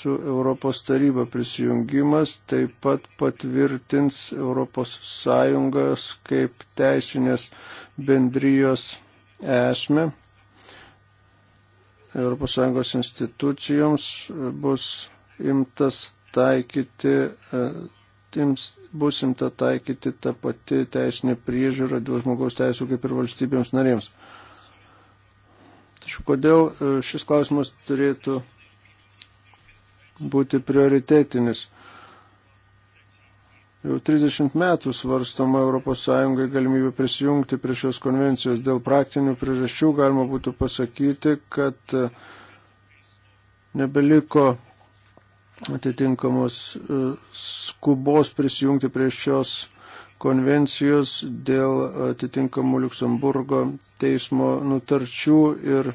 su Europos taryba prisijungimas taip pat patvirtins Europos Sąjungos kaip teisinės bendrijos esmę. Europos Sąjungos institucijoms bus imtas taikyti, tims, e, bus imta taikyti tą pati teisinė priežiūra dėl žmogaus teisų kaip ir valstybėms narėms. Tačiau kodėl e, šis klausimas turėtų būti prioritetinis. Jau 30 metų svarstoma ES galimybė prisijungti prie šios konvencijos. Dėl praktinių priežasčių galima būtų pasakyti, kad e, nebeliko atitinkamos e, skubos prisijungti prie šios konvencijos dėl atitinkamų Luksemburgo teismo nutarčių ir e,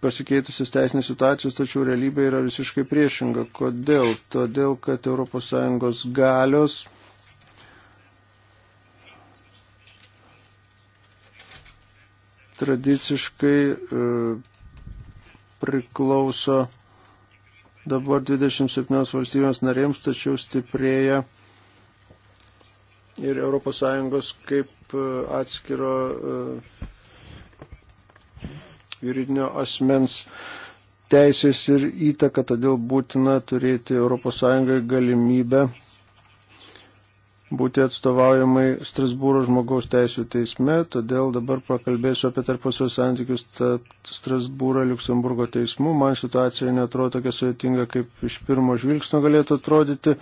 pasikeitusios teisinės situacijos, tačiau realybė yra visiškai priešinga. Kodėl? Todėl, kad ES galios tradiciškai e, priklauso dabar 27 valstybės narėms, tačiau stiprėja ir ES kaip e, atskiro e, juridinio asmens teisės ir įtaka, todėl būtina turėti ES galimybę būti atstovaujamai Strasbūro žmogaus teisų teisme, todėl dabar pakalbėsiu apie tarpusio santykius Strasbūro Luxemburgo teismų. Man situacija netrodo tokia sudėtinga, kaip iš pirmo žvilgsnio galėtų atrodyti.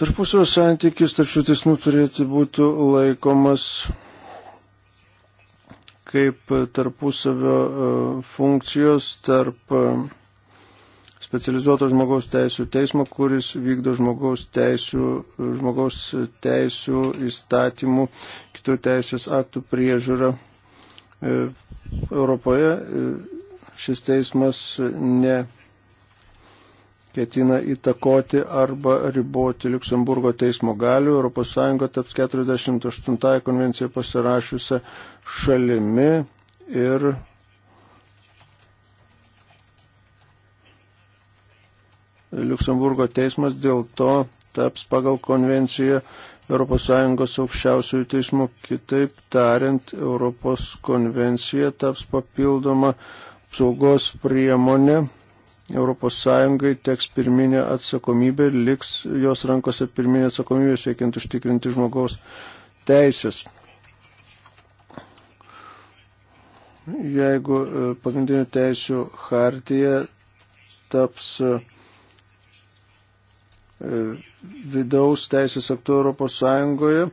Tarpusio santykius tarp šių teismų turėtų būti laikomas kaip tarpusavio e, funkcijos tarp e, specializuoto žmogaus teisų teismo, kuris vykdo žmogaus teisų, e, žmogaus teisų įstatymų, kitų teisės aktų priežiūrą Europoje. Šis teismas ne ketina įtakoti arba riboti Luxemburgo teismo galių. ES taps 48 konvenciją pasirašiusią šalimi ir Luxemburgo teismas dėl to taps pagal konvenciją ES aukščiausiųjų teismų. Kitaip tariant, Europos konvencija taps papildoma apsaugos priemonė ES teks pirminė atsakomybė, liks jos rankose pirminė atsakomybė siekiant užtikrinti žmogaus teisės. Jeigu e, pagrindinių teisių hartija taps e, vidaus teisės aktu Europos Sąjungoje,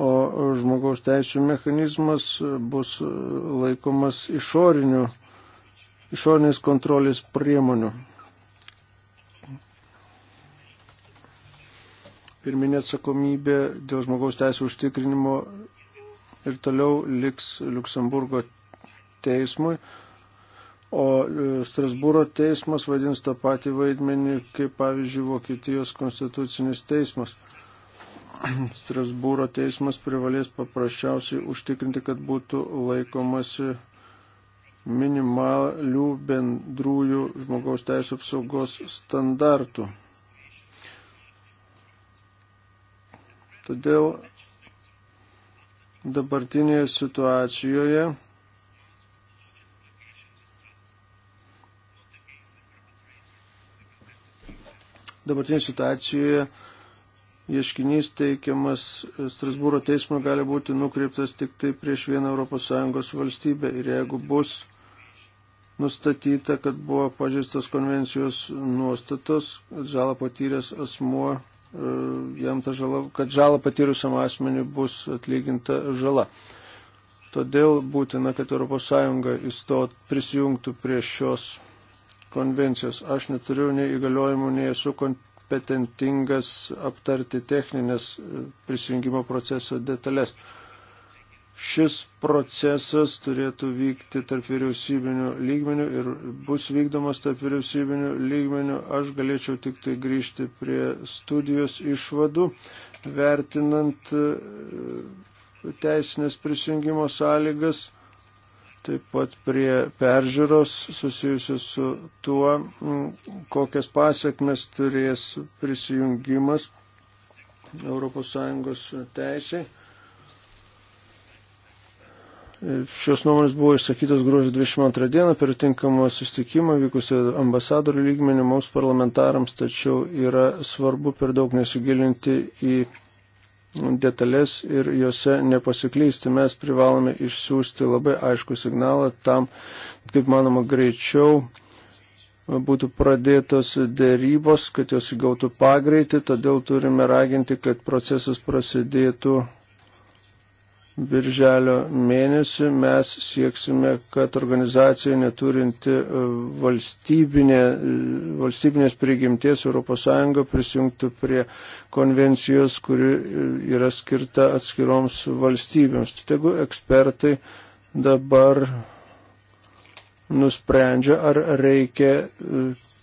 o žmogaus teisų mechanizmas bus e, laikomas išoriniu išorinės kontrolės priemonių. Pirminė atsakomybė dėl žmogaus teisų užtikrinimo ir toliau liks Luksemburgo teismui, o e, Strasbūro teismas vadins tą patį vaidmenį, kaip pavyzdžiui, Vokietijos konstitucinis teismas. Strasbūro teismas privalės paprasčiausiai užtikrinti, kad būtų laikomasi minimalių bendrųjų žmogaus teisų apsaugos standartų. Todėl dabartinėje situacijoje dabartinėje situacijoje ieškinys teikiamas Strasbūro teismo gali būti nukreiptas tik tai prieš vieną ES valstybę ir jeigu bus nustatyta, kad buvo pažeistas konvencijos nuostatos, kad žalą patyręs asmuo, e, jam ta žala, kad žalą patyrusiam asmeniui bus atlyginta žala. Todėl būtina, kad ES įstot prisijungtų prie šios konvencijos. Aš neturiu nei įgaliojimų, nei esu kompetentingas aptarti techninės e, prisijungimo proceso detalės šis procesas turėtų vykti tarp vyriausybinių lygmenių ir bus vykdomas tarp vyriausybinių lygmenių. Aš galėčiau tik tai grįžti prie studijos išvadų, vertinant e, teisinės prisijungimo sąlygas, taip pat prie peržiūros susijusios su tuo, kokias pasiekmes turės prisijungimas ES teisėje Šios nuomonės buvo išsakytos gruodžio 22 dieną per tinkamą sustikimą vykusį ambasadorių lygmenį mums parlamentarams, tačiau yra svarbu per daug nesigilinti į detalės ir juose nepasiklysti. Mes privalome išsiųsti labai aišku signalą tam, kaip manoma, greičiau būtų pradėtos dėrybos, kad jos įgautų pagreitį, todėl turime raginti, kad procesas prasidėtų birželio mėnesį mes sieksime, kad organizacija neturinti e, valstybinė, e, valstybinės prigimties ES prisijungtų prie konvencijos, kuri e, yra skirta atskiroms valstybėms. Tegu ekspertai dabar nusprendžia, ar reikia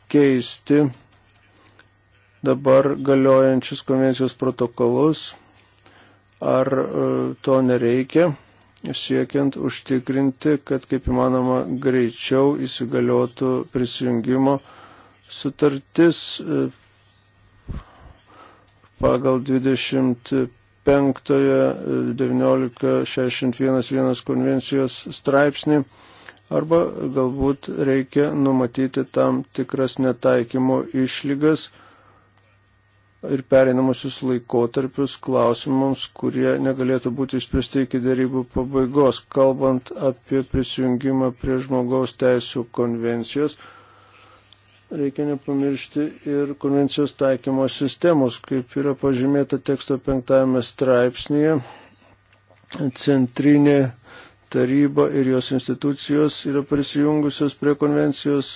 keisti dabar galiojančius konvencijos protokolus ar e, to nereikia, siekiant užtikrinti, kad kaip įmanoma greičiau įsigaliotų prisijungimo sutartis e, pagal 25.19.61.1 e, konvencijos straipsnį arba galbūt reikia numatyti tam tikras netaikymo išlygas, ir pereinamusius laikotarpius klausimams, kurie negalėtų būti išspręsti iki dėrybų pabaigos, kalbant apie prisijungimą prie žmogaus teisų konvencijos. Reikia nepamiršti ir konvencijos taikymo sistemos, kaip yra pažymėta teksto penktame straipsnėje. Centrinė taryba ir jos institucijos yra prisijungusios prie konvencijos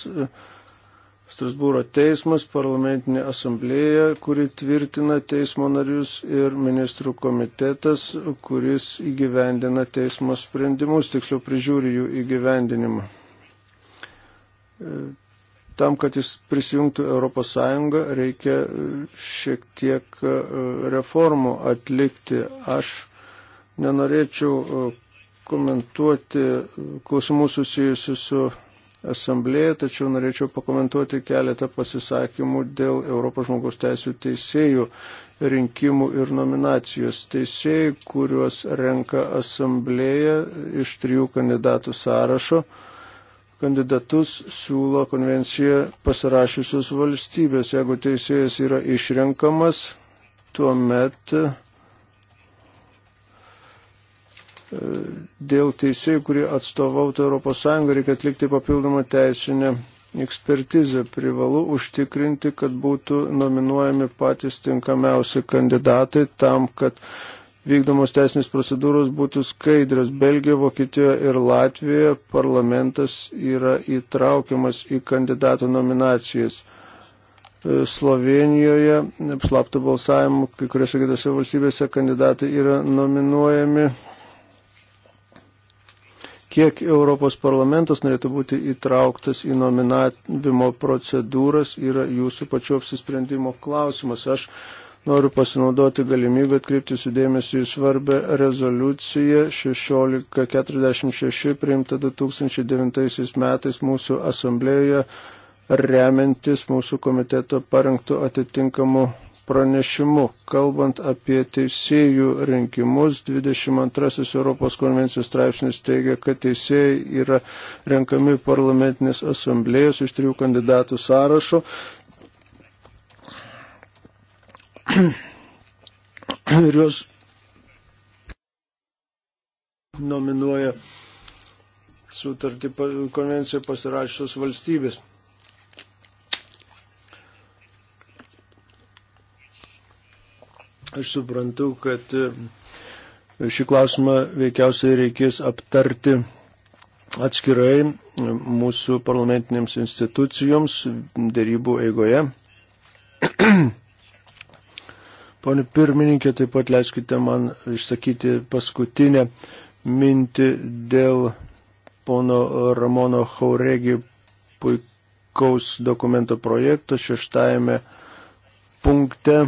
Strasbūro teismas, parlamentinė asamblėja, kuri tvirtina teismo narius ir ministrų komitetas, kuris įgyvendina teismo sprendimus, tiksliau prižiūri jų įgyvendinimą. E, tam, kad jis prisijungtų ES, reikia šiek tiek e, reformų atlikti. Aš nenorėčiau e, komentuoti klausimų susijusių su asamblėje, tačiau norėčiau pakomentuoti keletą pasisakymų dėl Europos žmogaus teisų teisėjų rinkimų ir nominacijos. Teisėjai, kuriuos renka asamblėje iš trijų kandidatų sąrašo, kandidatus siūlo konvenciją pasirašiusios valstybės. Jeigu teisėjas yra išrenkamas, tuomet met dėl teisėjų, kurie atstovautų ES, reikia atlikti papildomą teisinę ekspertizę. Privalu užtikrinti, kad būtų nominuojami patys tinkamiausi kandidatai tam, kad vykdomos teisinės procedūros būtų skaidrės. Belgijoje, Vokietijoje ir Latvijoje parlamentas yra įtraukiamas į kandidatų nominacijas. E, Slovenijoje slaptų balsavimų, kai kuriuose kitose valstybėse kandidatai yra nominuojami kiek Europos parlamentas norėtų būti įtrauktas į nominavimo procedūras, yra jūsų pačių apsisprendimo klausimas. Aš noriu pasinaudoti galimybę atkreipti sudėmėsi į svarbę rezoliuciją 1646 priimta 2009 metais mūsų asamblėjoje remiantis mūsų komiteto parengtų atitinkamų pranešimu. Kalbant apie teisėjų rinkimus, 22 Europos konvencijos straipsnis teigia, kad teisėjai yra renkami parlamentinės asamblėjos iš trijų kandidatų sąrašo. Ir juos nominuoja sutartį konvenciją pasirašytos valstybės. Aš suprantu, kad e, šį klausimą veikiausiai reikės aptarti atskirai mūsų parlamentinėms institucijoms dėrybų eigoje. Pone pirmininkė, taip pat leiskite man išsakyti paskutinę mintį dėl pono Ramono Hauregi puikaus dokumento projekto šeštajame punkte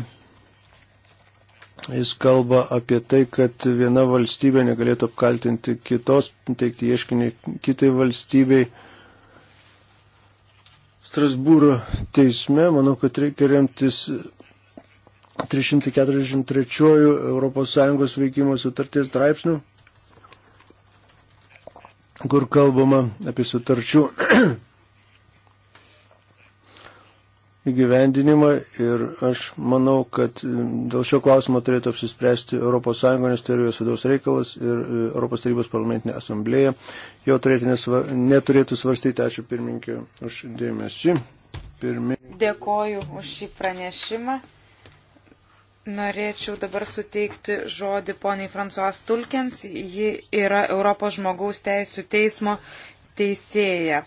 Jis kalba apie tai, kad viena valstybė negalėtų apkaltinti kitos, teikti ieškinį kitai valstybei. Strasbūro teisme, manau, kad reikia remtis 343 ES veikimo sutarties straipsnių, kur kalbama apie sutarčių įgyvendinimą ir aš manau, kad e, dėl šio klausimo turėtų apsispręsti ES, nes tai yra jos vidaus reikalas ir ES tarybos parlamentinė asamblėja jo turėtų nesva, neturėtų svarstyti. Ačiū pirmininkė už dėmesį. Pirmin... Dėkoju už šį pranešimą. Norėčiau dabar suteikti žodį poniai Fransuas Tulkens. Ji yra Europos žmogaus teisų teismo teisėja.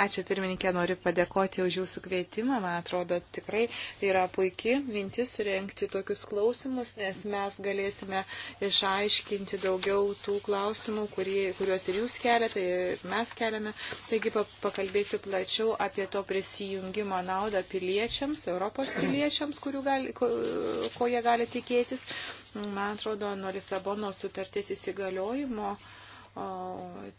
Ačiū pirmininkė, noriu padėkoti už jūsų kvietimą. Man atrodo, tikrai tai yra puikiai mintis surenkti tokius klausimus, nes mes galėsime išaiškinti daugiau tų klausimų, kurį, kuriuos ir jūs keliate, ir mes keliame. Taigi pakalbėsiu plačiau apie to prisijungimo naudą piliečiams, Europos piliečiams, gali, ko, ko jie gali tikėtis. Man atrodo, nuo Lisabono sutarties įsigaliojimo. Uh,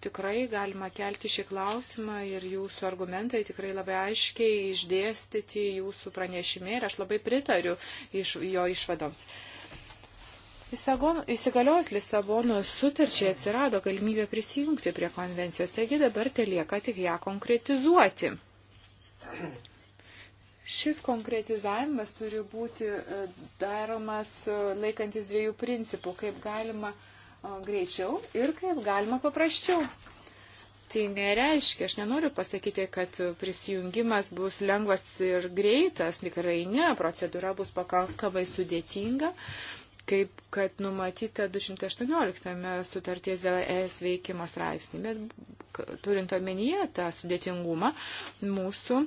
tikrai galima kelti šį klausimą ir jūsų argumentai tikrai labai aiškiai išdėstyti jūsų pranešime ir aš labai pritariu iš, jo išvadoms. Įsigaliojus Lisabonos sutarčiai atsirado galimybė prisijungti prie konvencijos, taigi dabar te lieka tik ją konkretizuoti. Šis konkretizavimas turi būti e, daromas e, laikantis dviejų principų, kaip galima uh, greičiau ir kaip galima paprasčiau. Tai nereiškia, aš nenoriu pasakyti, kad prisijungimas bus lengvas ir greitas, tikrai ne, procedūra bus pakankamai sudėtinga, kaip kad numatyta 218 sutarties dėl ES veikimo straipsnį, bet turint omenyje tą sudėtingumą, mūsų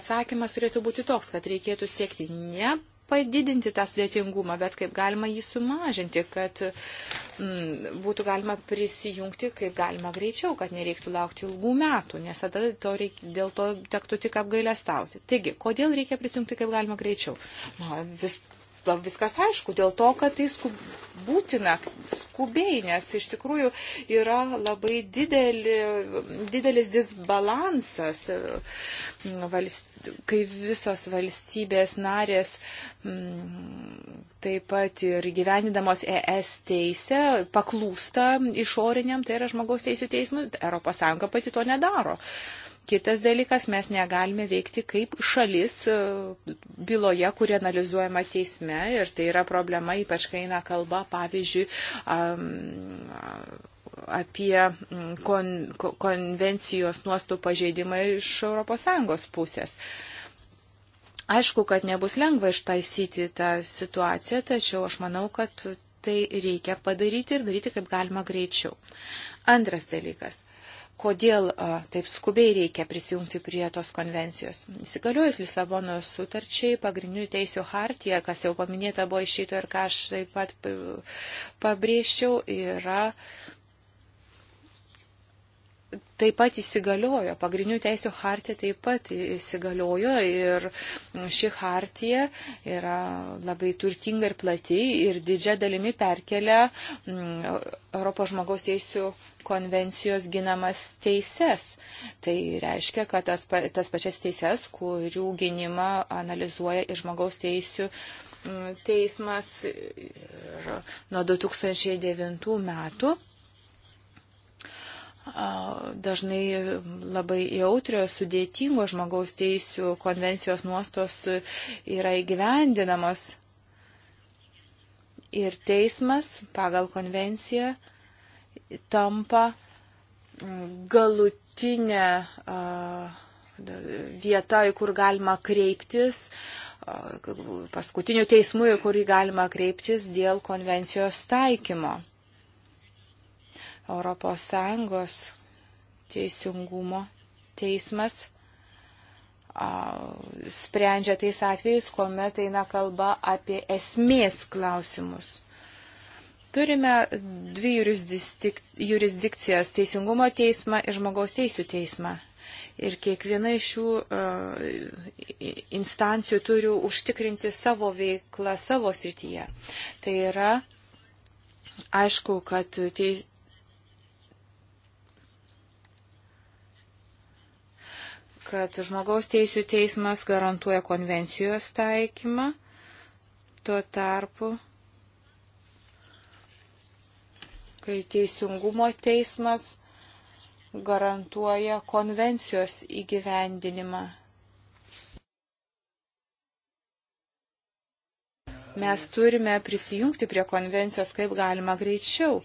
atsakymas turėtų būti toks, kad reikėtų siekti ne padidinti tą sudėtingumą, bet kaip galima jį sumažinti, kad mm, būtų galima prisijungti kaip galima greičiau, kad nereiktų laukti ilgų metų, nes tada to reik, dėl to tektų tik apgailę stauti. Taigi, kodėl reikia prisijungti kaip galima greičiau? Na, vis, viskas aišku, dėl to, kad tai skub, būtina skubiai, nes iš tikrųjų yra labai didelį, didelis disbalansas, valst, kai visos valstybės narės taip pat ir gyvenidamos ES teisę paklūsta išoriniam, tai yra žmogaus teisų teismui, ES pati to nedaro. Kitas dalykas, mes negalime veikti kaip šalis e, byloje, kuri analizuojama teisme ir tai yra problema, ypač kai eina kalba, pavyzdžiui, apie kon, konvencijos nuostų pažeidimą iš ES pusės. Aišku, kad nebus lengva ištaisyti tą situaciją, tačiau aš manau, kad tai reikia padaryti ir daryti kaip galima greičiau. Antras dalykas kodėl a, taip skubiai reikia prisijungti prie tos konvencijos. Įsigaliojus Lisabonos sutarčiai, pagrindinių teisų hartija, kas jau paminėta buvo išeito ir ką aš taip pat e, pabrėžčiau, yra taip pat įsigaliojo, pagrindinių teisų hartija taip pat įsigaliojo ir ši hartija yra labai turtinga ir plati ir didžia dalimi perkelia mm, Europos žmogaus teisų konvencijos ginamas teises. Tai reiškia, kad tas, tas pačias teises, kurių gynimą analizuoja ir žmogaus teisų mm, teismas ir nuo 2009 metų dažnai labai jautrios, sudėtingos žmogaus teisų konvencijos nuostos yra įgyvendinamos. Ir teismas pagal konvenciją tampa mm, galutinė vieta, į kur galima kreiptis, paskutiniu teismu, į kurį galima kreiptis dėl konvencijos taikymo. ES teisingumo teismas sprendžia tais atvejais, kuomet eina kalba apie esmės klausimus. Turime dvi jurisdikcijas - Teisingumo teismą ir Žmogaus teisų teismą. Ir kiekviena iš šių uh, instancijų turi užtikrinti savo veiklą savo srityje. Tai yra aišku, kad tei, kad žmogaus teisų teismas garantuoja konvencijos taikymą, tuo tarpu, kai teisingumo teismas garantuoja konvencijos įgyvendinimą. Mes turime prisijungti prie konvencijos kaip galima greičiau.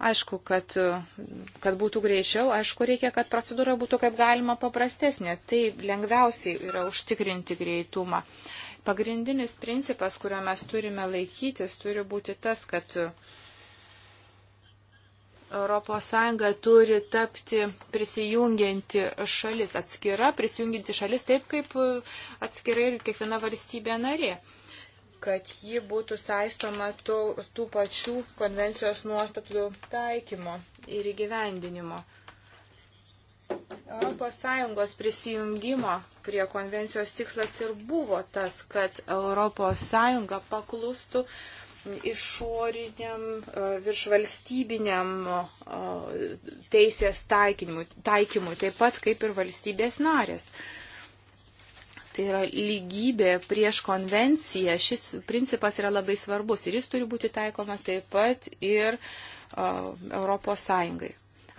Aišku, kad, kad būtų greičiau, aišku, reikia, kad procedūra būtų kaip galima paprastesnė. Tai lengviausiai yra užtikrinti greitumą. Pagrindinis principas, kurio mes turime laikytis, turi būti tas, kad ES turi tapti prisijungianti šalis, atskira prisijungianti šalis, taip kaip atskirai ir kiekviena valstybė narė kad ji būtų saistoma tų, tų pačių konvencijos nuostatų taikymo ir įgyvendinimo. ES prisijungimo prie konvencijos tikslas ir buvo tas, kad ES paklustų išoriniam e, viršvalstybiniam e, teisės taikymui, taikymui, taip pat kaip ir valstybės narės. Tai yra lygybė prieš konvenciją. Šis principas yra labai svarbus ir jis turi būti taikomas taip pat ir uh, Europos Sąjungai.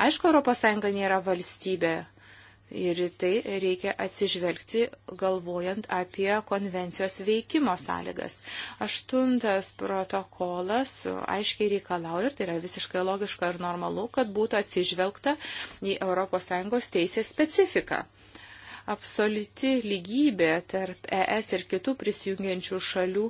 Aišku, Europos Sąjunga nėra valstybė ir tai reikia atsižvelgti galvojant apie konvencijos veikimo sąlygas. Aštuntas protokolas aiškiai reikalauja ir tai yra visiškai logiška ir normalu, kad būtų atsižvelgta į ES teisės specifiką absoliuti lygybė tarp ES ir kitų prisijungiančių šalių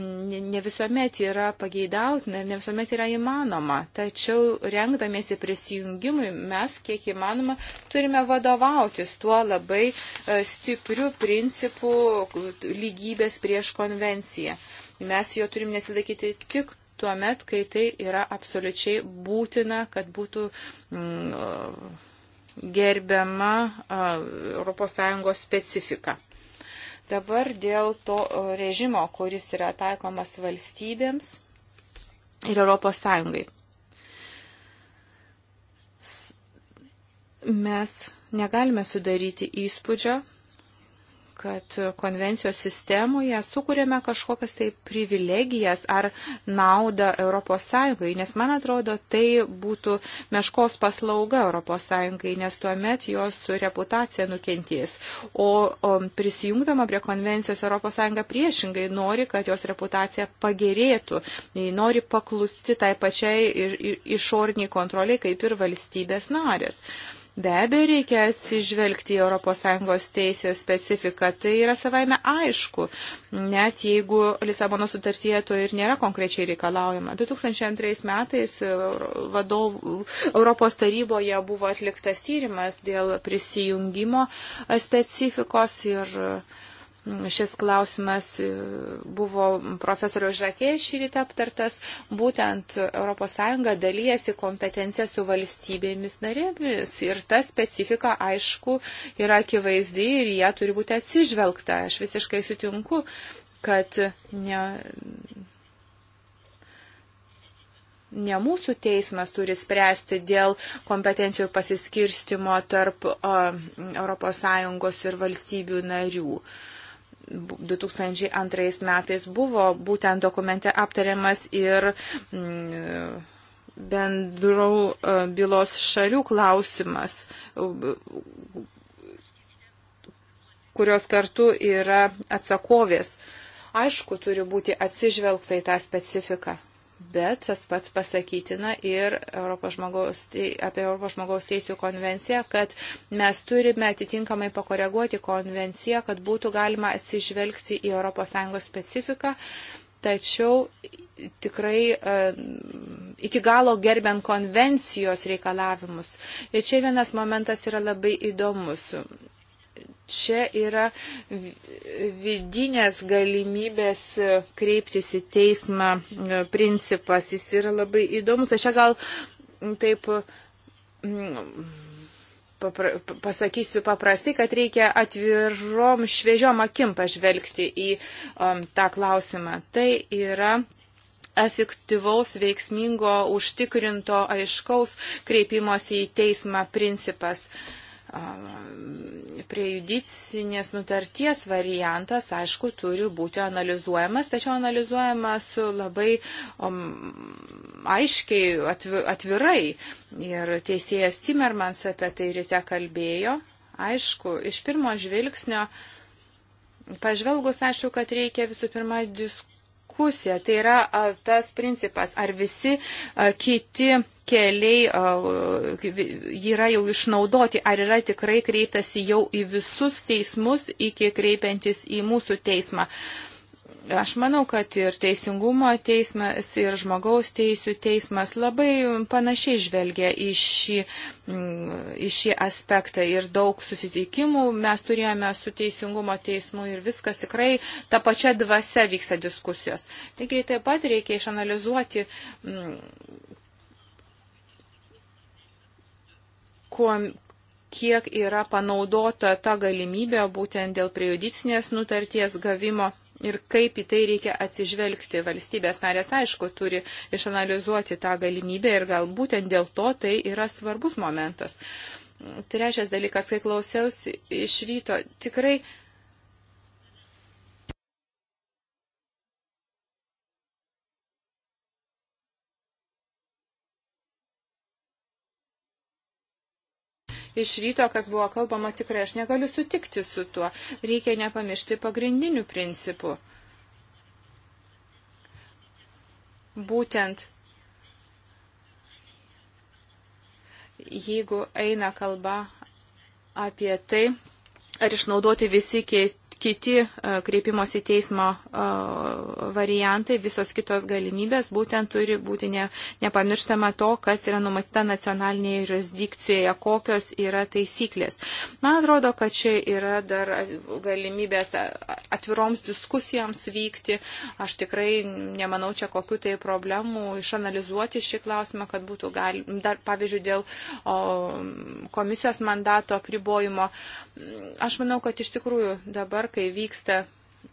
ne visuomet yra pageidautina ir ne visuomet yra įmanoma. Tačiau rengdamėsi prisijungimui mes, kiek įmanoma, turime vadovautis tuo labai e, stipriu principu lygybės prieš konvenciją. Mes jo turim nesilaikyti tik tuo met, kai tai yra absoliučiai būtina, kad būtų. Mm, gerbiama ES specifika. Dabar dėl to režimo, kuris yra taikomas valstybėms ir ES. Mes negalime sudaryti įspūdžio, kad konvencijos sistemoje sukūrėme kažkokias tai privilegijas ar naudą ES, nes man atrodo, tai būtų meškos paslauga ES, nes tuomet jos reputacija nukentės. O, o prisijungdama prie konvencijos ES priešingai nori, kad jos reputacija pagerėtų, nori paklusti tai pačiai išorniai kontroliai kaip ir valstybės narės. Be abejo, reikia atsižvelgti į ES teisės specifiką, tai yra savaime aišku, net jeigu Lisabono sutartyje to ir nėra konkrečiai reikalaujama. 2002 metais vadov, Europos taryboje buvo atliktas tyrimas dėl prisijungimo specifikos ir Šis klausimas e, buvo profesoriaus Žakė šį rytą aptartas. Būtent ES dalyjasi kompetenciją su valstybėmis narėmis ir ta specifika, aišku, yra akivaizdi ir jie turi būti atsižvelgta. Aš visiškai sutinku, kad ne, ne mūsų teismas turi spręsti dėl kompetencijų pasiskirstimo tarp uh, ES ir valstybių narių. Uh, 2002 metais buvo būtent dokumente aptariamas ir mm, bendrų e, bylos šalių klausimas, kurios kartu yra atsakovės. Aišku, turi būti atsižvelgta į tą specifiką. Bet tas pats pasakytina ir Europos žmogaus, apie Europos žmogaus teisų konvenciją, kad mes turime atitinkamai pakoreguoti konvenciją, kad būtų galima atsižvelgti į ES specifiką, tačiau tikrai e, iki galo gerbiant konvencijos reikalavimus. Ir čia vienas momentas yra labai įdomus čia yra vidinės galimybės kreiptis į teismą e, principas. Jis yra labai įdomus. Aš čia gal mm, taip mm, papra, pasakysiu paprastai, kad reikia atvirom šviežiom akim pažvelgti į um, tą klausimą. Tai yra efektyvaus, veiksmingo, užtikrinto, aiškaus kreipimosi į teismą principas. Uh, prie judicinės nutarties variantas, aišku, turi būti analizuojamas, tačiau analizuojamas labai um, aiškiai, atvirai. Ir teisėjas Timermans apie tai ryte kalbėjo. Aišku, iš pirmo žvilgsnio, pažvelgus, aišku, kad reikia visų pirma diskusijų diskusija. Tai yra tas principas, ar visi kiti keliai yra jau išnaudoti, ar yra tikrai kreiptasi jau į visus teismus, iki kreipiantis į mūsų teismą. Uh, Aš manau, kad ir teisingumo teismas, ir žmogaus teisų teismas labai panašiai žvelgia į šį, mm, į šį aspektą ir daug susitikimų mes turėjome su teisingumo teismu ir viskas tikrai ta pačia dvasia vyksta diskusijos. Taigi taip pat reikia išanalizuoti, mm, kuo, kiek yra panaudota ta galimybė būtent dėl prejudicinės nutarties gavimo ir kaip į tai reikia atsižvelgti. Valstybės narės, aišku, turi išanalizuoti tą galimybę ir gal būtent dėl to tai yra svarbus momentas. Trečias dalykas, kai klausiausi iš ryto, tikrai iš ryto, kas buvo kalbama, tikrai aš negaliu sutikti su tuo. Reikia nepamiršti pagrindinių principų. Būtent jeigu eina kalba apie tai, ar išnaudoti visi kiti kiti e, kreipimosi teismo e, variantai, visos kitos galimybės, būtent turi būti ne, nepamirštama to, kas yra numatyta nacionalinėje jurisdikcijoje, kokios yra taisyklės. Man atrodo, kad čia yra dar galimybės atviroms diskusijoms vykti. Aš tikrai nemanau čia kokiu tai problemų išanalizuoti šį klausimą, kad būtų galima, dar pavyzdžiui, dėl o, komisijos mandato apribojimo. Aš manau, kad iš tikrųjų dabar kai vyksta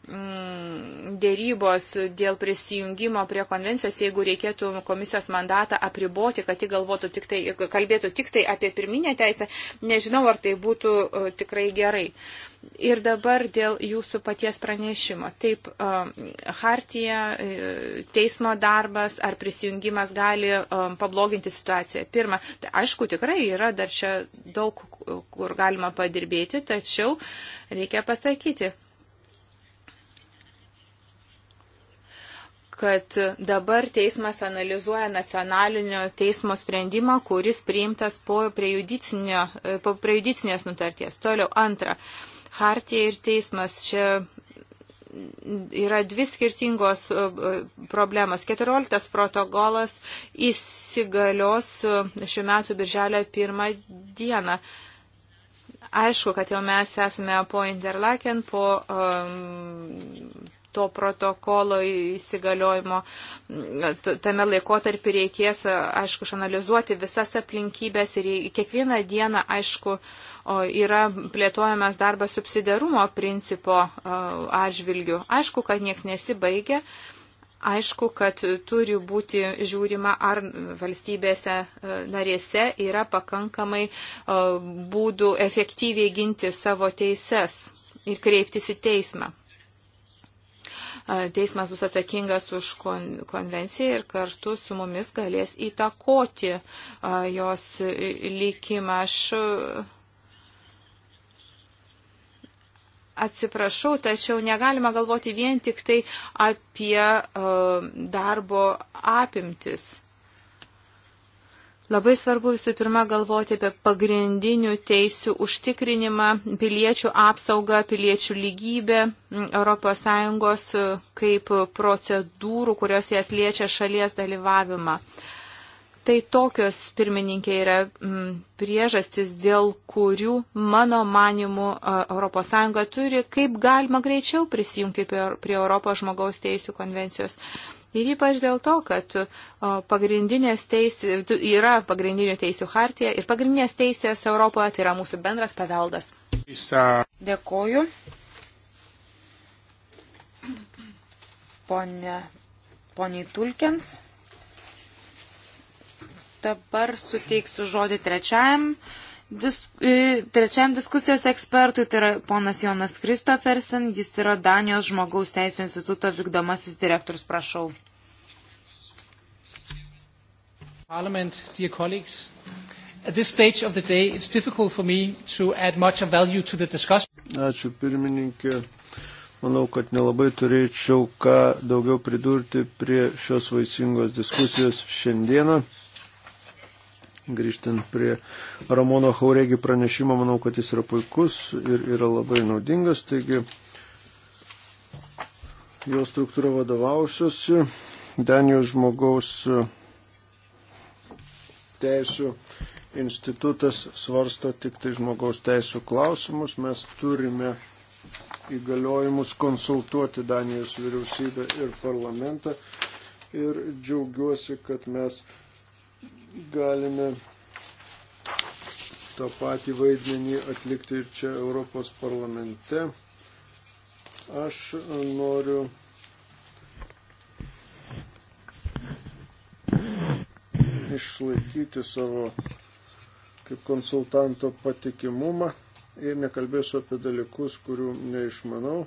Mm, dėrybos dėl prisijungimo prie konvencijos, jeigu reikėtų komisijos mandatą apriboti, kad ji galvotų tik tai, kalbėtų tik tai apie pirminę teisę, nežinau, ar tai būtų e, tikrai gerai. Ir dabar dėl jūsų paties pranešimo. Taip, e, hartija, e, teismo darbas ar prisijungimas gali pabloginti situaciją. Pirma, tai aišku, tikrai yra dar čia daug, kur galima padirbėti, tačiau reikia pasakyti, kad dabar teismas analizuoja nacionalinio teismo sprendimą, kuris priimtas po, po prejudicinės nutarties. Toliau antra. Hartija ir teismas. Čia yra dvi skirtingos e, problemos. 14 protokolas įsigalios e, šiuo metu birželio pirmą dieną. Aišku, kad jau mes esame po Interlaken, po um, to protokolo įsigaliojimo. Tame laikotarpį reikės, aišku, išanalizuoti visas aplinkybės ir kiekvieną dieną, aišku, yra plėtojamas darbas subsidiarumo principo atžvilgių. Aišku, kad nieks nesibaigia. Aišku, kad turi būti žiūrima, ar valstybėse narėse yra pakankamai būdų efektyviai ginti savo teises ir kreiptis į teismą teismas bus atsakingas už konvenciją ir kartu su mumis galės įtakoti jos likimą. Aš atsiprašau, tačiau negalima galvoti vien tik tai apie darbo apimtis. Labai svarbu visų pirma galvoti apie pagrindinių teisių užtikrinimą, piliečių apsaugą, piliečių lygybę ES e, kaip procedūrų, kurios jas liečia šalies dalyvavimą. Tai tokios pirmininkė yra priežastis, dėl kurių, mano manimu, ES turi kaip galima greičiau prisijungti prie Europos žmogaus teisų konvencijos. Ir ypač dėl to, kad pagrindinės teisės, yra pagrindinių teisių hartija ir pagrindinės teisės Europoje tai yra mūsų bendras paveldas. Dėkoju. Pone, poniai Tulkins. Dabar suteiksiu žodį trečiajam uh, dis, trečiam diskusijos ekspertui, tai yra ponas Jonas Kristofersen, jis yra Danijos žmogaus teisų instituto vykdomasis direktorius, prašau. Parliament, dear colleagues, at this stage of the day, it's difficult for me to add much of value to the discussion. Ačiū pirmininkė. Manau, kad nelabai turėčiau ką daugiau pridurti prie šios vaisingos diskusijos šiandieną grįžtant prie Ramono Hauregi pranešimo, manau, kad jis yra puikus ir yra labai naudingas, taigi jo struktūra vadovausiuosi Danijos žmogaus e, teisų institutas svarsto tik tai žmogaus teisų klausimus. Mes turime įgaliojimus konsultuoti Danijos vyriausybę ir parlamentą. Ir džiaugiuosi, kad mes galime tą patį vaidmenį atlikti ir čia Europos parlamente. Aš noriu išlaikyti savo kaip konsultanto patikimumą ir nekalbėsiu apie dalykus, kurių neišmanau.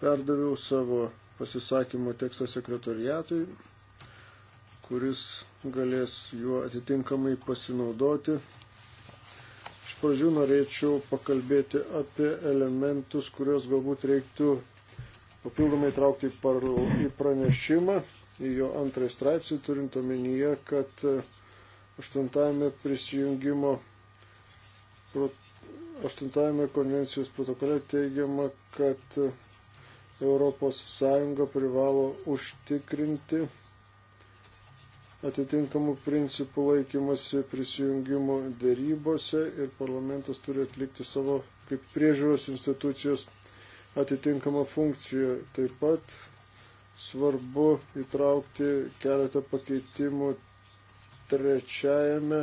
Perdaviau savo pasisakymo tekstą sekretoriatui kuris galės juo atitinkamai pasinaudoti. Iš pradžių norėčiau pakalbėti apie elementus, kuriuos galbūt reiktų papildomai traukti į pranešimą, į jo antrąjį straipsnį, turint omenyje, kad e, aštuntame prisijungimo, aštuntame konvencijos protokole teigiama, kad ES privalo užtikrinti atitinkamų principų laikymasi prisijungimo dėrybose ir parlamentas turi atlikti savo kaip priežiūros institucijos atitinkamą funkciją. Taip pat svarbu įtraukti keletą pakeitimų trečiajame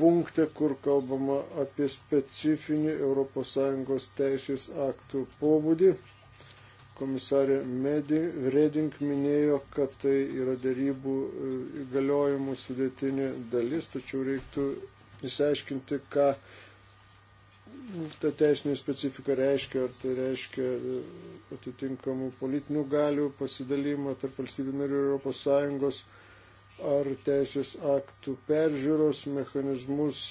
punkte, kur kalbama apie specifinį ES teisės aktų pobūdį komisarė Reding minėjo, kad tai yra dėrybų e, įgaliojimų sudėtinė dalis, tačiau reiktų įsiaiškinti, ką ta teisinė specifika reiškia, ar tai reiškia e, atitinkamų politinių galių pasidalymą tarp valstybių narių Europos Sąjungos, ar teisės aktų peržiūros mechanizmus.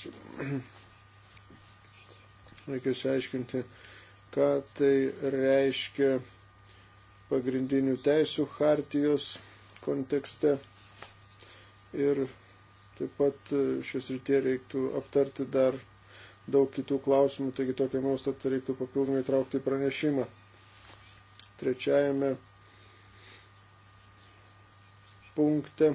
Reikia išsiaiškinti, ką tai reiškia pagrindinių teisų hartijos kontekste. Ir taip pat e, šios rytie reiktų aptarti dar daug kitų klausimų, taigi tokią nuostatą reiktų papildomai traukti į pranešimą. Trečiajame punkte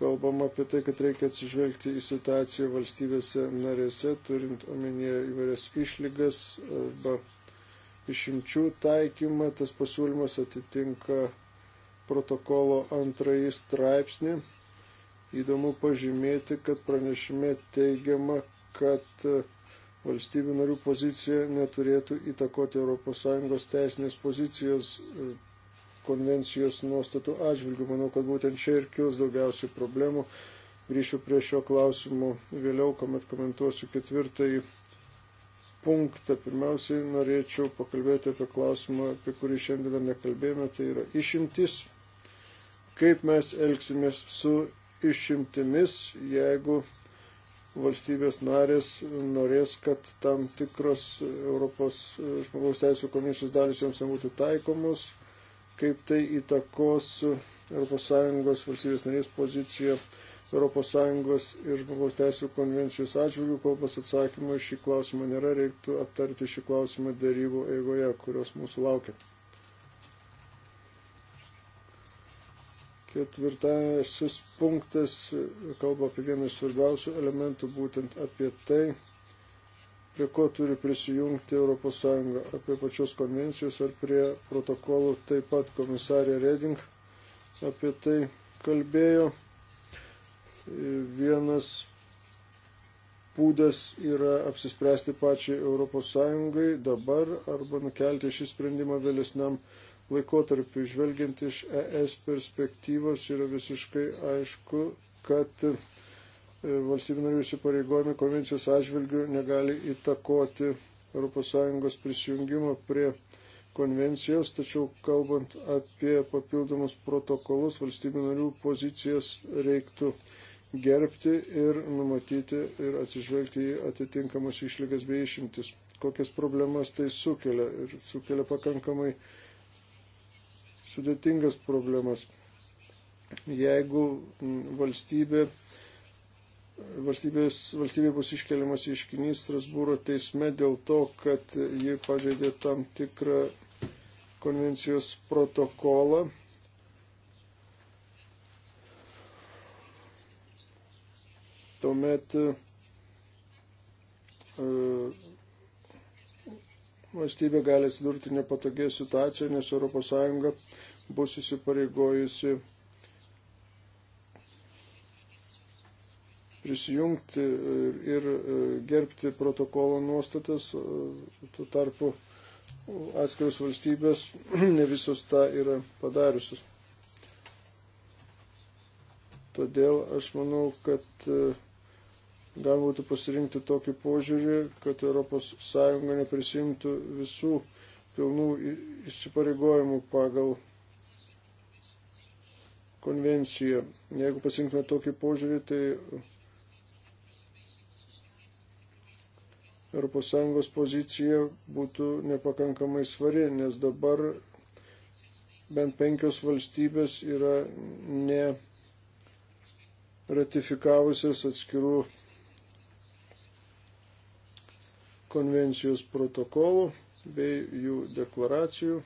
kalbama apie tai, kad reikia atsižvelgti į situaciją valstybėse narėse, turint omenyje įvairias išlygas arba išimčių taikymą. Tas pasiūlymas atitinka protokolo antrąjį straipsnį. Įdomu pažymėti, kad pranešime teigiama, kad e, valstybių narių pozicija neturėtų įtakoti ES teisinės pozicijos e, konvencijos nuostatų atžvilgių. Manau, kad būtent čia ir kils daugiausiai problemų. Grįšiu prie šio klausimo vėliau, kuomet komentuosiu ketvirtąjį punktą. Pirmiausiai norėčiau pakalbėti apie klausimą, apie kurį šiandien dar nekalbėjome, tai yra išimtis. Kaip mes elgsimės su išimtimis, jeigu valstybės narės norės, kad tam tikros Europos žmogaus teisų komisijos dalis joms nebūtų taikomos, kaip tai įtakos ES valstybės narės poziciją ES ir žmogaus teisų konvencijos atžvilgių, kol pas atsakymų šį klausimą nėra, reiktų aptarti šį klausimą darybų eigoje, kurios mūsų laukia. Ketvirtasis punktas kalba apie vieną iš svarbiausių elementų, būtent apie tai, prie ko turi prisijungti ES, apie pačios konvencijos ar prie protokolų, taip pat komisarė Reding apie tai kalbėjo. Vienas būdas yra apsispręsti pačiai ES dabar arba nukelti šį sprendimą vėlesniam laikotarpiu. Žvelgiant iš ES perspektyvos yra visiškai aišku, kad e, valstybių narių įsipareigojimai konvencijos atžvilgių negali įtakoti ES prisijungimo prie konvencijos, tačiau kalbant apie papildomus protokolus, valstybių narių pozicijas reiktų gerbti ir numatyti ir atsižvelgti į atitinkamas išlygas bei išimtis. Kokias problemas tai sukelia ir sukelia pakankamai sudėtingas problemas. Jeigu valstybė, valstybės, valstybė bus iškeliamas ieškinys Strasbūro teisme dėl to, kad ji pažeidė tam tikrą konvencijos protokolą, tuomet e, valstybė gali atsidurti nepatogiai situacijoje, nes ES bus įsipareigojusi prisijungti ir e, gerbti protokolo nuostatas, e, tuo tarpu atskiros valstybės ne visos tą yra padariusios. Todėl aš manau, kad galima būtų pasirinkti tokį požiūrį, kad ES neprisimtų visų pilnų įsipareigojimų pagal konvenciją. Jeigu pasirinktume tokį požiūrį, tai ES pozicija būtų nepakankamai svari, nes dabar bent penkios valstybės yra ne ratifikavusios atskirų konvencijos protokolų bei jų deklaracijų.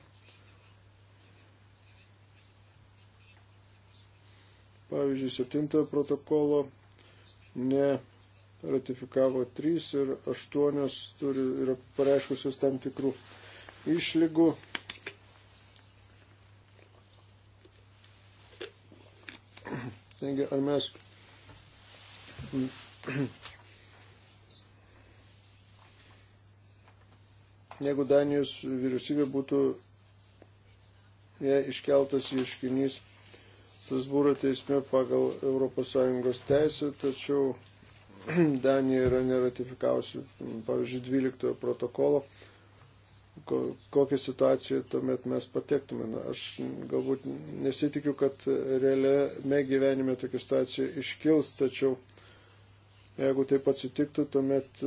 Pavyzdžiui, septintojo protokolo neratifikavo trys ir aštuonios turi, yra pareiškusios tam tikrų išlygų. Taigi, ar mes jeigu Danijos vyriausybė būtų jai iškeltas ieškinys Strasbūro teisme pagal ES teisę, tačiau Danija yra neratifikavusi, pavyzdžiui, 12 protokolo. Kokią situaciją tuomet mes patektume. Na, aš galbūt nesitikiu, kad realiame gyvenime tokia situacija iškils, tačiau jeigu taip atsitiktų, tuomet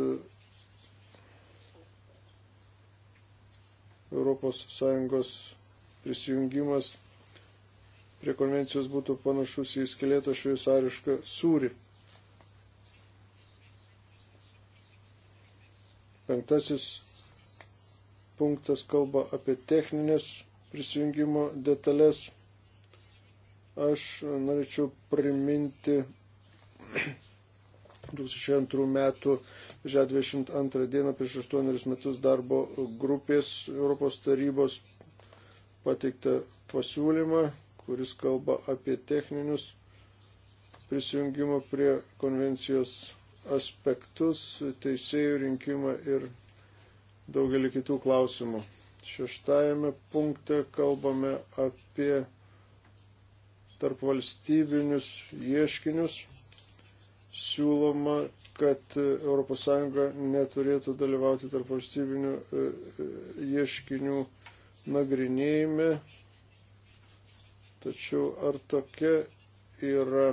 ES prisijungimas prie konvencijos būtų panašus į skelėtą šveicarišką sūrį. Penktasis punktas kalba apie techninės prisijungimo detalės. Aš norėčiau priminti 2002 metų, žia 22 dieną prieš 8 metus darbo grupės Europos tarybos pateiktą pasiūlymą, kuris kalba apie techninius prisijungimo prie konvencijos aspektus, teisėjų rinkimą ir daugelį kitų klausimų. Šeštajame punkte kalbame apie tarp valstybinius ieškinius siūloma, kad ES neturėtų dalyvauti tarp valstybinių e, e, ieškinių nagrinėjime. Tačiau ar tokia yra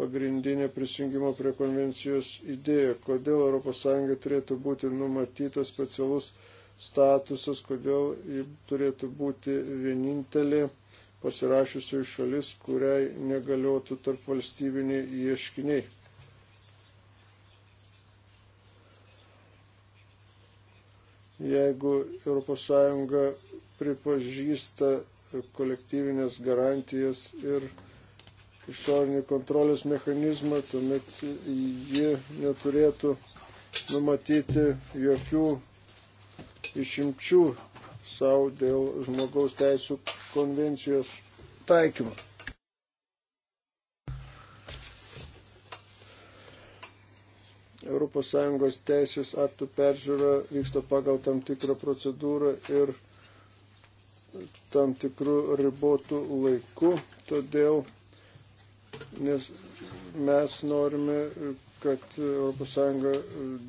pagrindinė prisijungimo prie konvencijos idėja, kodėl ES turėtų būti numatytas specialus statusas, kodėl ji turėtų būti vienintelė pasirašiusioji šalis, kuriai negaliotų tarp valstybiniai ieškiniai. jeigu ES pripažįsta kolektyvinės garantijas ir išorinį kontrolės mechanizmą, tuomet ji neturėtų numatyti jokių išimčių savo dėl žmogaus teisų konvencijos taikymą. ES teisės aktų peržiūra vyksta pagal tam tikrą procedūrą ir tam tikrų ribotų laikų. Todėl nes mes norime, kad ES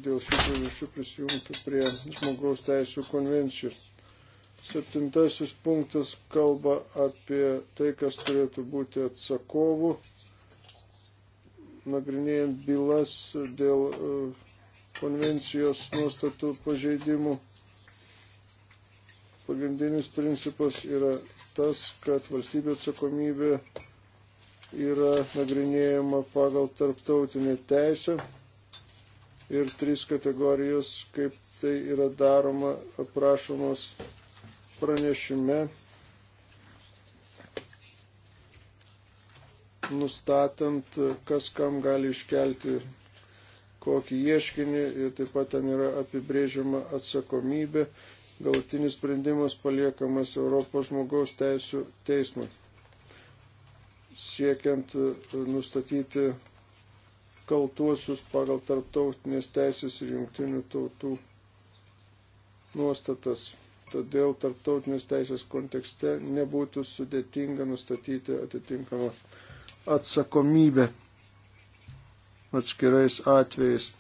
dėl šių priežasčių prisijungtų prie žmogaus teisų konvencijos. Septintasis punktas kalba apie tai, kas turėtų būti atsakovų nagrinėjant bylas dėl e, konvencijos nuostatų pažeidimų. Pagrindinis principas yra tas, kad valstybė atsakomybė yra nagrinėjama pagal tarptautinę teisę ir trys kategorijos, kaip tai yra daroma, aprašomos pranešime nustatant, kas kam gali iškelti kokį ieškinį ir taip pat ten yra apibrėžiama atsakomybė. Galutinis sprendimas paliekamas Europos žmogaus teisų teismui. Siekiant e, nustatyti kaltuosius pagal tarptautinės teisės ir jungtinių tautų nuostatas. Todėl tarptautinės teisės kontekste nebūtų sudėtinga nustatyti atitinkamą atsakomybę atskirais atvejais.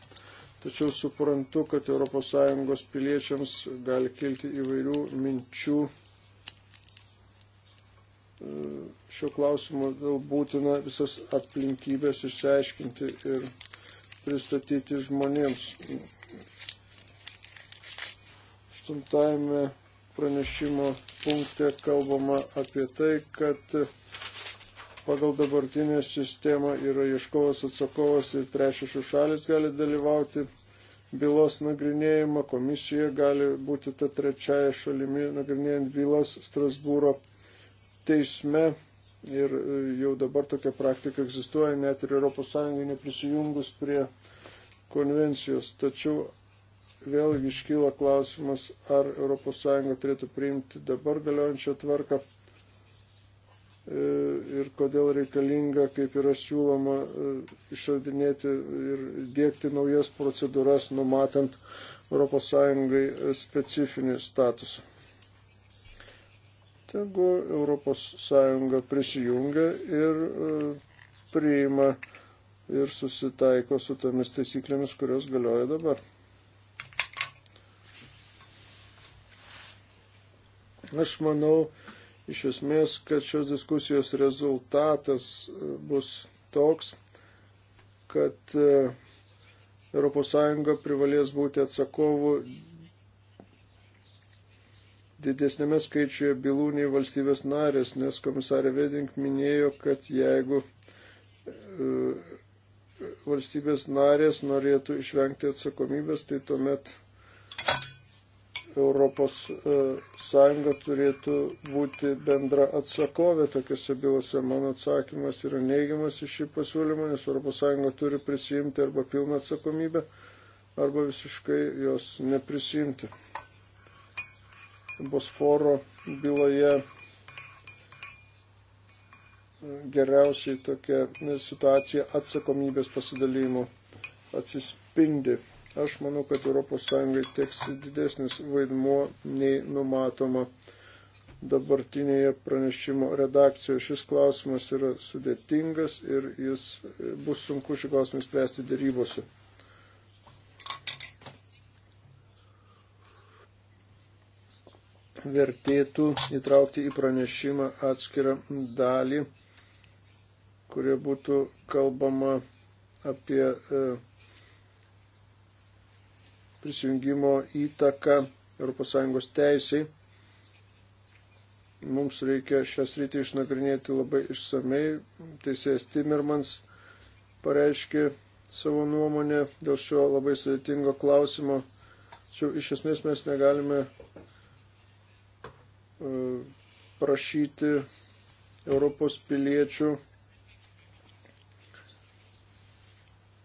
Tačiau suprantu, kad ES piliečiams gali kilti įvairių minčių e, šio klausimo dėl būtina visas aplinkybės išsiaiškinti ir pristatyti žmonėms. Aštuntajame pranešimo punkte kalbama apie tai, kad Pagal dabartinę sistemą yra ieškovas atsakovas ir trečiosių šalis gali dalyvauti bylos nagrinėjimą, komisija gali būti ta trečiaja šalimi nagrinėjant bylas Strasbūro teisme. Ir e, jau dabar tokia praktika egzistuoja, net ir ES neprisijungus prie konvencijos. Tačiau vėlgi iškyla klausimas, ar ES turėtų priimti dabar galiojančią tvarką E, ir kodėl reikalinga, kaip yra siūloma, e, išradinėti ir dėkti naujas procedūras, numatant ES e, specifinį statusą. Tegu ES prisijungia ir priima ir susitaiko su tomis taisyklėmis, kurios galioja dabar. Aš manau, iš esmės, kad šios diskusijos rezultatas e, bus toks, kad ES privalės būti atsakovų didesnėme skaičiuje bylų nei valstybės narės, nes komisarė Vedink minėjo, kad jeigu e, valstybės narės norėtų išvengti atsakomybės, tai tuomet ES e, turėtų būti bendra atsakovė tokiuose bylose. Mano atsakymas yra neigiamas iš šį pasiūlymą, nes ES turi prisijimti arba pilną atsakomybę, arba visiškai jos neprisijimti. Bosforo byloje e, geriausiai tokia situacija atsakomybės pasidalymo atsispindi. Aš manau, kad ES teks didesnis vaidmuo nei numatoma dabartinėje pranešimo redakcijoje. Šis klausimas yra sudėtingas ir jis e, bus sunku šį klausimą spręsti dėrybose. Vertėtų įtraukti į pranešimą atskirą dalį, kurie būtų kalbama apie e, prisijungimo įtaką ES teisiai. Mums reikia šią sritį išnagrinėti labai išsamei. Teisėjas Timmermans pareiškė savo nuomonę dėl šio labai sudėtingo klausimo. Tačiau iš esmės mes negalime e, prašyti Europos piliečių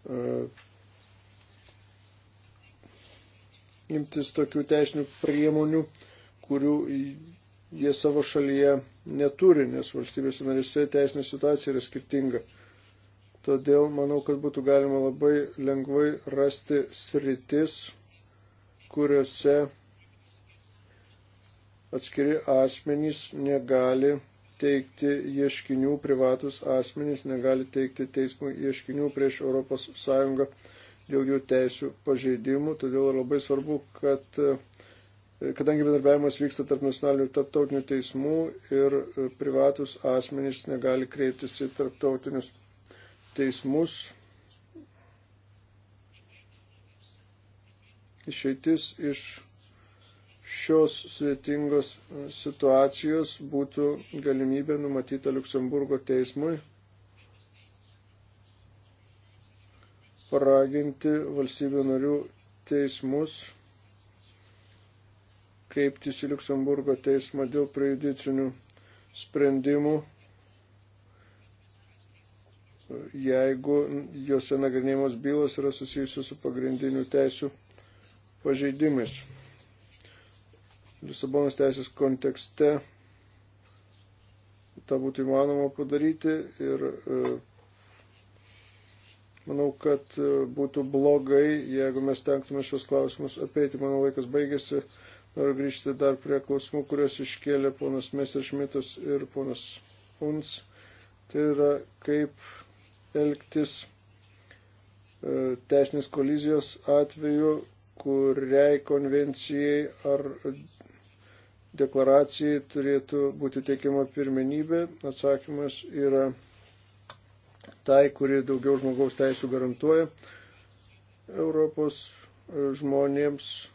e, imtis tokių teisinių priemonių, kurių jie savo šalyje neturi, nes valstybės narėse teisinė situacija yra skirtinga. Todėl manau, kad būtų galima labai lengvai rasti sritis, kuriuose atskiri asmenys negali teikti ieškinių, privatus asmenys negali teikti teismų ieškinių prieš ES dėl jų teisų pažeidimų, todėl labai svarbu, kad e, kadangi bendarbiavimas vyksta tarp nacionalinių ir tarptautinių teismų ir e, privatus asmenys negali kreiptis į tarptautinius teismus, išeitis iš šios sudėtingos e, situacijos būtų galimybė numatyta Luksemburgo teismui paraginti valstybių narių teismus kreiptis į Luksemburgo teismą dėl prejudicinių sprendimų, jeigu juose nagrinėjamos bylos yra susijusios su pagrindinių teisų pažeidimais. Lisabonos teisės kontekste tą būtų įmanoma padaryti ir e, Manau, kad e, būtų blogai, jeigu mes tenktume šios klausimus apeiti. Mano laikas baigėsi. Noriu grįžti dar prie klausimų, kuriuos iškėlė ponas Messerschmittas ir ponas Uns. Tai yra, kaip elgtis e, teisinės kolizijos atveju, kuriai konvencijai ar deklaracijai turėtų būti teikiama pirmenybė. Atsakymas yra tai, kuri daugiau žmogaus teisų garantuoja Europos e, žmonėms e,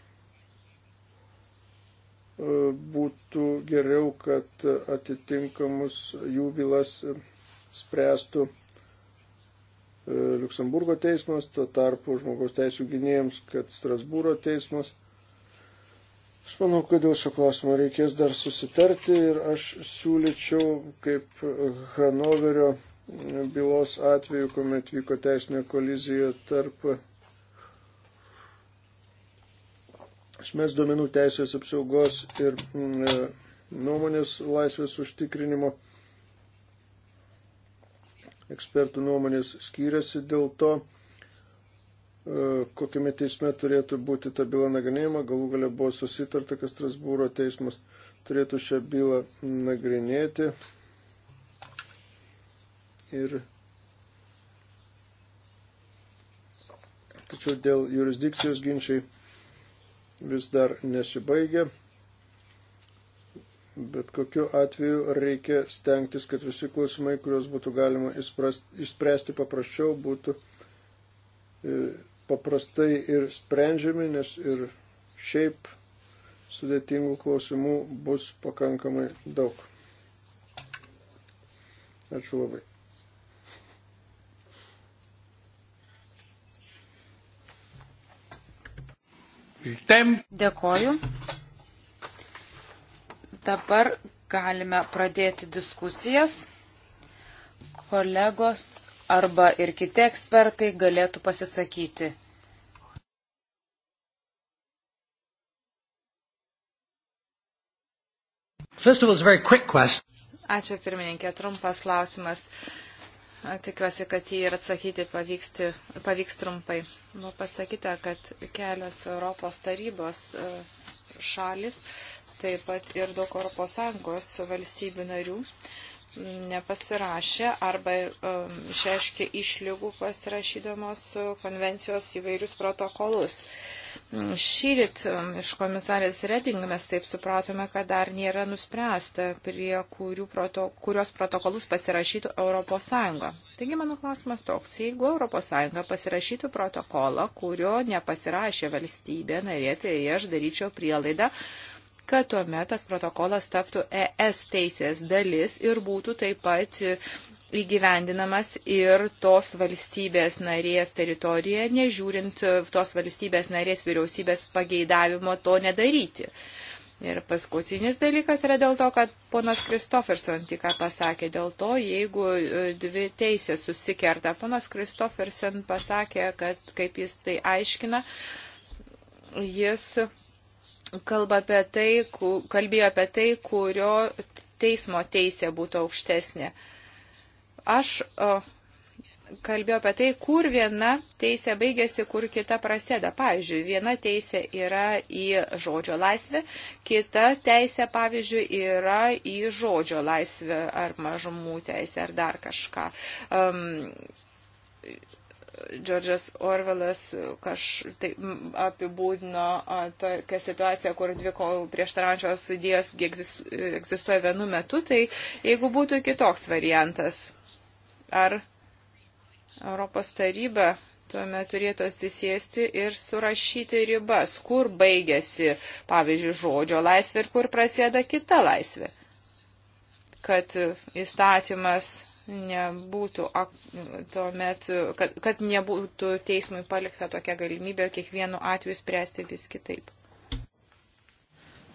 būtų geriau, kad atitinkamus jų bylas spręstų e, Luksemburgo teismas, to tarpu žmogaus teisų gynėjams, kad Strasbūro teismas. Aš manau, kad dėl šio klausimo reikės dar susitarti ir aš siūlyčiau kaip Hanoverio bylos atveju, kuomet vyko teisinė kolizija tarp asmens duomenų teisės apsaugos ir mm, e, nuomonės laisvės užtikrinimo. Ekspertų nuomonės skiriasi dėl to, e, kokiame teisme turėtų būti ta byla nagrinėjama. Galų galia buvo susitarta, kad Strasbūro teismas turėtų šią bylą nagrinėti ir tačiau dėl jurisdikcijos ginčiai vis dar nesibaigia. Bet kokiu atveju reikia stengtis, kad visi klausimai, kuriuos būtų galima išspręsti paprasčiau, būtų e, paprastai ir sprendžiami, nes ir šiaip sudėtingų klausimų bus pakankamai daug. Ačiū labai. Dėkoju. Dabar galime pradėti diskusijas. Kolegos arba ir kiti ekspertai galėtų pasisakyti. Ačiū pirmininkė, trumpas klausimas. Uh, Tikiuosi, kad jį ir atsakyti pavyksti, pavyks trumpai. Buvo pasakyta, kad kelios Europos tarybos e, šalis, taip pat ir daug Europos Sąjungos valstybių narių nepasirašė arba e, išreiškė išlygų pasirašydamos e, konvencijos įvairius protokolus. Šyrit um, iš komisarės Reding mes taip supratome, kad dar nėra nuspręsta, prie proto, kurios protokolus pasirašytų ES. Taigi mano klausimas toks, jeigu ES pasirašytų protokolą, kurio nepasirašė valstybė narė, tai aš daryčiau prielaidą, kad tuomet tas protokolas taptų ES teisės dalis ir būtų taip pat įgyvendinamas ir tos valstybės narės teritorijoje, nežiūrint tos valstybės narės vyriausybės pageidavimo to nedaryti. Ir paskutinis dalykas yra dėl to, kad ponas Kristoferson tik ką pasakė, dėl to, jeigu e, dvi teisės susikerta, ponas Kristoferson pasakė, kad kaip jis tai aiškina, jis kalba apie tai, kalbėjo apie tai, kurio teismo teisė būtų aukštesnė. Uh, Aš o, kalbėjau apie tai, kur viena teisė baigėsi, kur kita prasideda. Pavyzdžiui, viena teisė yra į žodžio laisvę, kita teisė, pavyzdžiui, yra į žodžio laisvę ar mažumų teisę ar dar kažką. Um, Džordžas Orvelas kaž, tai, apibūdino tokią situaciją, kur dvi prieštaraujančios idėjos egzistuoja vienu metu, tai jeigu būtų kitoks variantas ar Europos taryba tuomet turėtų atsisėsti ir surašyti ribas, kur baigėsi, pavyzdžiui, žodžio laisvė ir kur prasideda kita laisvė. Kad įstatymas nebūtų tuomet, kad, kad nebūtų teismui palikta tokia galimybė kiekvienu atveju spręsti vis kitaip.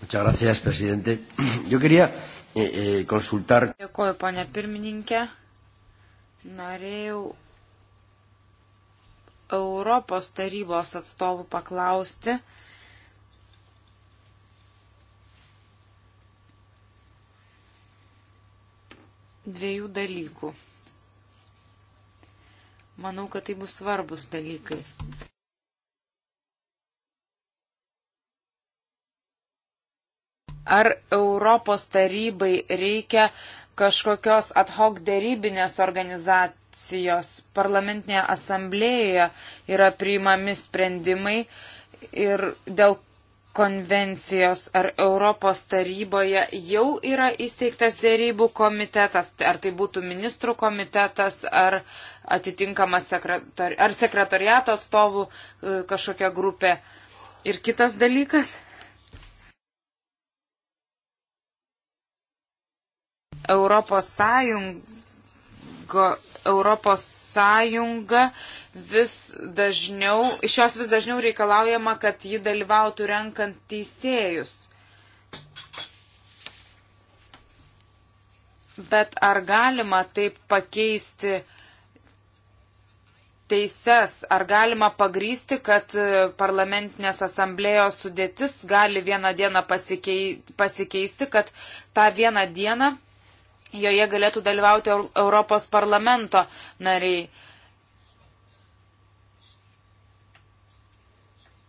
Muchas gracias, presidente. Yo quería eh, eh, consultar. Dėkuoju, ponia pirmininkė. Norėjau Europos tarybos atstovų paklausti. Dviejų dalykų. Manau, kad tai bus svarbus dalykai. Ar Europos tarybai reikia uh, kažkokios ad hoc dėrybinės organizacijos. Parlamentinėje asamblėje yra priimami sprendimai ir dėl konvencijos ar Europos taryboje jau yra įsteigtas dėrybų komitetas, ar tai būtų ministrų komitetas, ar atitinkamas sekretori, ar sekretariato atstovų e, kažkokia grupė. Ir kitas dalykas Europos Sąjunga, Europos Sąjunga vis dažniau, iš jos vis dažniau reikalaujama, kad ji dalyvautų renkant teisėjus. Bet ar galima taip pakeisti teises, ar galima pagrysti, kad e, parlamentinės asamblėjos sudėtis gali vieną dieną pasikei, pasikeisti, kad tą vieną dieną joje galėtų dalyvauti Europos parlamento nariai.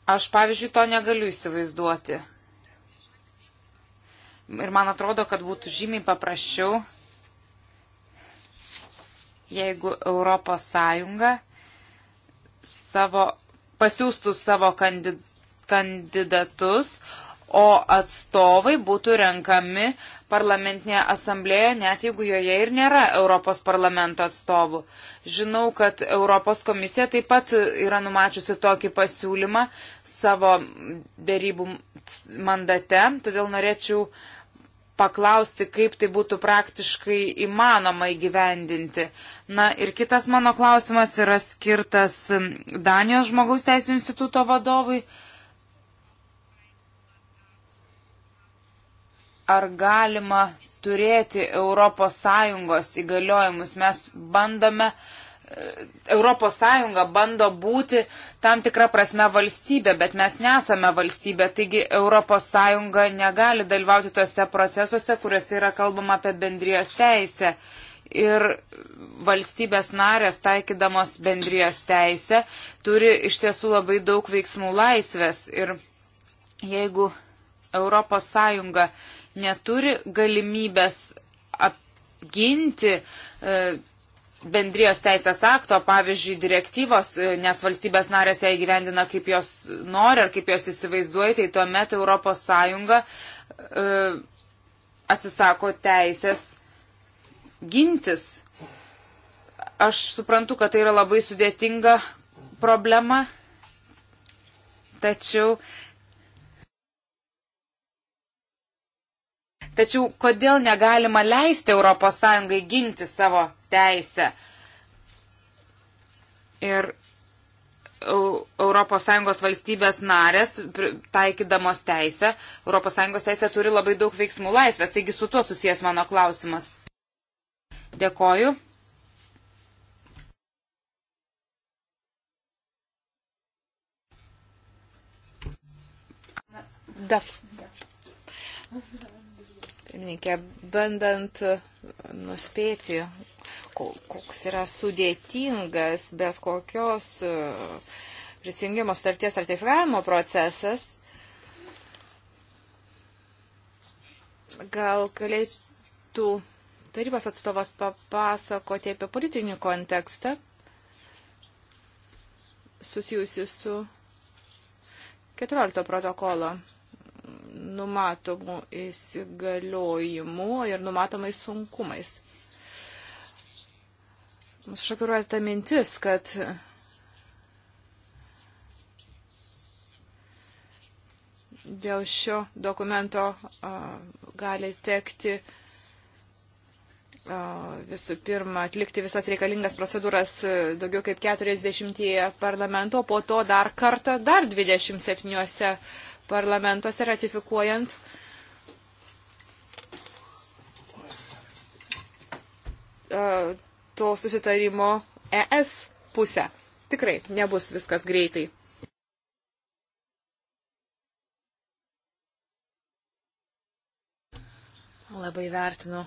Aš, pavyzdžiui, to negaliu įsivaizduoti. Ir man atrodo, kad būtų žymiai paprasčiau, jeigu Europos Sąjunga savo, pasiūstų savo kandidatus, o atstovai būtų renkami parlamentinėje asamblėje, net jeigu joje ir nėra Europos parlamento atstovų. Žinau, kad Europos komisija taip pat yra numačiusi tokį pasiūlymą savo dėrybų mandate, todėl norėčiau paklausti, kaip tai būtų praktiškai įmanoma įgyvendinti. Na ir kitas mano klausimas yra skirtas Danijos žmogaus teisų instituto vadovui. ar galima turėti ES įgaliojimus. Mes bandome, ES bando būti tam tikrą prasme valstybė, bet mes nesame valstybė, taigi ES negali dalyvauti tuose procesuose, kuriuose yra kalbama apie bendrijos teisę. Ir valstybės narės, taikydamos bendrijos teisę, turi iš tiesų labai daug veiksmų laisvės. Ir jeigu ES neturi galimybės apginti e, bendrijos teisės akto, pavyzdžiui, direktyvos, e, nes valstybės narės ją įgyvendina kaip jos nori ar kaip jos įsivaizduoja, tai tuomet ES e, atsisako teisės gintis. Aš suprantu, kad tai yra labai sudėtinga problema, tačiau uh, Tačiau kodėl negalima leisti ES ginti savo teisę? Ir ES valstybės narės, taikydamos teisę, ES teisė turi labai daug veiksmų laisvės, taigi su tuo susijęs mano klausimas. Dėkoju. Daf pirmininkė, bandant e, nuspėti, koks yra sudėtingas bet kokios e, prisijungimo sutarties ratifikavimo procesas, gal galėtų tarybos atstovas papasakoti apie politinį kontekstą susijusi su 14 protokolo numatomų įsigaliojimų ir numatomais sunkumais. Mūsų šokiruoja ta mintis, kad dėl šio dokumento gali tekti visų pirma atlikti visas reikalingas procedūras daugiau kaip 40 parlamento, po to dar kartą dar 27 parlamentuose ratifikuojant e, to susitarimo ES pusę. Tikrai nebus viskas greitai. Labai vertinu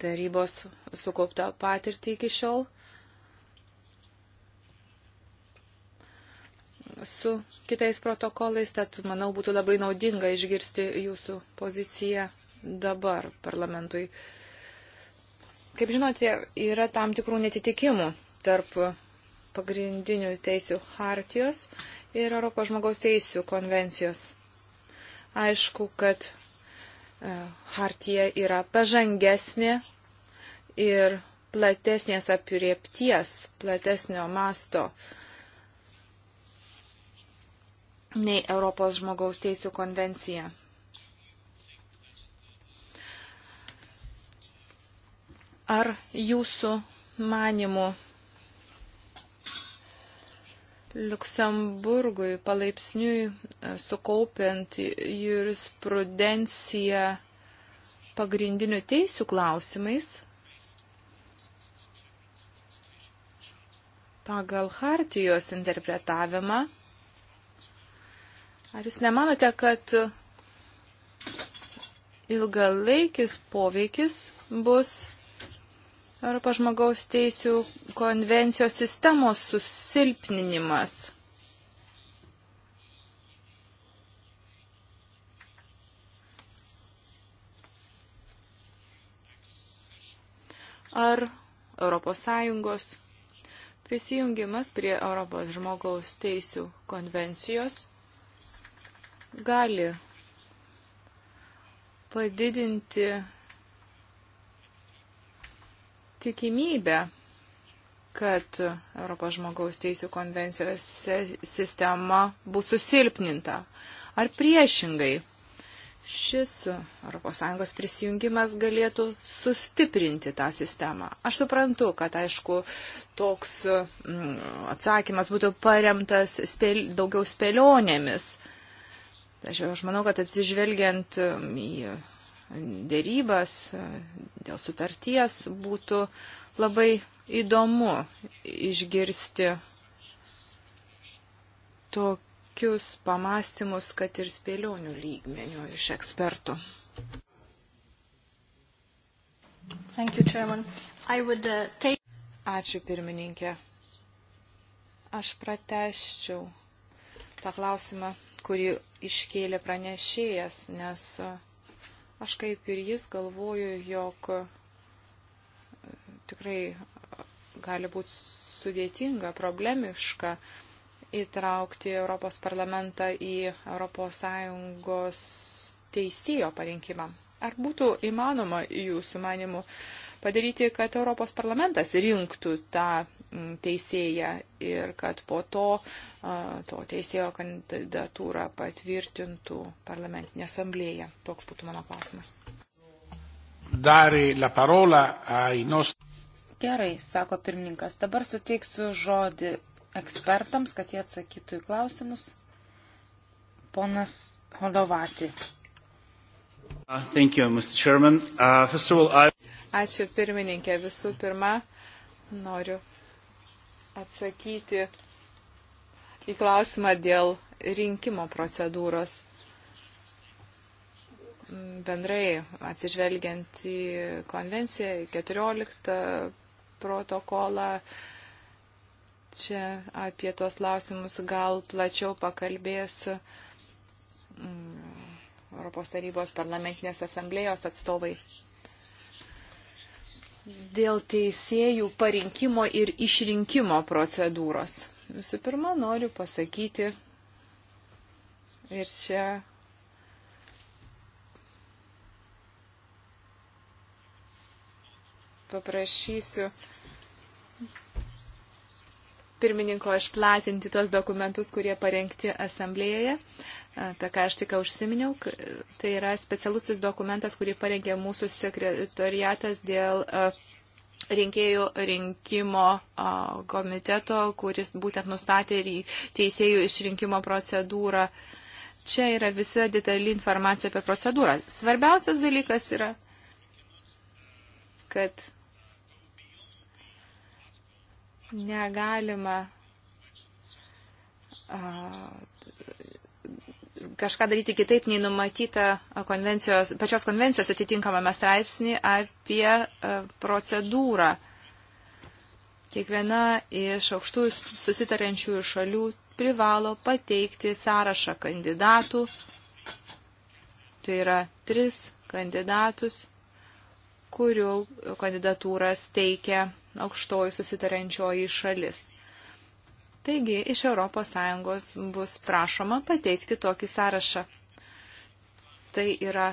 tarybos sukauptą patirtį iki šiol. su kitais protokolais, tad manau būtų labai naudinga išgirsti jūsų poziciją dabar parlamentui. Kaip žinote, yra tam tikrų netitikimų tarp pagrindinių teisių hartijos ir Europos žmogaus teisių konvencijos. Aišku, kad e, hartija yra pažangesnė ir platesnės apriepties, platesnio masto uh, nei Europos žmogaus teisų konvencija. Ar jūsų manimų Luksemburgui palaipsniui e, sukaupiant jurisprudenciją pagrindinių teisių klausimais pagal hartijos interpretavimą Ar jūs nemanote, kad ilgalaikis poveikis bus Europos žmogaus teisų konvencijos sistemos susilpninimas? Ar ES prisijungimas prie Europos žmogaus teisų konvencijos gali padidinti tikimybę, kad Europos žmogaus teisų konvencijos sistema bus susilpninta. Ar priešingai, šis ES prisijungimas galėtų sustiprinti tą sistemą. Aš suprantu, kad aišku, toks mm, atsakymas būtų paremtas spėl, daugiau spėlionėmis. Tačiau aš manau, kad atsižvelgiant um, į um, dėrybas um, dėl sutarties būtų labai įdomu išgirsti tokius pamastymus, kad ir spėlionių lygmenių iš ekspertų. Thank you, Chairman. I would, uh, take... Ačiū pirmininkė. Aš prateščiau tą klausimą kurį iškėlė pranešėjas, nes aš kaip ir jis galvoju, jog tikrai gali būti sudėtinga, problemiška įtraukti Europos parlamentą į ES teisėjo parinkimą. Ar būtų įmanoma jūsų manimų padaryti, kad Europos parlamentas rinktų tą Mm, teisėją ir kad po to to teisėjo kandidatūrą patvirtintų parlamentinė asamblėja. Toks būtų mano klausimas. Gerai, sako pirmininkas. Dabar suteiksiu žodį ekspertams, kad jie atsakytų į klausimus. Ponas Holovati. Uh, you, uh, all, I... Ačiū pirmininkė. Visų pirma, noriu atsakyti į klausimą dėl rinkimo procedūros. Bendrai atsižvelgiant į konvenciją, į 14 protokolą, čia apie tuos klausimus gal plačiau pakalbės mm, Europos tarybos parlamentinės asamblėjos atstovai dėl teisėjų parinkimo ir išrinkimo procedūros. Visų pirma, noriu pasakyti ir čia paprašysiu pirmininko išplatinti tuos dokumentus, kurie parengti asamblėje. Uh, apie ką aš tik užsiminiau. Tai yra specialusis dokumentas, kurį parengė mūsų sekretoriatas dėl e, rinkėjų rinkimo komiteto, kuris būtent nustatė ir teisėjų išrinkimo procedūrą. Čia yra visa detali informacija apie procedūrą. Svarbiausias dalykas yra, kad negalima kažką daryti kitaip nei numatyta konvencijos, pačios konvencijos atitinkamame straipsnį apie e, procedūrą. Kiekviena iš aukštų susitarančiųjų šalių privalo pateikti sąrašą kandidatų. Tai yra tris kandidatus, kurių kandidatūras teikia aukštoji susitarančioji šalis. Taigi iš ES bus prašoma pateikti tokį sąrašą. Tai yra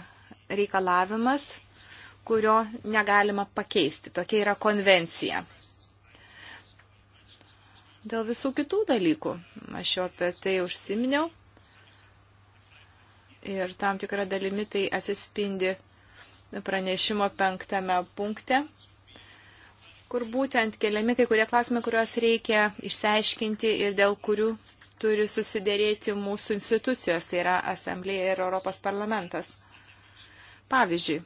reikalavimas, kurio negalima pakeisti. Tokia yra konvencija. Dėl visų kitų dalykų, aš jau apie tai užsiminiau ir tam tikrą dalimi tai atsispindi pranešimo penktame punkte kur būtent keliami kai kurie klausimai, kuriuos reikia išsiaiškinti ir dėl kurių turi susidėrėti mūsų institucijos, tai yra Asamblėje ir Europos parlamentas. Pavyzdžiui,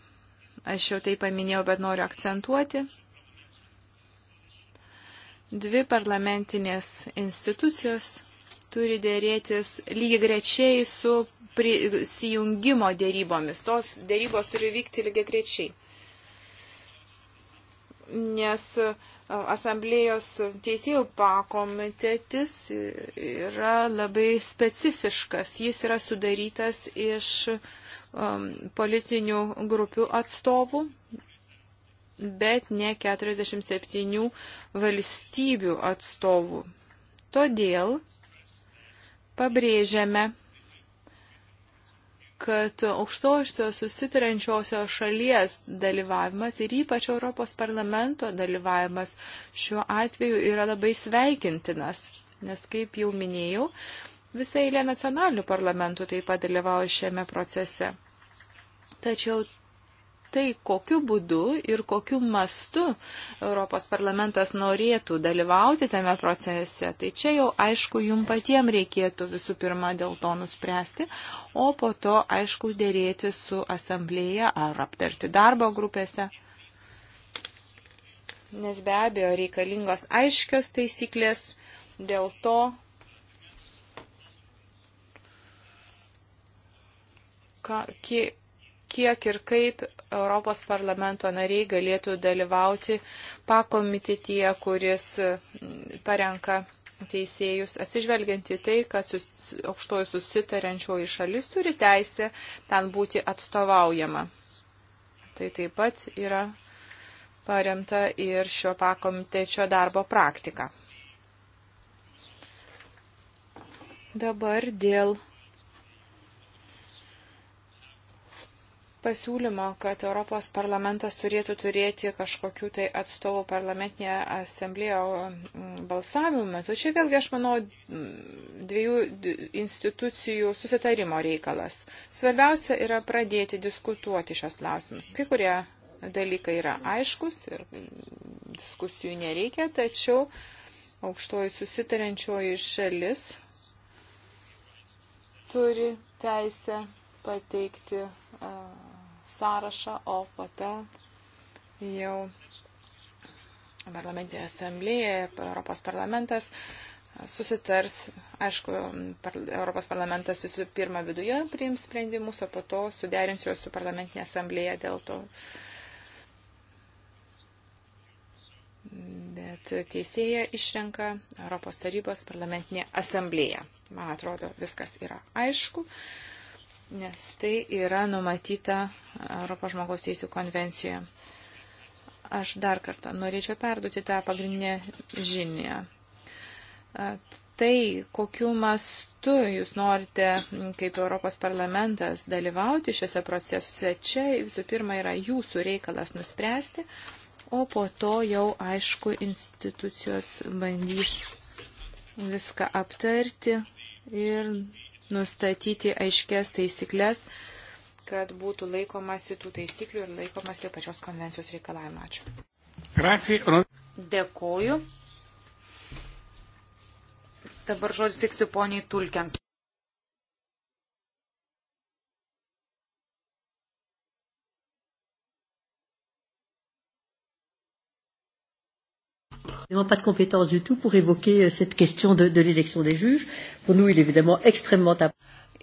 aš jau tai paminėjau, bet noriu akcentuoti. Dvi parlamentinės institucijos turi dėrėtis lygiai grečiai su prisijungimo dėrybomis. Tos dėrybos turi vykti lygiai grečiai nes e, asamblėjos teisėjų pakomitetis yra labai specifiškas. Jis yra sudarytas iš um, politinių grupių atstovų, bet ne 47 valstybių atstovų. Todėl pabrėžiame kad aukštošios susitariančiosios šalies dalyvavimas ir ypač Europos parlamento dalyvavimas šiuo atveju yra labai sveikintinas, nes kaip jau minėjau, visa eilė nacionalinių parlamentų taip pat dalyvauja šiame procese. Tačiau tai, kokiu būdu ir kokiu mastu Europos parlamentas norėtų dalyvauti tame procese, tai čia jau aišku, jum patiem reikėtų visų pirma dėl to nuspręsti, o po to aišku dėrėti su asamblėje ar aptarti darbo grupėse. Nes be abejo reikalingos aiškios taisyklės dėl to, ką, kiek kiek ir kaip Europos parlamento nariai galėtų dalyvauti pakomitetyje, kuris mm, parenka teisėjus, atsižvelgiant į tai, kad su, aukštoji susitarančioji šalis turi teisę ten būti atstovaujama. Tai taip pat yra paremta ir šio pakomitečio darbo praktika. Dabar dėl pasiūlymo, kad Europos parlamentas turėtų turėti kažkokių tai atstovų parlamentinėje asamblėje mm, balsavimo metu. Čia vėlgi, aš manau, mm, dviejų institucijų susitarimo reikalas. Svarbiausia yra pradėti diskutuoti šios klausimus. Kai kurie dalykai yra aiškus ir mm, diskusijų nereikia, tačiau aukštoji susitarančioji šalis turi teisę pateikti uh, sąrašą, o po to jau parlamentė asamblėje, Europos parlamentas susitars, aišku, Europos parlamentas visų pirma viduje priims sprendimus, o po to suderins juos su parlamentinė asamblėje dėl to. Bet teisėja išrenka Europos tarybos parlamentinė asamblėje. Man atrodo, viskas yra aišku. Uh, nes tai yra numatyta Europos žmogaus teisų konvencijoje. Aš dar kartą norėčiau perduoti tą pagrindinę žinią. Tai, kokiu mastu jūs norite, kaip Europos parlamentas, dalyvauti šiuose procesuose, čia visų pirma yra jūsų reikalas nuspręsti, o po to jau, aišku, institucijos bandys viską aptarti ir nustatyti aiškės taisyklės, kad būtų laikomasi tų taisyklių ir laikomasi pačios konvencijos reikalavimo. Ačiū. Gracijai. Dėkoju. Dabar žodžiu tiksiu poniai Tulkiams. pas de compétence du tout pour évoquer euh, cette question de, de l'élection des juges. Pour nous, il est évidemment extrêmement important.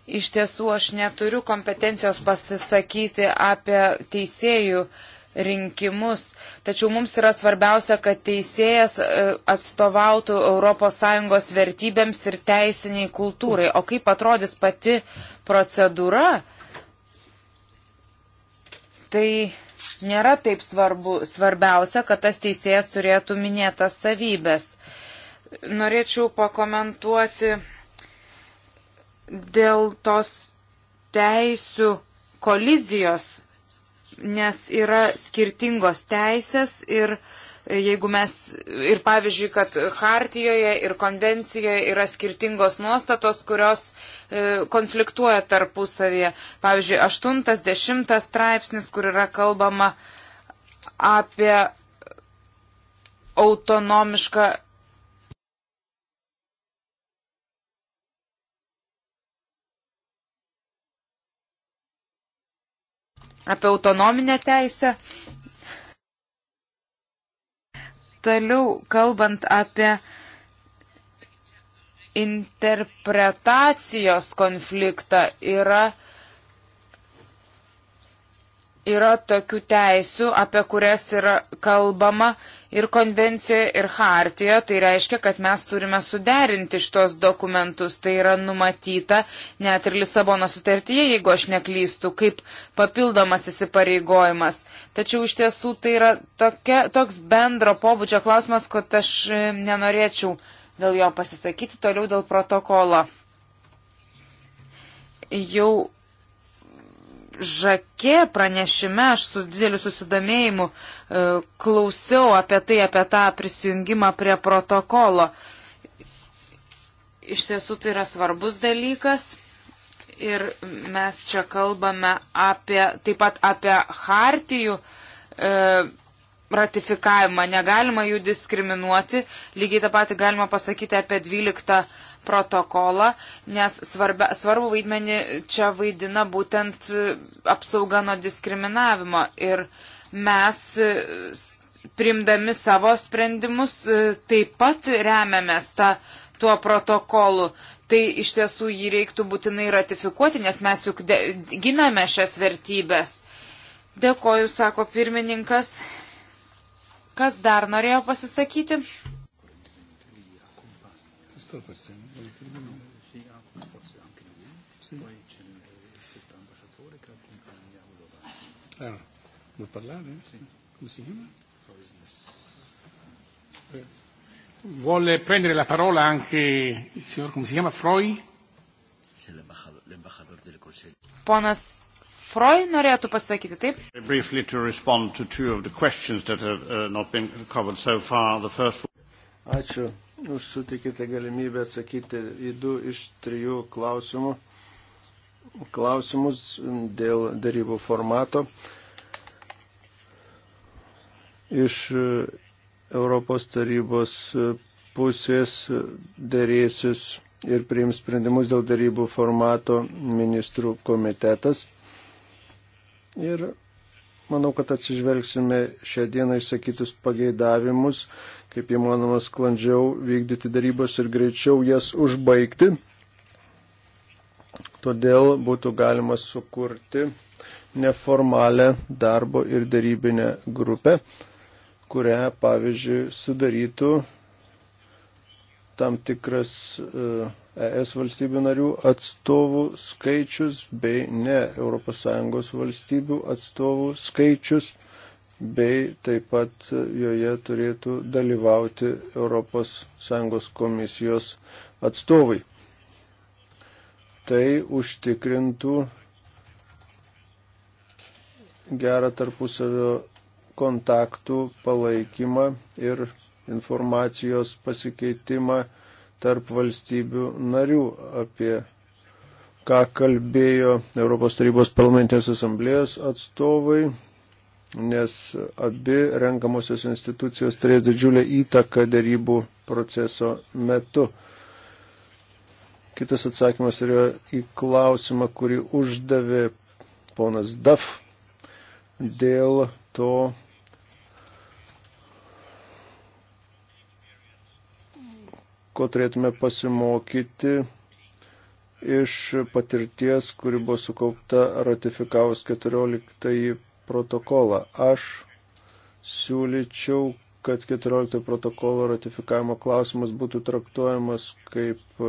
Iš tiesų, aš neturiu kompetencijos pasisakyti apie teisėjų rinkimus, tačiau mums yra svarbiausia, kad teisėjas e, atstovautų ES vertybėms ir teisiniai kultūrai. O kaip atrodys pati procedūra, tai nėra taip svarbu. Svarbiausia, kad tas teisėjas turėtų minėtas savybės. Norėčiau pakomentuoti dėl tos teisių kolizijos, nes yra skirtingos teisės ir uh, jeigu mes ir pavyzdžiui, kad hartijoje ir konvencijoje yra skirtingos nuostatos, kurios e, konfliktuoja tarpusavėje. Pavyzdžiui, 80 straipsnis, kur yra kalbama apie autonomišką apie autonominę teisę. Toliau, kalbant apie interpretacijos konfliktą, yra yra tokių teisių, apie kurias yra kalbama ir konvencijoje, ir hartijoje. Tai reiškia, kad mes turime suderinti šitos dokumentus. Tai yra numatyta net ir Lisabono sutartyje, jeigu aš neklystu, kaip papildomas įsipareigojimas. Tačiau iš tiesų tai yra tokia, toks bendro pobūdžio klausimas, kad aš e, nenorėčiau dėl jo pasisakyti toliau dėl protokolo. Jau Žakė pranešime aš su dideliu susidomėjimu e, klausiau apie tai, apie tą prisijungimą prie protokolo. Iš tiesų tai yra svarbus dalykas ir mes čia kalbame apie, taip pat apie hartijų e, ratifikavimą. Negalima jų diskriminuoti. Lygiai tą patį galima pasakyti apie 12 protokolą, nes svarbia, svarbu vaidmenį čia vaidina būtent e, apsauga nuo diskriminavimo. Ir mes, e, primdami savo sprendimus, e, taip pat remiamės tą, tuo protokolu. Tai iš tiesų jį reiktų būtinai ratifikuoti, nes mes juk de, giname šias vertybės. Dėkoju, sako pirmininkas. Kas dar norėjo pasisakyti? Still percent. Vuoi parlare? Eh? Sì. Come si chiama? Vuole prendere la parola anche il signor, come si chiama, Freud? Ponas Freud norėtų pasakyti taip. Briefly to respond to two of the questions that have uh, not been covered so far. The first... Ačiū už sutikite galimybę atsakyti į du iš trijų klausimų. Klausimus dėl darybų formato. Uh, iš e, Europos tarybos e, pusės e, dėrėsis ir priims sprendimus dėl darybų formato ministrų komitetas. Ir manau, kad atsižvelgsime šią dieną išsakytus pageidavimus, kaip įmanoma sklandžiau vykdyti darybos ir greičiau jas užbaigti. Todėl būtų galima sukurti neformalę darbo ir darybinę grupę, kurią, pavyzdžiui, sudarytų tam tikras ES e valstybių narių atstovų skaičius bei ne ES valstybių atstovų skaičius bei taip pat joje turėtų dalyvauti ES komisijos atstovai. Tai užtikrintų gerą tarpusavio kontaktų palaikymą ir informacijos pasikeitimą tarp valstybių narių apie ką kalbėjo Europos tarybos parlamentinės asamblėjos atstovai, nes abi renkamosios institucijos turės didžiulę įtaką darybų proceso metu. Kitas atsakymas yra į klausimą, kurį uždavė ponas Daf dėl to, ko turėtume pasimokyti iš patirties, kuri buvo sukaupta ratifikavus 14 protokolą. Aš siūlyčiau, kad 14 protokolo ratifikavimo klausimas būtų traktuojamas kaip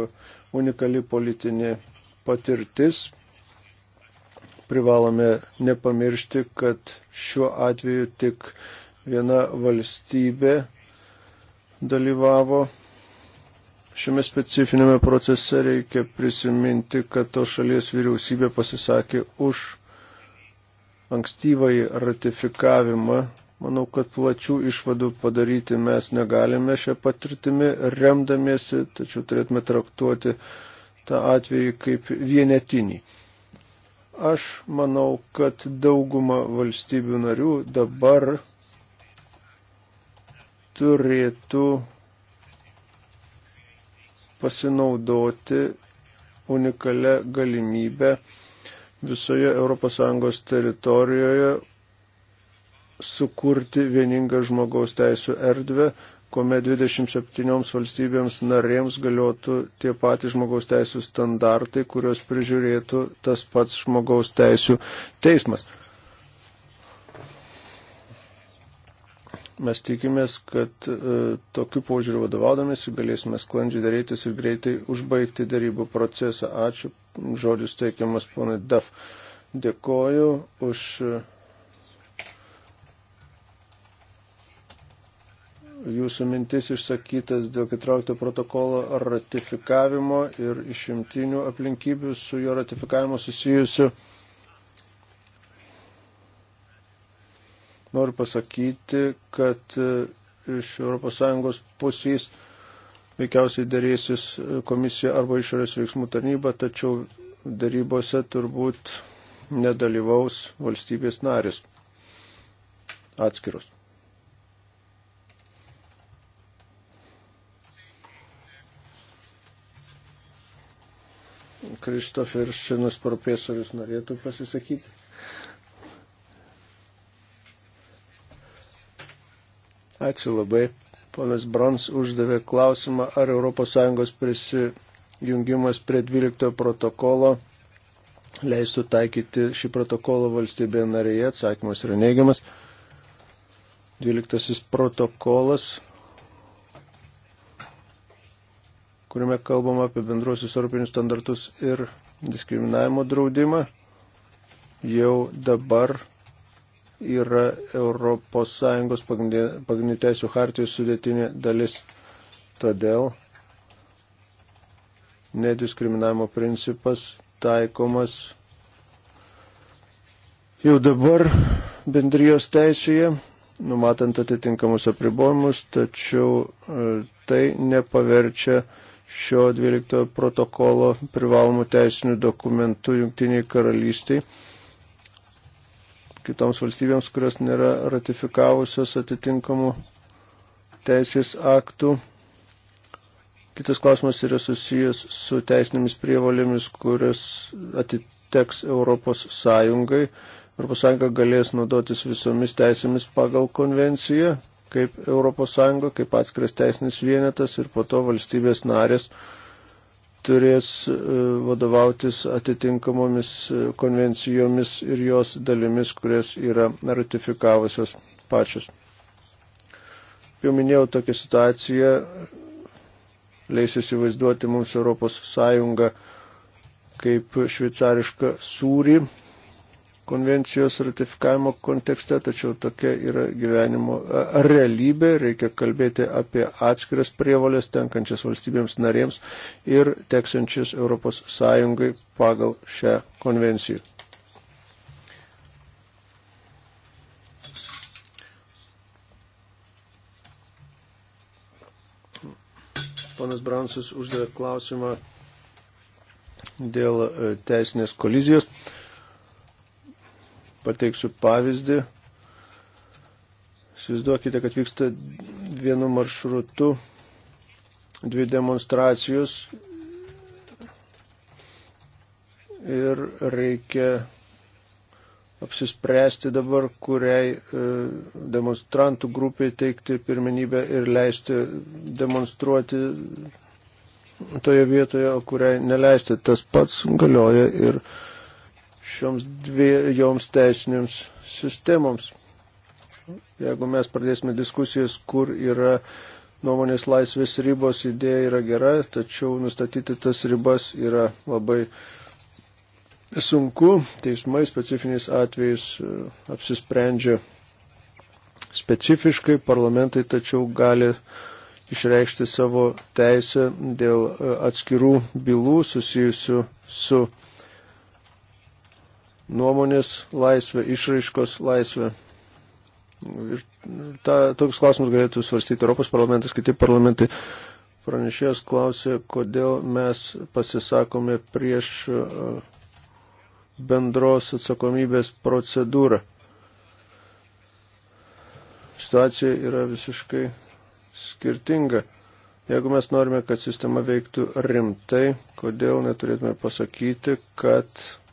unikali politinė patirtis. Privalome nepamiršti, kad šiuo atveju tik viena valstybė dalyvavo Šiame specifinėme procese reikia prisiminti, kad to šalies vyriausybė pasisakė už ankstyvąjį ratifikavimą. Manau, kad plačių išvadų padaryti mes negalime šią patirtimį remdamiesi, tačiau turėtume traktuoti tą atvejį kaip vienetinį. Aš manau, kad dauguma valstybių narių dabar turėtų pasinaudoti unikalią galimybę visoje ES teritorijoje sukurti vieningą žmogaus teisų erdvę, kuomet 27 valstybėms narėms galiotų tie patys žmogaus teisų standartai, kuriuos prižiūrėtų tas pats žmogaus teisų teismas. Mes tikimės, kad e, tokiu požiūriu vadovaudomės galėsime sklandžiai darytis ir greitai užbaigti darybų procesą. Ačiū. Žodis teikiamas ponai Daf. Dėkoju už e, jūsų mintis išsakytas dėl 14 protokolo ratifikavimo ir išimtinių aplinkybių su jo ratifikavimu susijusiu. noriu pasakyti, kad e, iš ES pusės veikiausiai dėrėsis e, komisija arba išorės veiksmų tarnyba, tačiau darybose turbūt nedalyvaus valstybės narės atskirus. Kristoferšinas profesorius norėtų pasisakyti. Ačiū labai. Ponas Brons uždavė klausimą, ar ES prisijungimas prie 12 protokolo leistų taikyti šį protokolą valstybėje narėje. Atsakymas yra neigiamas. 12 protokolas, kuriame kalbama apie bendruosius europinius standartus ir diskriminavimo draudimą, jau dabar yra ES pagrindinių teisų hartijos sudėtinė dalis. Todėl nediskriminavimo principas taikomas jau dabar bendrijos teisėje, numatant atitinkamus apribojimus, tačiau e, tai nepaverčia šio 12 protokolo privalomų teisinių dokumentų Junktiniai karalystiai kitoms valstybėms, kurios nėra ratifikavusios atitinkamų teisės aktų. Kitas klausimas yra susijęs su teisinėmis prievolėmis, kurias atiteks Europos Sąjungai. Europos Sąjunga galės naudotis visomis teisėmis pagal konvenciją, kaip Europos Sąjunga, kaip atskiras teisinis vienetas ir po to valstybės narės turės e, vadovautis atitinkamomis e, konvencijomis ir jos dalimis, kurias yra ratifikavusios pačios. Jau minėjau tokią situaciją, leis įsivaizduoti mums Europos Sąjungą kaip šveicarišką sūrį, konvencijos ratifikavimo kontekste, tačiau tokia yra gyvenimo realybė, reikia kalbėti apie atskiras prievalės tenkančias valstybėms narėms ir teksančias ES pagal šią konvenciją. Ponas Bransas uždavė klausimą dėl e, teisinės kolizijos. Pateiksiu pavyzdį. Įsivaizduokite, kad vyksta vienu maršrutu dvi demonstracijos ir reikia apsispręsti dabar, kuriai e, demonstrantų grupiai teikti pirmenybę ir leisti demonstruoti toje vietoje, o kuriai neleisti. Tas pats galioja ir šioms dviejoms teisinėms sistemoms. Jeigu mes pradėsime diskusijas, kur yra nuomonės laisvės ribos, idėja yra gera, tačiau nustatyti tas ribas yra labai sunku. Teismai specifiniais atvejais e, apsisprendžia specifiškai, parlamentai tačiau gali išreikšti savo teisę dėl e, atskirų bylų susijusių su nuomonės laisvę, išraiškos laisvę. Ir ta, toks klausimas galėtų svarstyti Europos parlamentas, kiti parlamentai. Pranešėjas klausė, kodėl mes pasisakome prieš e, bendros atsakomybės procedūrą. Situacija yra visiškai skirtinga. Jeigu mes norime, kad sistema veiktų rimtai, kodėl neturėtume pasakyti, kad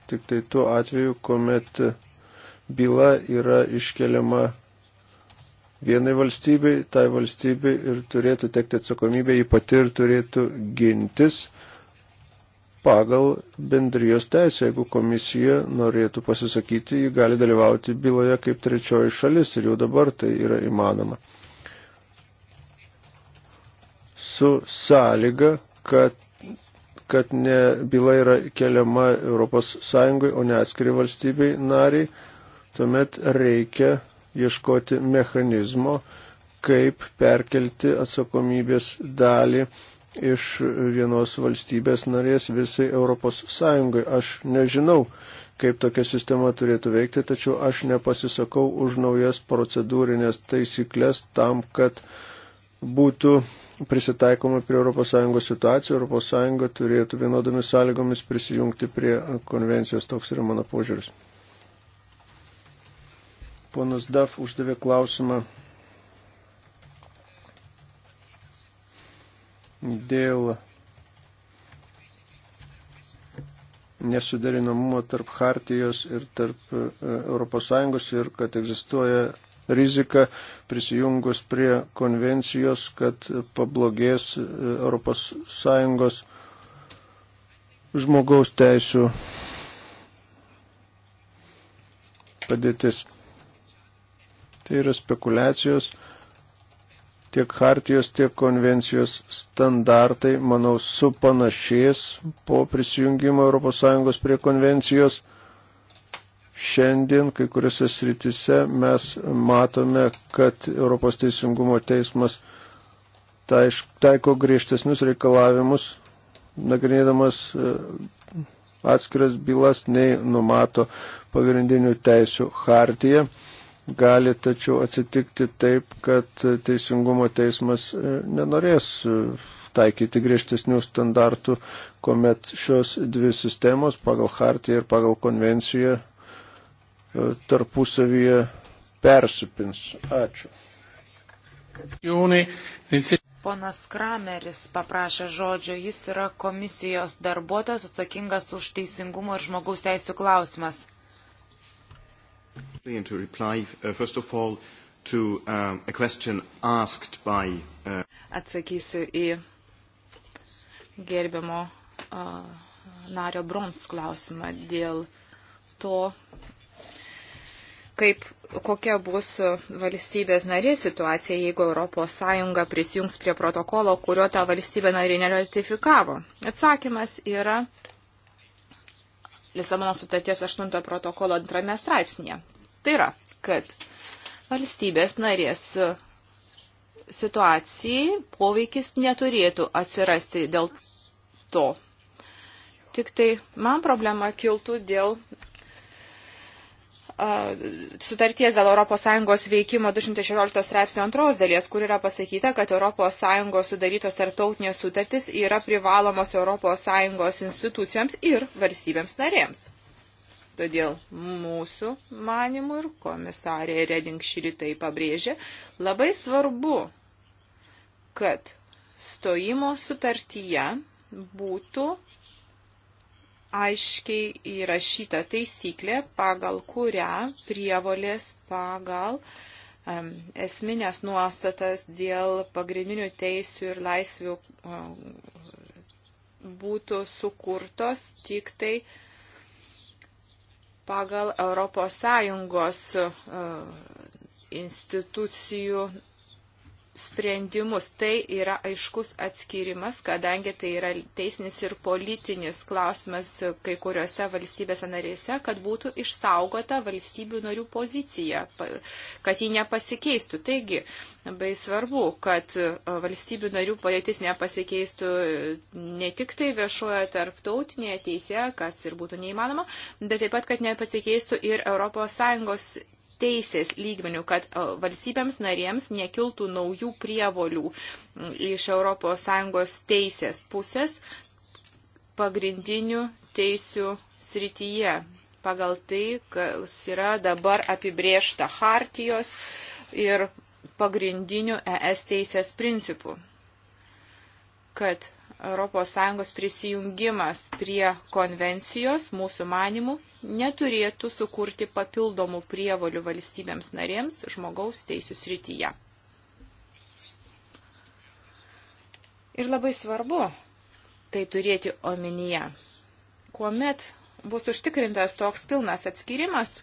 tik tai tuo atveju, kuomet byla yra iškeliama vienai valstybei, tai valstybei ir turėtų tekti atsakomybė, jį pati ir turėtų gintis pagal bendrijos teisę. Jeigu komisija norėtų pasisakyti, ji gali dalyvauti byloje kaip trečioji šalis ir jau dabar tai yra įmanoma. Su sąlyga, kad kad ne byla yra keliama ES, o ne atskiri valstybei nariai, tuomet reikia ieškoti mechanizmo, kaip perkelti atsakomybės dalį iš vienos valstybės narės visai ES. Aš nežinau, kaip tokia sistema turėtų veikti, tačiau aš nepasisakau už naujas procedūrinės taisyklės tam, kad būtų prisitaikoma prie ES situacijų, ES turėtų vienodomis sąlygomis prisijungti prie konvencijos, toks yra mano požiūris. Ponas Daf uždavė klausimą dėl nesuderinamumo tarp Hartijos ir tarp ES ir kad egzistuoja rizika prisijungus prie konvencijos, kad pablogės ES žmogaus teisų padėtis. Tai yra spekulacijos, tiek hartijos, tiek konvencijos standartai, manau, supanašės po prisijungimo ES prie konvencijos Šiandien kai kuriuose sritise mes matome, kad Europos teisingumo teismas taiko griežtesnius reikalavimus, nagrinėdamas e, atskiras bylas, nei numato pagrindinių teisių hartija. Gali tačiau atsitikti taip, kad teisingumo teismas e, nenorės e, taikyti griežtesnių standartų, kuomet šios dvi sistemos pagal hartiją ir pagal konvenciją tarpusavyje persipins. Ačiū. Ponas Krameris paprašė žodžio, jis yra komisijos darbuotojas atsakingas už teisingumo ir žmogaus teisų klausimas. Uh, um, uh, Atsakysiu į gerbiamo uh, nario Brons klausimą dėl to, kaip kokia bus valstybės narės situacija, jeigu ES prisijungs prie protokolo, kurio ta valstybė narė neratifikavo. Atsakymas yra Lisabono sutarties 8 protokolo antrame straipsnėje. Tai yra, kad valstybės narės situacijai poveikis neturėtų atsirasti dėl to. Tik tai man problema kiltų dėl sutarties dėl ES veikimo 216 straipsnio antros dalies, kur yra pasakyta, kad ES sudarytos tarptautinės sutartys yra privalomos ES institucijoms ir valstybėms narėms. Todėl mūsų manimų ir komisarė Reding širitai pabrėžė, labai svarbu, kad stojimo sutartyje būtų aiškiai įrašyta taisyklė, pagal kurią prievolės pagal um, esminės nuostatas dėl pagrindinių teisių ir laisvių um, būtų sukurtos tik tai pagal ES institucijų sprendimus. Tai yra aiškus atskirimas, kadangi tai yra teisinis ir politinis klausimas kai kuriuose valstybėse narėse, kad būtų išsaugota valstybių narių pozicija, kad ji nepasikeistų. Taigi, labai svarbu, kad e, valstybių narių padėtis nepasikeistų ne tik tai viešojo tarptautinėje teisėje, kas ir būtų neįmanoma, bet taip pat, kad nepasikeistų ir ES teisės lygmenių, kad valstybėms narėms nekiltų naujų prievolių iš ES teisės pusės pagrindinių teisių srityje pagal tai, kas yra dabar apibriešta hartijos ir pagrindinių ES teisės principų, kad ES prisijungimas prie konvencijos mūsų manimų neturėtų sukurti papildomų prievolių valstybėms narėms žmogaus teisų srityje. Ir labai svarbu tai turėti omenyje. Kuomet bus užtikrintas toks pilnas atskirimas,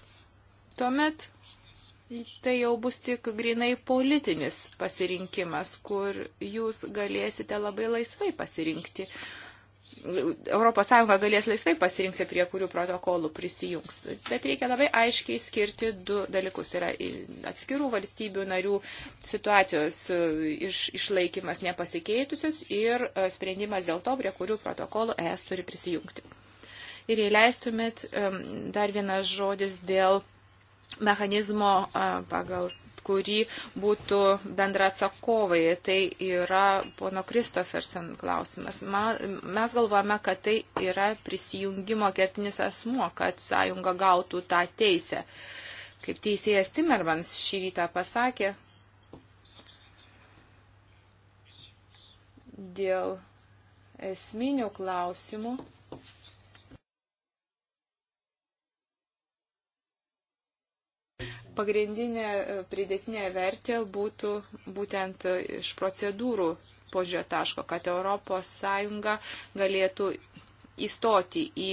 tuomet tai jau bus tik grinai politinis pasirinkimas, kur jūs galėsite labai laisvai pasirinkti, uh, ES galės laisvai pasirinkti, prie kurių protokolų prisijungs. Bet reikia labai aiškiai skirti du dalykus. Tai yra atskirų valstybių narių situacijos e, iš, išlaikymas nepasikeitusios ir e, sprendimas dėl to, prie kurių protokolų ES turi prisijungti. Ir jei leistumėt, dar vienas žodis dėl mechanizmo pagal kurį būtų bendra atsakovai. Tai yra pono Kristofersen klausimas. Mes galvojame, kad tai yra prisijungimo kertinis asmuo, kad sąjunga gautų tą teisę. Kaip teisėjas Timmermans šį rytą pasakė, dėl esminių klausimų Pagrindinė e, pridėtinė vertė būtų būtent e, iš procedūrų požiūrio taško, kad ES galėtų įstoti į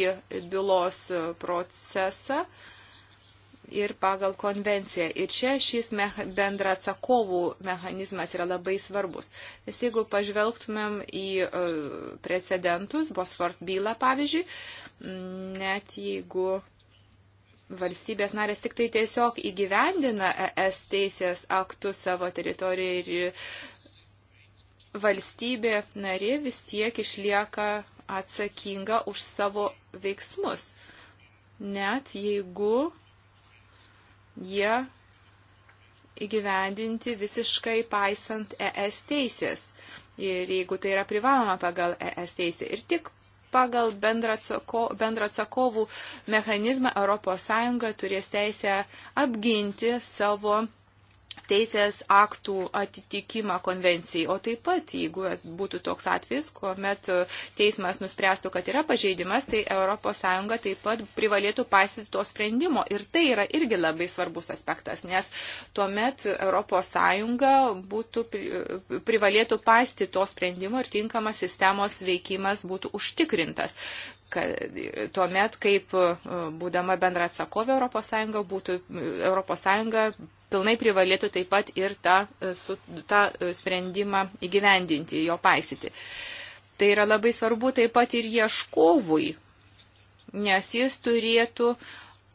bylos e, procesą ir pagal konvenciją. Ir čia šis meha, bendra atsakovų mechanizmas yra labai svarbus. Nes jeigu pažvelgtumėm į precedentus, Bosford bylą pavyzdžiui, net jeigu valstybės narės tik tai tiesiog įgyvendina ES teisės aktus savo teritorijoje ir valstybė narė vis tiek išlieka atsakinga už savo veiksmus, net jeigu jie įgyvendinti visiškai paisant ES teisės. Ir jeigu tai yra privaloma pagal ES teisę. Ir tik pagal bendrą atsakovų mechanizmą ES turės teisę apginti savo teisės aktų atitikimą konvencijai. O taip pat, jeigu būtų toks atvejis, kuomet teismas nuspręstų, kad yra pažeidimas, tai ES taip pat privalėtų paisyti to sprendimo. Ir tai yra irgi labai svarbus aspektas, nes tuomet ES būtų privalėtų paisyti to sprendimo ir tinkamas sistemos veikimas būtų užtikrintas kad tuo met, kaip būdama bendra atsakovė ES, būtų ES pilnai privalėtų taip pat ir tą, e, su, tą e, sprendimą įgyvendinti, jo paisyti. Tai yra labai svarbu taip pat ir ieškovui, nes jis turėtų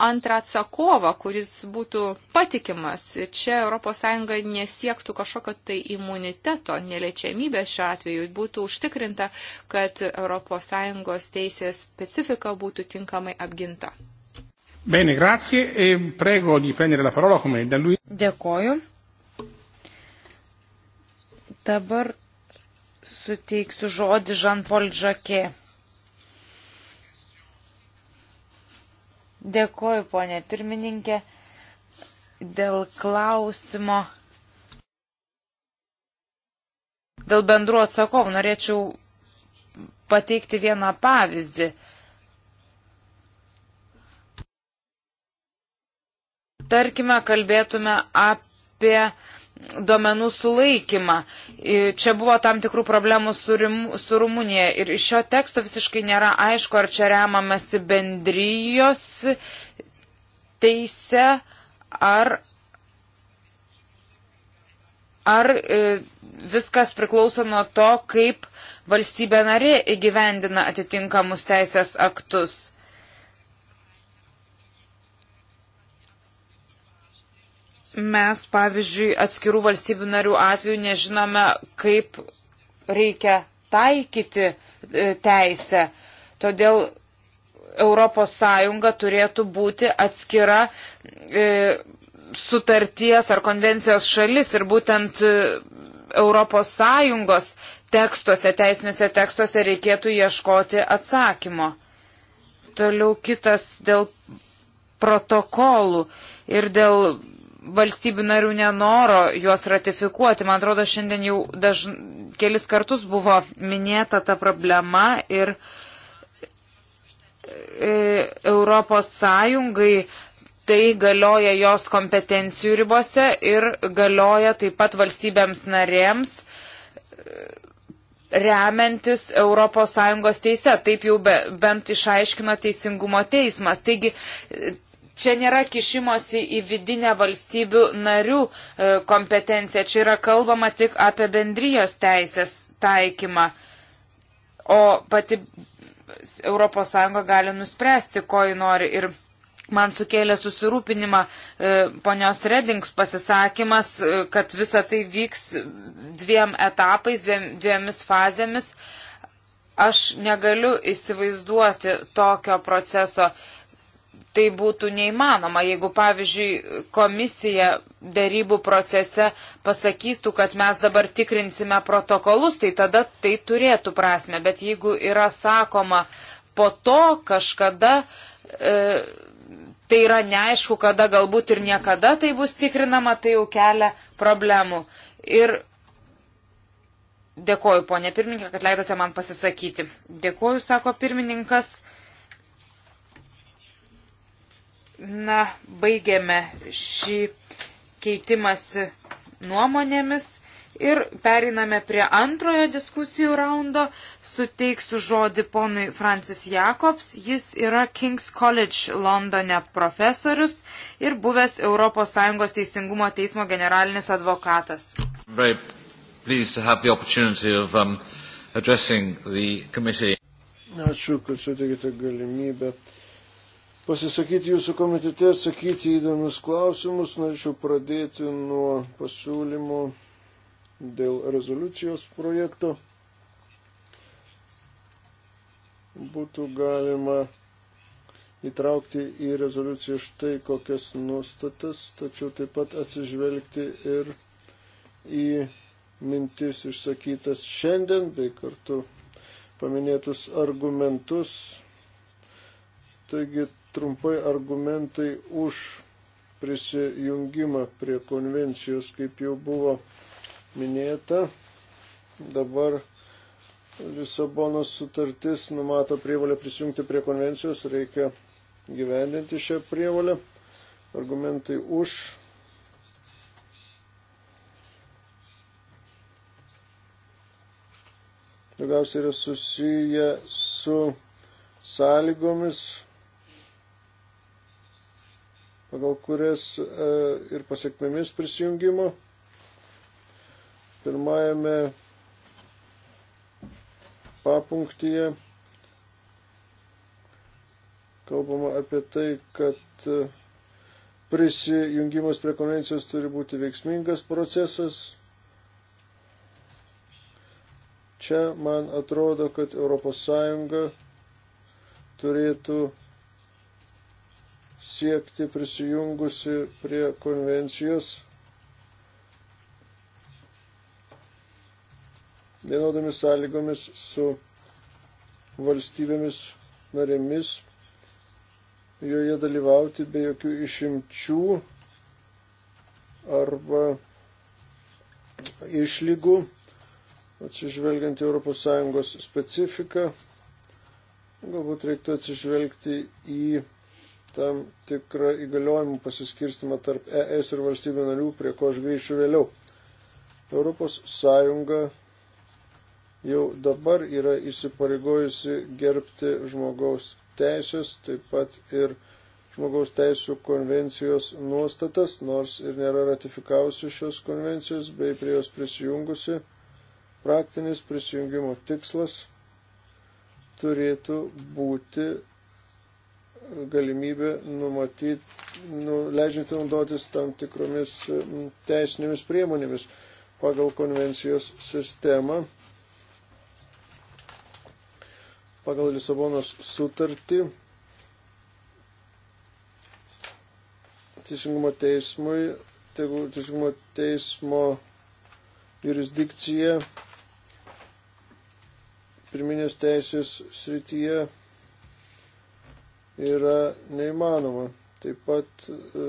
antrą atsakovą, kuris būtų patikimas. Ir čia ES nesiektų kažkokio tai imuniteto, neliečiamybės šiuo atveju. Būtų užtikrinta, kad ES teisės specifika būtų tinkamai apginta. Bene, grazie e prego di prendere la parola come da lui. Dėkoju. Dabar suteiksiu žodį Jean-Paul Jacquet. Dėkoju, ponė pirmininkė, dėl klausimo. Dėl bendruo atsakovų norėčiau pateikti vieną pavyzdį. tarkime, kalbėtume apie duomenų sulaikymą. Čia buvo tam tikrų problemų su, Rim, su Rumunija ir iš šio teksto visiškai nėra aišku, ar čia remamasi bendrijos teise, ar, ar e, viskas priklauso nuo to, kaip valstybė narė įgyvendina atitinkamus teisės aktus. mes, pavyzdžiui, atskirų valstybių narių atveju nežinome, kaip reikia taikyti e, teisę. Todėl ES turėtų būti atskira e, sutarties ar konvencijos šalis ir būtent ES tekstuose, teisiniuose tekstuose reikėtų ieškoti atsakymo. Toliau kitas dėl protokolų ir dėl valstybių narių nenoro juos ratifikuoti. Man atrodo, šiandien jau daž... kelis kartus buvo minėta ta problema ir e, Europos Sąjungai tai galioja jos kompetencijų ribose ir galioja taip pat valstybėms narėms e, remiantis ES teise, taip jau be, bent išaiškino teisingumo teismas. Taigi Čia nėra kišimosi į vidinę valstybių narių e, kompetenciją, čia yra kalbama tik apie bendrijos teisės taikymą. O pati ES gali nuspręsti, ko ji nori. Ir man sukėlė susirūpinimą e, ponios Redings pasisakymas, e, kad visa tai vyks dviem etapais, dviem, dviemis fazėmis. Aš negaliu įsivaizduoti tokio proceso. E, tai būtų neįmanoma, jeigu, pavyzdžiui, komisija dėrybų procese pasakystų, kad mes dabar tikrinsime protokolus, tai tada tai turėtų prasme. Bet jeigu yra sakoma po to kažkada, e, tai yra neaišku, kada galbūt ir niekada tai bus tikrinama, tai jau kelia problemų. Ir dėkoju, ponė pirmininkė, kad leidote man pasisakyti. Dėkoju, sako pirmininkas. Na, baigėme šį keitimąsi nuomonėmis ir periname prie antrojo diskusijų raundo. Suteiksiu žodį ponui Francis Jakobs. Jis yra King's College Londone profesorius ir buvęs ES Teisingumo teismo generalinis advokatas. Very pleased to have the opportunity of um, addressing the committee. Ačiū, kad suteikite galimybę pasisakyti jūsų komitete, atsakyti įdomius klausimus. Norėčiau pradėti nuo pasiūlymo dėl rezoliucijos projekto. Būtų galima įtraukti į rezoliuciją štai kokias nuostatas, tačiau taip pat atsižvelgti ir į mintis išsakytas šiandien bei kartu paminėtus argumentus. Taigi trumpai argumentai už prisijungimą prie konvencijos, kaip jau buvo minėta. Dabar Lisabonos sutartis numato prievalę prisijungti prie konvencijos, reikia gyvendinti šią prievalę. Argumentai už. Daugiausiai yra susiję su sąlygomis, pagal kurias e, ir pasiekmėmis prisijungimo. Pirmajame papunktyje kalbama apie tai, kad e, prisijungimas prie konvencijos turi būti veiksmingas procesas. Čia man atrodo, kad ES turėtų siekti prisijungusi prie konvencijos. Vienodomis sąlygomis su valstybėmis narėmis joje dalyvauti be jokių išimčių arba išlygų, atsižvelgiant ES specifiką. Galbūt reiktų atsižvelgti į tam tikrą įgaliojimų pasiskirstimą tarp ES ir valstybių narių, prie ko aš grįšiu vėliau. Europos Sąjunga jau dabar yra įsipareigojusi gerbti žmogaus teisės, taip pat ir žmogaus teisų konvencijos nuostatas, nors ir nėra ratifikavusi šios konvencijos bei prie jos prisijungusi. Praktinis prisijungimo tikslas turėtų būti galimybė numatyti, nu, leidžianti naudotis tam tikromis teisinėmis priemonėmis pagal konvencijos sistemą, pagal Lisabonos sutartį. Teisingumo teismui, teisingumo teismo jurisdikcija pirminės teisės srityje yra neįmanoma. Taip pat e,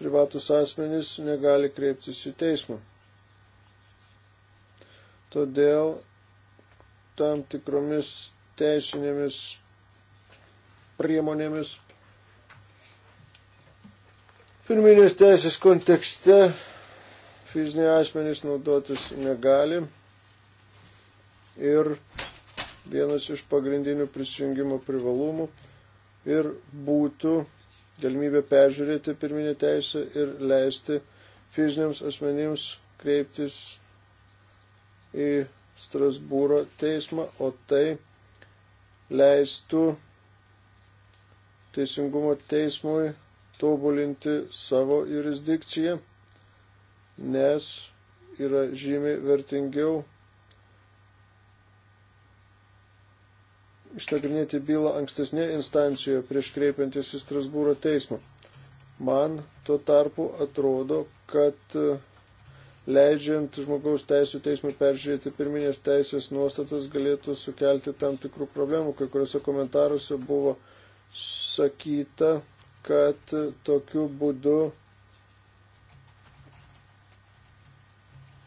privatus asmenys negali kreiptis į teismą. Todėl tam tikromis teisinėmis priemonėmis pirminės teisės kontekste fiziniai asmenys naudotis negali ir vienas iš pagrindinių prisijungimo privalumų ir būtų galimybė peržiūrėti pirminę teisę ir leisti fiziniams asmenims kreiptis į Strasbūro teismą, o tai leistų Teisingumo teismui tobulinti savo jurisdikciją, nes yra žymiai vertingiau išnagrinėti bylą ankstesnėje instancijoje prieš kreipiantis į Strasbūro teismą. Man tuo tarpu atrodo, kad e, leidžiant žmogaus teisų teismui peržiūrėti pirminės teisės nuostatas galėtų sukelti tam tikrų problemų. Kai kuriuose komentaruose buvo sakyta, kad e, tokiu būdu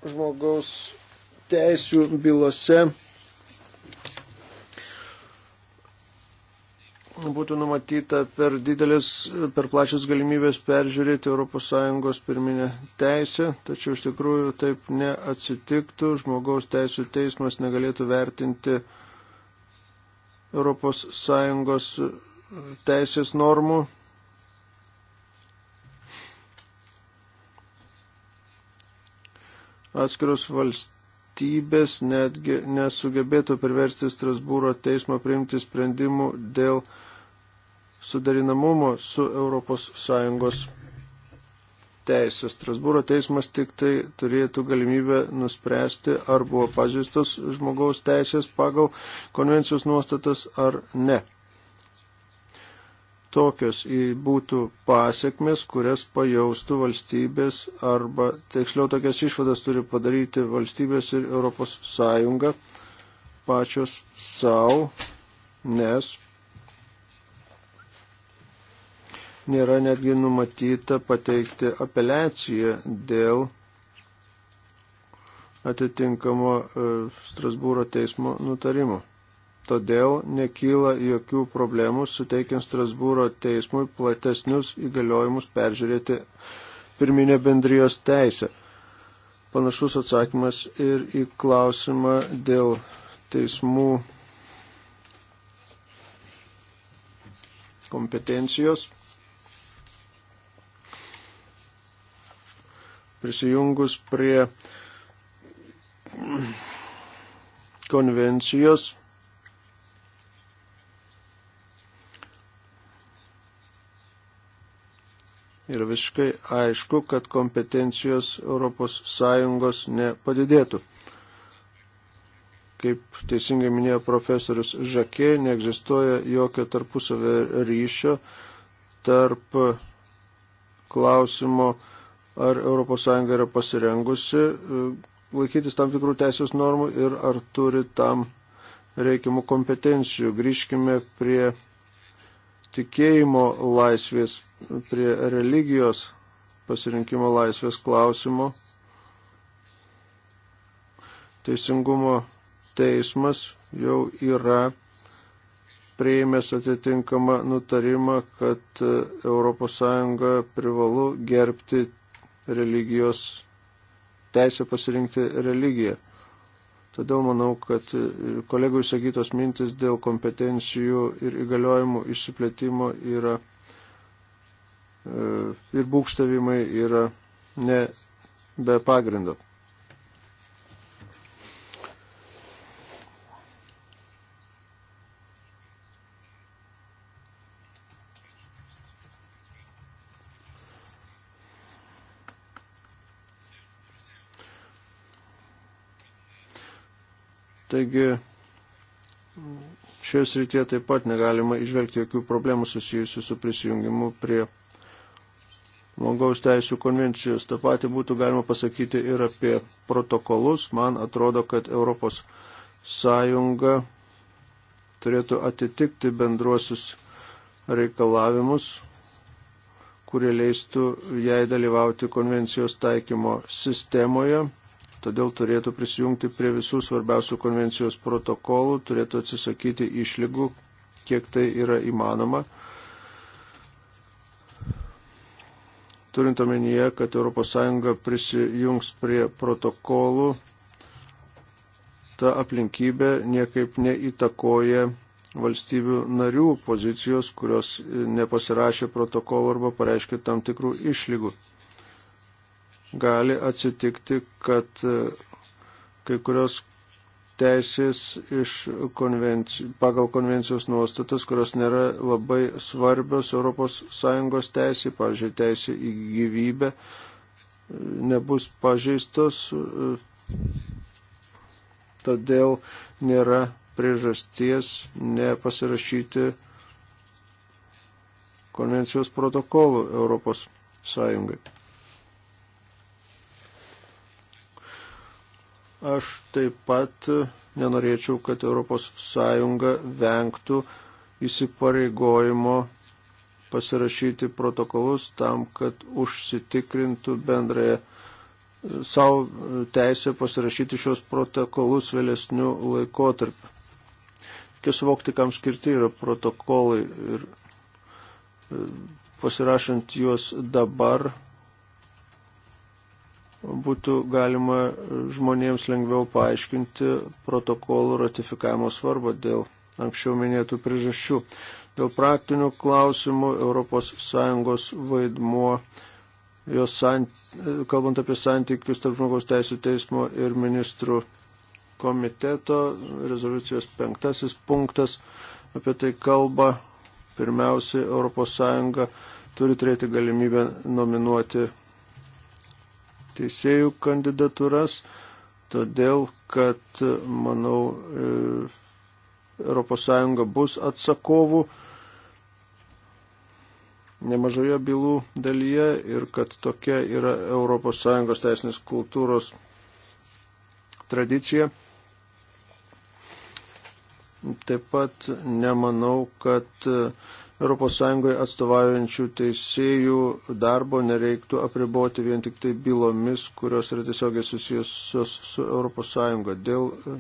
žmogaus teisų bylose būtų numatyta per didelis, per plačias galimybės peržiūrėti ES pirminę teisę, tačiau iš tikrųjų taip neatsitiktų, žmogaus teisų teismas negalėtų vertinti ES teisės normų. Atskiros valstybės valstybės netgi nesugebėtų priversti Strasbūro teismo priimti sprendimų dėl sudarinamumo su ES teisė. Strasbūro teismas tik tai turėtų galimybę nuspręsti, ar buvo pažįstos žmogaus teisės pagal konvencijos nuostatas ar ne. Tokios būtų pasiekmes, kurias pajaustų valstybės arba, tiksliau, tokias išvadas turi padaryti valstybės ir ES pačios savo, nes nėra netgi numatyta pateikti apeliaciją dėl atitinkamo e, Strasbūro teismo nutarimo. Todėl nekyla jokių problemų suteikiant Strasbūro teismui platesnius įgaliojimus peržiūrėti pirminę bendrijos teisę. Panašus atsakymas ir į klausimą dėl teismų kompetencijos. prisijungus prie konvencijos ir visiškai aišku, kad kompetencijos ES nepadidėtų. Kaip teisingai minėjo profesorius Žakė, neegzistuoja jokio tarpusavio ryšio tarp klausimo ar ES yra pasirengusi e, laikytis tam tikrų teisės normų ir ar turi tam reikiamų kompetencijų. Grįžkime prie tikėjimo laisvės, prie religijos pasirinkimo laisvės klausimo. Teisingumo teismas jau yra prieimęs atitinkamą nutarimą, kad ES privalu gerbti religijos teisę pasirinkti religiją. Todėl manau, kad e, kolegų išsakytos mintis dėl kompetencijų ir įgaliojimų išsiplėtimo yra e, ir būkštavimai yra ne be pagrindo. Taigi šioje srityje taip pat negalima išvelgti jokių problemų susijusių su prisijungimu prie žmogaus teisų konvencijos. Ta pati būtų galima pasakyti ir apie protokolus. Man atrodo, kad Europos Sąjunga turėtų atitikti bendruosius reikalavimus, kurie leistų jai dalyvauti konvencijos taikymo sistemoje todėl turėtų prisijungti prie visų svarbiausių konvencijos protokolų, turėtų atsisakyti išlygų, kiek tai yra įmanoma. Turint omenyje, kad ES prisijungs prie protokolų, ta aplinkybė niekaip neįtakoja valstybių narių pozicijos, kurios nepasirašė protokolo arba pareiškė tam tikrų išlygų gali atsitikti, kad e, kai kurios teisės iš konvencijų, pagal konvencijos nuostatas, kurios nėra labai svarbios ES teisė, pavyzdžiui, teisė į gyvybę, e, nebus pažeistos, e, todėl nėra priežasties nepasirašyti konvencijos protokolų ES. Aš taip pat nenorėčiau, kad ES vengtų įsipareigojimo pasirašyti protokolus tam, kad užsitikrintų bendrąją e, savo teisę pasirašyti šios protokolus vėlesnių laikotarpių. Reikia suvokti, kam skirti yra protokolai ir e, pasirašant juos dabar būtų galima žmonėms lengviau paaiškinti protokolų ratifikavimo svarbą dėl anksčiau minėtų priežasčių. Dėl praktinių klausimų ES vaidmuo, jos sant, kalbant apie santykius tarp žmogaus teisų teismo ir ministrų komiteto, rezoliucijos penktasis punktas apie tai kalba. Pirmiausiai, ES turi turėti galimybę nominuoti teisėjų kandidatūras, todėl kad, manau, ES bus atsakovų nemažoje bylų dalyje ir kad tokia yra ES teisinės kultūros tradicija. Taip pat nemanau, kad uh, ES atstovaujančių teisėjų darbo nereiktų apriboti vien tik tai bylomis, kurios yra tiesiogiai susijusios su ES. Dėl e,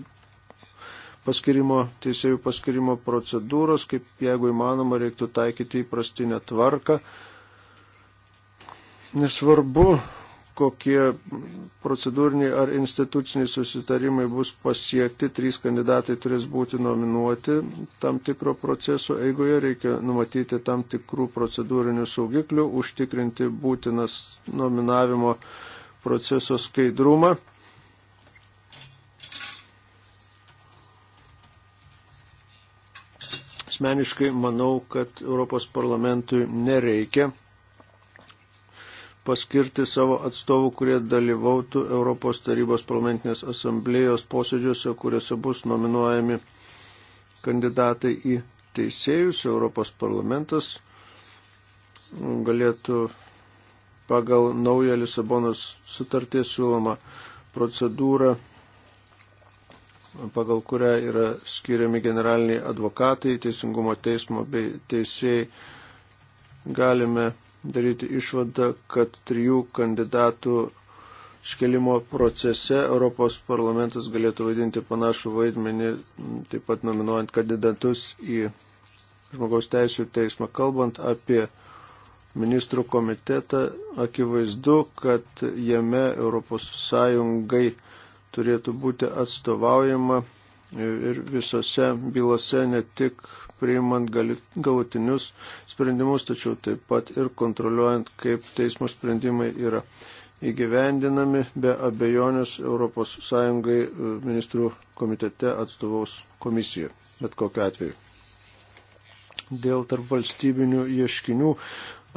paskirimo, teisėjų paskirimo procedūros, kaip jeigu įmanoma, reiktų taikyti įprastinę tvarką. Nesvarbu, kokie procedūriniai ar instituciniai susitarimai bus pasiekti, trys kandidatai turės būti nominuoti tam tikro proceso eigoje, reikia numatyti tam tikrų procedūrinių saugiklių, užtikrinti būtinas nominavimo proceso skaidrumą. Asmeniškai manau, kad Europos parlamentui nereikia paskirti savo atstovų, kurie dalyvautų Europos tarybos parlamentinės asamblėjos posėdžiuose, kuriuose bus nominuojami kandidatai į teisėjus. Europos parlamentas galėtų pagal naują Lisabonos sutartį siūlomą procedūrą, pagal kurią yra skiriami generaliniai advokatai, teisingumo teismo bei teisėjai, galime daryti išvadą, kad trijų kandidatų iškelimo procese Europos parlamentas galėtų vaidinti panašų vaidmenį, taip pat nominuojant kandidatus į žmogaus teisų teismą. Kalbant apie ministrų komitetą, akivaizdu, kad jame Europos Sąjungai turėtų būti atstovaujama ir visose bylose ne tik priimant gali, galutinius sprendimus, tačiau taip pat ir kontroliuojant, kaip teismo sprendimai yra įgyvendinami. Be abejonės ES e, ministrų komitete atstovaus komisija, bet kokiu atveju. Dėl tarp valstybinių ieškinių,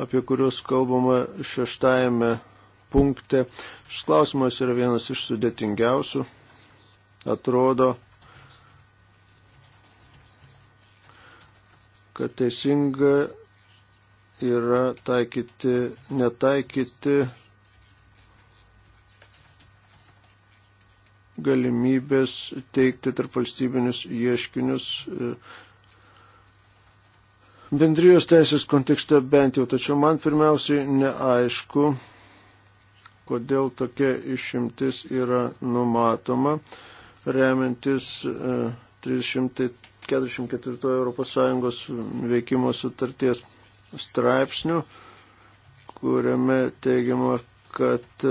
apie kuriuos kalbama šeštajame punkte, šis klausimas yra vienas iš sudėtingiausių. Atrodo, kad teisinga yra taikyti, netaikyti galimybės teikti tarp valstybinius ieškinius e, bendrijos teisės kontekste bent jau, tačiau man pirmiausiai neaišku, kodėl tokia išimtis yra numatoma, remiantis 300 e, 44 ES veikimo sutarties straipsnių, kuriame teigiama, kad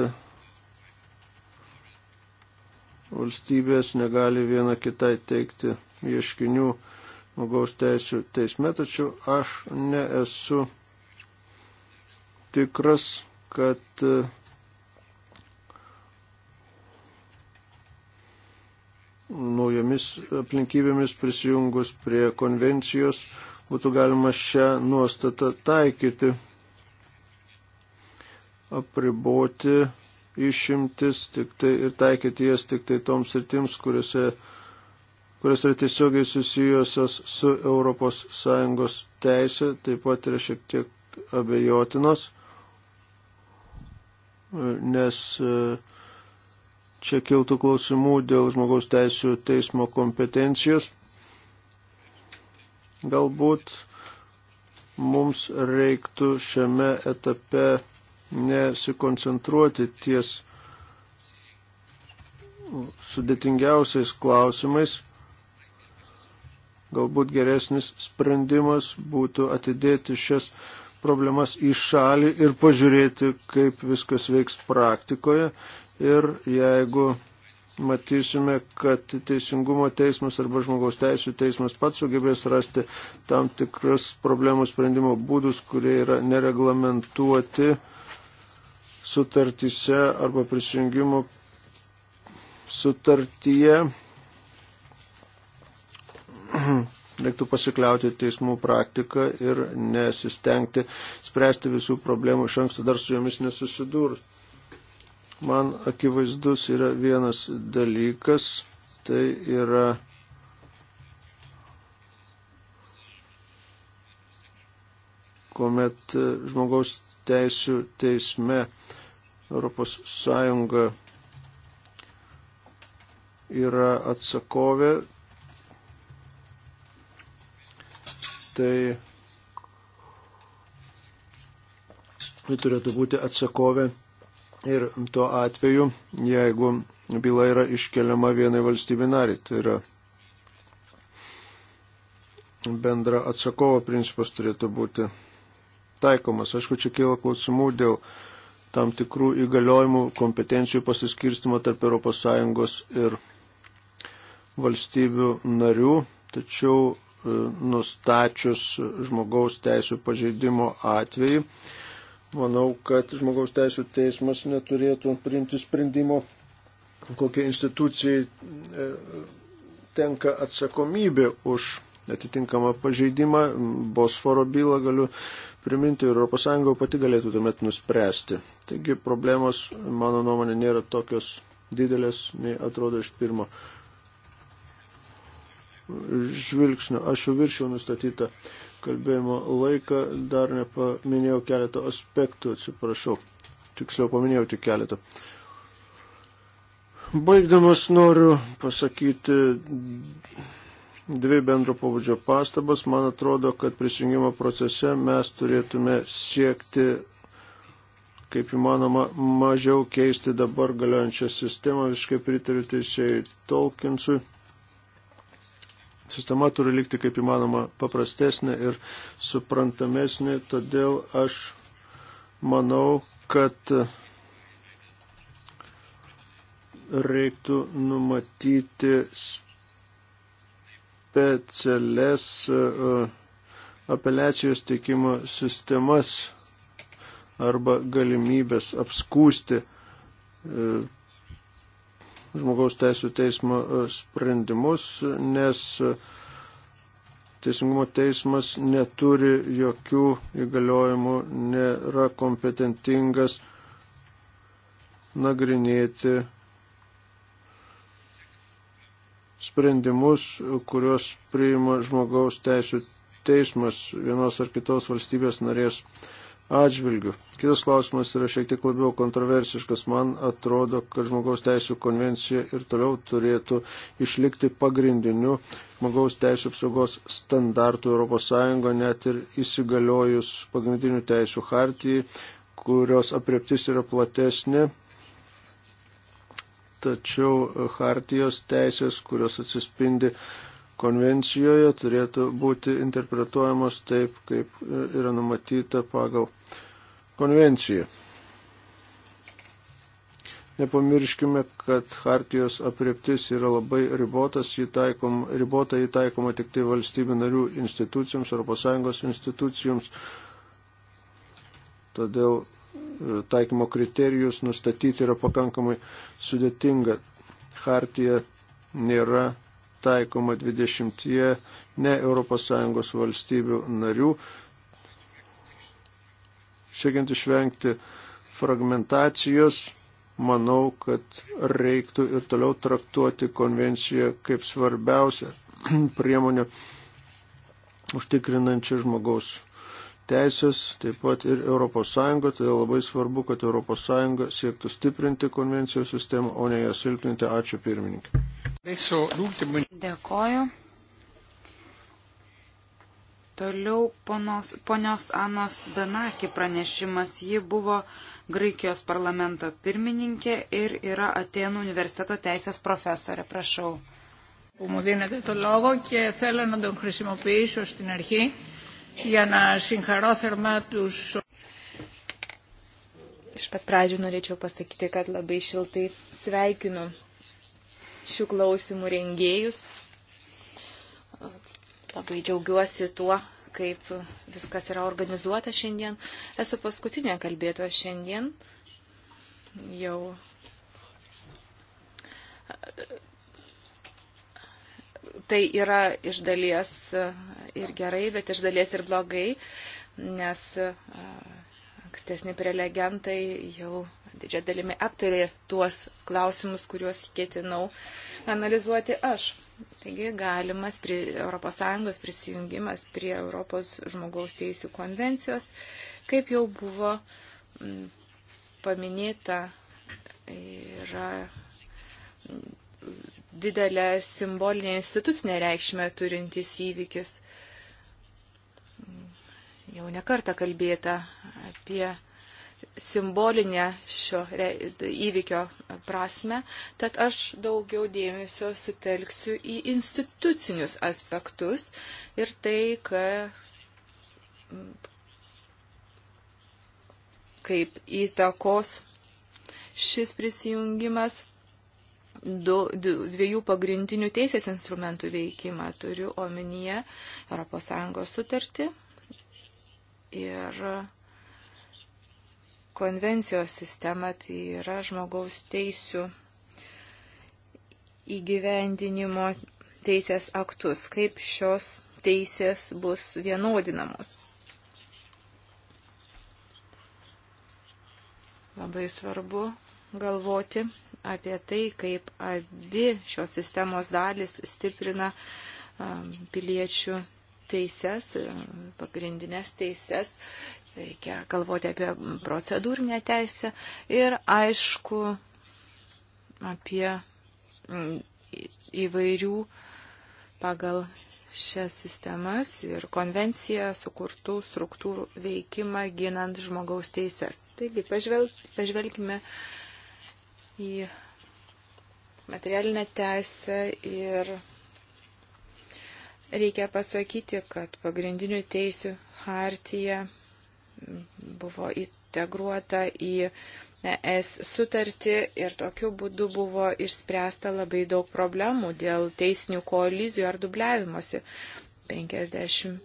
valstybės negali viena kitai teikti ieškinių žmogaus teisų teisme, tačiau aš nesu tikras, kad naujomis aplinkybėmis prisijungus prie konvencijos būtų galima šią nuostatą taikyti, apriboti išimtis tik tai, ir taikyti jas tik tai toms sritims, kuriuose kurios yra tiesiogiai susijusios su ES teisė, taip pat yra šiek tiek abejotinos, nes uh, Čia kiltų klausimų dėl žmogaus teisų teismo kompetencijos. Galbūt mums reiktų šiame etape nesikoncentruoti ties sudėtingiausiais klausimais. Galbūt geresnis sprendimas būtų atidėti šias problemas į šalį ir pažiūrėti, kaip viskas veiks praktikoje ir jeigu matysime, kad teisingumo teismas arba žmogaus teisų teismas pats sugebės rasti tam tikrus problemų sprendimo būdus, kurie yra nereglamentuoti sutartyse arba prisijungimo sutartyje. Reiktų pasikliauti teismų praktiką ir nesistengti spręsti visų problemų iš anksto dar su jomis nesusidūrus man akivaizdus yra vienas dalykas, tai yra kuomet žmogaus teisų teisme Europos Sąjunga yra atsakovė, tai turėtų būti atsakovė ir tuo atveju, jeigu byla yra iškeliama vienai valstybei nariai, tai yra bendra atsakovo principas turėtų būti taikomas. Aišku, čia kyla klausimų dėl tam tikrų įgaliojimų, kompetencijų pasiskirstimo tarp ES ir valstybių narių, tačiau e, nustačius žmogaus teisų pažeidimo atvejį, Manau, kad žmogaus teisų teismas neturėtų priimti sprendimo, kokia institucijai e, tenka atsakomybė už atitinkamą pažeidimą. Bosforo bylą galiu priminti ir ES pati galėtų tuomet nuspręsti. Taigi problemos, mano nuomonė, nėra tokios didelės, nei atrodo iš pirmo žvilgsnio. Aš jau viršiau nustatytą kalbėjimo laiką dar nepaminėjau keletą aspektų, atsiprašau. Tiksliau paminėjau tik keletą. Baigdamas noriu pasakyti dvi bendro pobūdžio pastabas. Man atrodo, kad prisijungimo procese mes turėtume siekti kaip įmanoma mažiau keisti dabar galiojančią sistemą. Visiškai pritariu teisėjai Tolkinsui sistema turi likti kaip įmanoma paprastesnė ir suprantamesnė, todėl aš manau, kad reiktų numatyti specialias uh, apeliacijos teikimo sistemas arba galimybės apskūsti uh, žmogaus teisų teismo e, sprendimus, nes e, Teisingumo teismas neturi jokių įgaliojimų, nėra kompetentingas nagrinėti sprendimus, kuriuos priima žmogaus teisų teismas vienos ar kitos valstybės narės atžvilgių. Kitas klausimas yra šiek tiek labiau kontroversiškas. Man atrodo, kad žmogaus teisų konvencija ir toliau turėtų išlikti pagrindiniu žmogaus teisų apsaugos standartų ES, net ir įsigaliojus pagrindinių teisų hartijai, kurios apriptis yra platesnė. Tačiau hartijos teisės, kurios atsispindi konvencijoje turėtų būti interpretuojamos taip, kaip e, yra numatyta pagal konvenciją. Nepamirškime, kad hartijos apriptis yra labai ribotas, įtaikom, ribota įtaikoma tik tai valstybių narių institucijoms, ES institucijoms. Todėl e, taikymo kriterijus nustatyti yra pakankamai sudėtinga. Hartija nėra taikoma 20 ne ES valstybių narių. Siekiant išvengti fragmentacijos, manau, kad reiktų ir toliau traktuoti konvenciją kaip svarbiausią priemonę užtikrinančią žmogaus teisės, taip pat ir ES, tai labai svarbu, kad ES siektų stiprinti konvencijos sistemą, o ne ją silpninti. Ačiū pirmininkai. Dėkoju. Toliau ponos, ponios Anos Benaki pranešimas. Ji buvo Graikijos parlamento pirmininkė ir yra Atenų universiteto teisės profesorė. Prašau. Που μου δίνετε το λόγο και θέλω να τον χρησιμοποιήσω στην αρχή για να συγχαρώ θερμά τους iš pat pradžių norėčiau pasakyti, kad labai šiltai sveikinu šių klausimų rengėjus. Labai džiaugiuosi tuo, kaip viskas yra organizuota šiandien. Esu paskutinė kalbėtoja šiandien. Jau tai yra iš dalies ir gerai, bet iš dalies ir blogai, nes ankstesni prelegentai jau didžia dalimi aptarė tuos klausimus, kuriuos ketinau analizuoti aš. Taigi galimas prie ES prisijungimas prie Europos žmogaus teisų konvencijos, kaip jau buvo paminėta, yra didelę simbolinę institucinę reikšmę turintis įvykis. Jau nekarta kalbėta apie simbolinę šio įvykio prasme, tad aš daugiau dėmesio sutelksiu į institucinius aspektus ir tai, ka, kaip įtakos šis prisijungimas du, dviejų pagrindinių teisės instrumentų veikimą. Turiu omenyje ES sutartį ir konvencijos sistemą, tai yra žmogaus teisų įgyvendinimo teisės aktus, kaip šios teisės bus vienodinamos. Labai svarbu galvoti apie tai, kaip abi šios sistemos dalis stiprina um, piliečių teises, um, pagrindinės teises reikia galvoti apie procedūrinę teisę ir aišku apie mm, įvairių pagal šias sistemas ir konvenciją sukurtų struktūrų veikimą ginant žmogaus teises. Taigi pažvelg, pažvelgime į materialinę teisę ir reikia pasakyti, kad pagrindinių teisių hartija buvo integruota į ES sutartį ir tokiu būdu buvo išspręsta labai daug problemų dėl teisinių koalizijų ar dubliavimuose. 51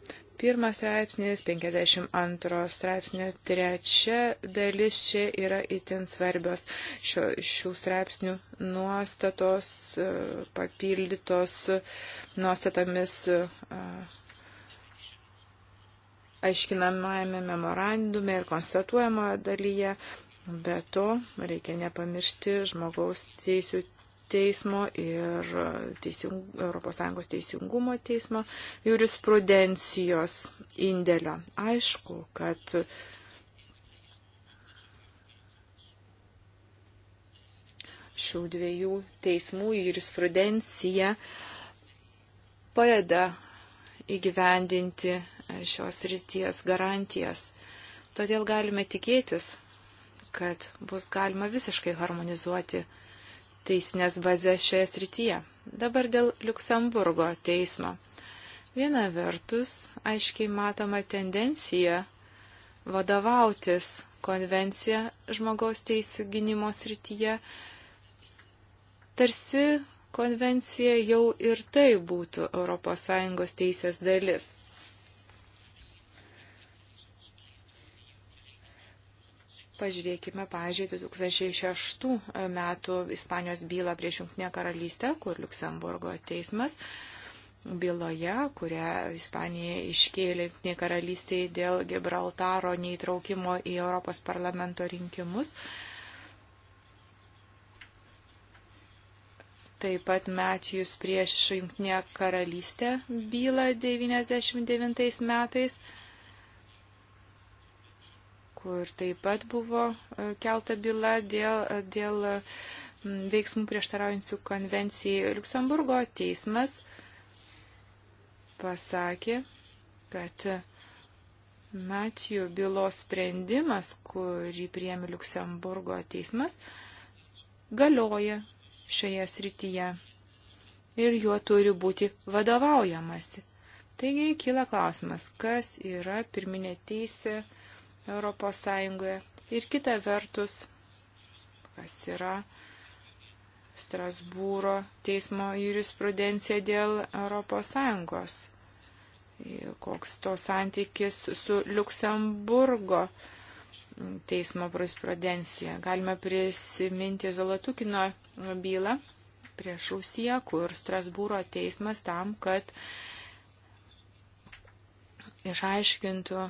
straipsnis, 52 straipsnio trečia dalis čia yra itin svarbios. Šio, šių straipsnių nuostatos papildytos nuostatomis. Uh, aiškinamajame memorandume ir konstatuojamoje dalyje. Be to, reikia nepamiršti žmogaus teisų teismo ir teising, ES teisingumo teismo jurisprudencijos indėlio. Aišku, kad šių dviejų teismų jurisprudencija padeda įgyvendinti šios ryties garantijas. Todėl galime tikėtis, kad bus galima visiškai harmonizuoti teisinės bazės šioje srityje. Dabar dėl Luksemburgo teismo. Viena vertus, aiškiai matoma tendencija vadovautis konvencija žmogaus teisų gynimo srityje, tarsi konvencija jau ir tai būtų ES teisės dalis. Pažiūrėkime, pažiūrėjau, 2006 metų Ispanijos bylą prieš Junktinę karalystę, kur Luksemburgo teismas byloje, kurią Ispanija iškėlė Junktinė karalystėje dėl Gibraltaro neįtraukimo į Europos parlamento rinkimus, uh, Taip pat Matijus prieš Junktinę karalystę bylą 99 metais, kur taip pat buvo e, kelta byla dėl, dėl veiksmų prieštaraujančių konvencijai. Luksemburgo teismas pasakė, kad Matijų bylos sprendimas, kurį priemi Luksemburgo teismas, galioja šioje srityje ir juo turi būti vadovaujamasi. Taigi kyla klausimas, kas yra pirminė teisė Europos Sąjungoje ir kita vertus, kas yra Strasbūro teismo jurisprudencija dėl Europos Sąjungos, koks to santykis su Luksemburgo uh, teismo jurisprudenciją. Galime prisiminti Zolotukino bylą prieš Rusiją, kur Strasbūro teismas tam, kad išaiškintų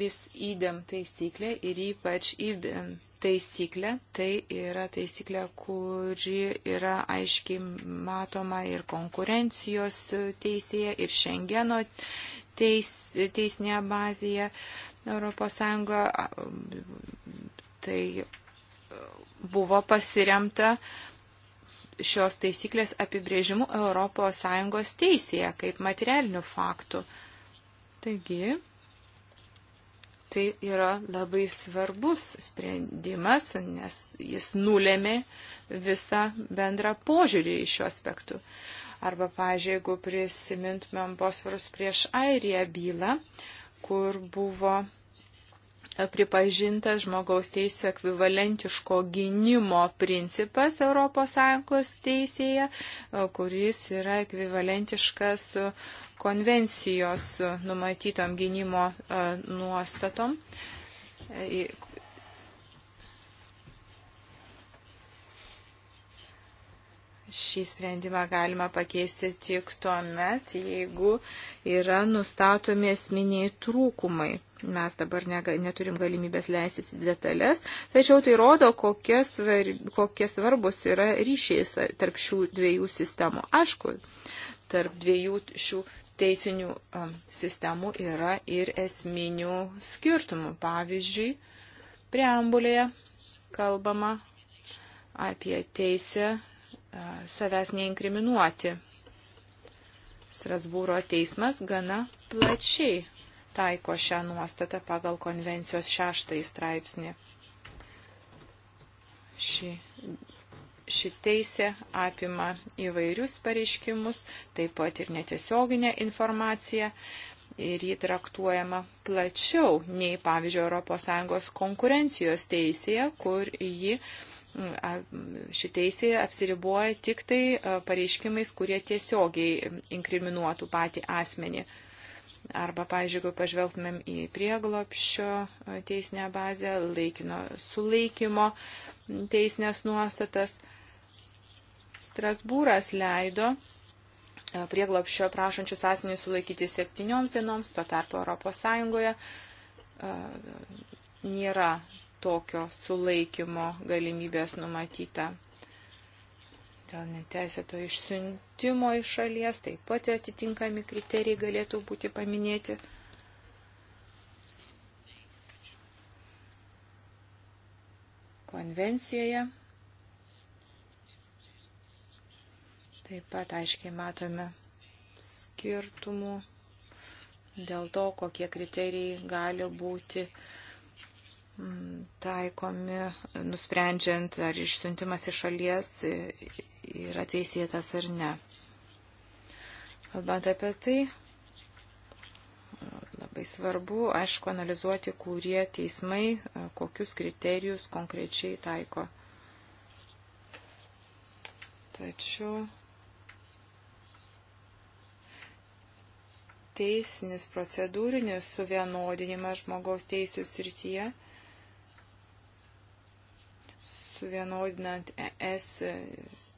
vis įdėm taisyklę ir ypač įdėm taisyklė, tai yra taisyklė, kuri yra aiškiai matoma ir konkurencijos teisėje, ir Šengeno teis, teisinėje bazėje. Europos Sąjunga, tai e, buvo pasiremta šios taisyklės apibrėžimu Europos Sąjungos teisėje kaip materialinių faktų. Taigi, tai yra labai svarbus sprendimas, nes jis nulėmė visą bendrą požiūrį iš šių aspektų. Arba, pažiūrėjau, jeigu prisimintumėm Bosforus prieš Airiją bylą, uh, kur buvo pripažintas žmogaus teisų ekvivalentiško gynimo principas ES teisėje, kuris yra ekvivalentiškas konvencijos numatytom gynimo e, nuostatom e, šį sprendimą galima pakeisti tik tuo met, jeigu yra nustatomi esminiai trūkumai. Mes dabar nega, neturim galimybės leistis į detalės, tačiau tai rodo, kokie, svar, kokie svarbus yra ryšiai tarp šių dviejų sistemų. Aišku, tarp dviejų šių teisinių um, sistemų yra ir esminių skirtumų. Pavyzdžiui, preambulėje kalbama apie teisę savęs neinkriminuoti. Strasbūro teismas gana plačiai taiko šią nuostatą pagal konvencijos šeštąjį straipsnį. Ši, ši teisė apima įvairius pareiškimus, taip pat ir netiesioginę informaciją ir jį traktuojama plačiau nei, pavyzdžiui, ES konkurencijos teisėje, kur ji jį ši teisė apsiriboja tik tai pareiškimais, kurie tiesiogiai inkriminuotų patį asmenį. Arba, pavyzdžiui, jeigu pažvelgtumėm į prieglopščio teisinę bazę, laikino sulaikymo teisinės nuostatas, Strasbūras leido prieglopščio prašančius asmenys sulaikyti septynioms dienoms, tuo tarpu ES nėra tokio sulaikymo galimybės numatyta. Dėl neteisėto išsiuntimo iš šalies taip pat atitinkami kriterijai galėtų būti paminėti. Konvencijoje taip pat aiškiai matome skirtumų dėl to, kokie kriterijai gali būti uh, taikomi, nusprendžiant, ar išsiuntimas iš šalies yra teisėtas ar ne. Kalbant apie tai, labai svarbu, aišku, analizuoti, kurie teismai, kokius kriterijus konkrečiai taiko. Tačiau teisinis procedūrinis suvienodinimas žmogaus teisų srityje suvienodinant ES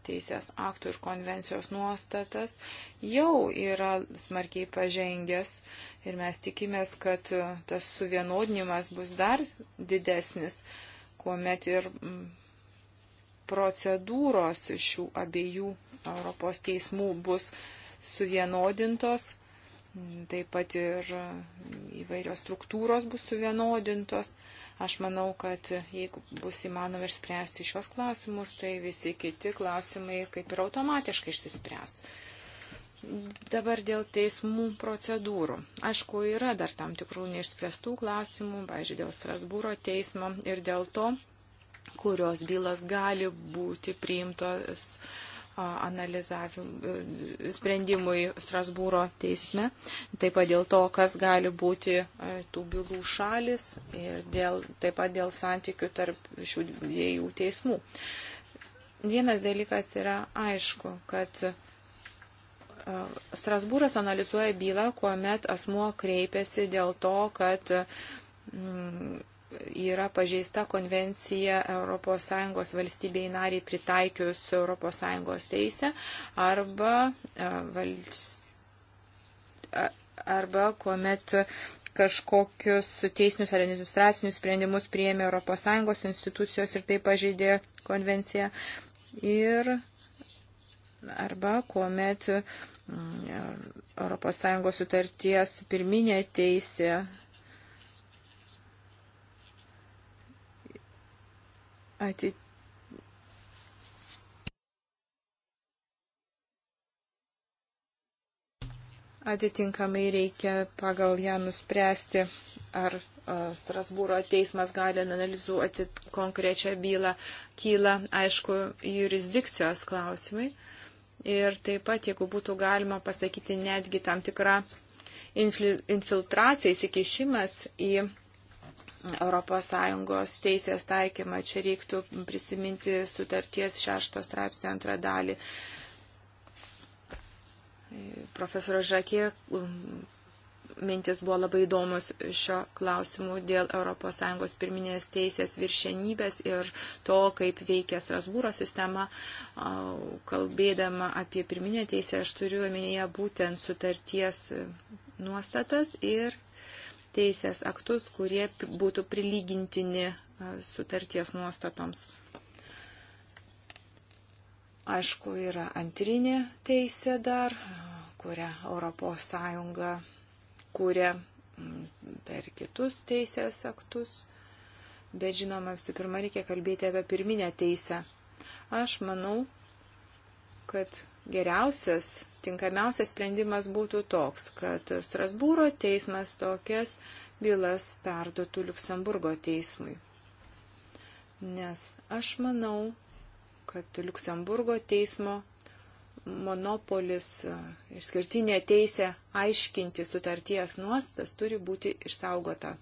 teisės aktų ir konvencijos nuostatas, jau yra smarkiai pažengęs ir mes tikimės, kad e, tas suvienodinimas bus dar didesnis, kuomet ir procedūros šių abiejų Europos teismų bus suvienodintos, taip pat ir e, įvairios struktūros bus suvienodintos. Aš manau, kad jeigu bus įmanoma išspręsti šios klausimus, tai visi kiti klausimai kaip ir automatiškai išsispręs. Dabar dėl teismų procedūrų. Aišku, yra dar tam tikrų neišspręstų klausimų, pavyzdžiui, dėl Strasbūro teismo ir dėl to, kurios bylas gali būti priimtos uh, E, sprendimui Strasbūro teisme. Taip pat dėl to, kas gali būti e, tų bylų šalis ir dėl, taip pat dėl santykių tarp šių dviejų teismų. Vienas dalykas yra aišku, kad e, Strasbūras analizuoja bylą, kuomet asmuo kreipiasi dėl to, kad mm, yra pažeista konvencija ES valstybei nariai pritaikius ES teisę arba, e, arba kuomet kažkokius teisinius ar administracinius sprendimus prieėmė ES institucijos ir tai pažeidė konvenciją. Ir arba kuomet ES sutarties pirminė teisė atitikti. Atitinkamai reikia pagal ją nuspręsti, ar Strasbūro teismas gali analizuoti konkrečią bylą, kyla, aišku, jurisdikcijos klausimai. Ir taip pat, jeigu būtų galima pasakyti netgi tam tikrą infiltraciją, įsikišimas į ES teisės taikymą. Čia reiktų prisiminti sutarties šešto straipsnio antrą dalį. Profesoro Žakė um, mintis buvo labai įdomus šio klausimu dėl ES pirminės teisės viršenybės ir to, kaip veikia Strasbūro sistema. Kalbėdama apie pirminę teisę, aš turiu omenyje būtent sutarties nuostatas ir teisės aktus, kurie būtų prilygintini sutarties nuostatoms. Aišku, yra antrinė teisė dar, kurią ES kūrė per kitus teisės aktus, bet žinoma, visų pirma, reikia kalbėti apie pirminę teisę. Aš manau, kad geriausias tinkamiausias sprendimas būtų toks, kad Strasbūro teismas tokias bylas perduotų Luksemburgo teismui. Nes aš manau, kad Luksemburgo teismo monopolis, išskirtinė teisė aiškinti sutarties nuostas turi būti išsaugota.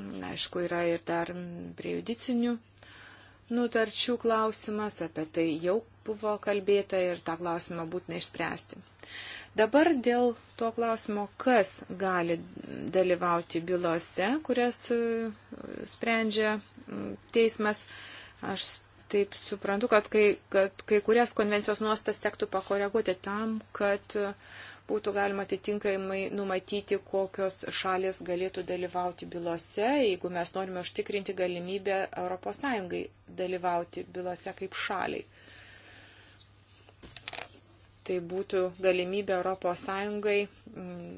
Na, aišku, yra ir dar prejudicinių nutarčių klausimas, apie tai jau buvo kalbėta ir tą klausimą būtina išspręsti. Dabar dėl to klausimo, kas gali dalyvauti bylose, kurias e, sprendžia teismas, aš taip suprantu, kad kai, kad kai kurias konvencijos nuostas tektų pakoreguoti tam, kad būtų galima atitinkamai numatyti, kokios šalis galėtų dalyvauti bylose, jeigu mes norime užtikrinti galimybę ES dalyvauti bylose kaip šaliai. Tai būtų galimybė ES mm,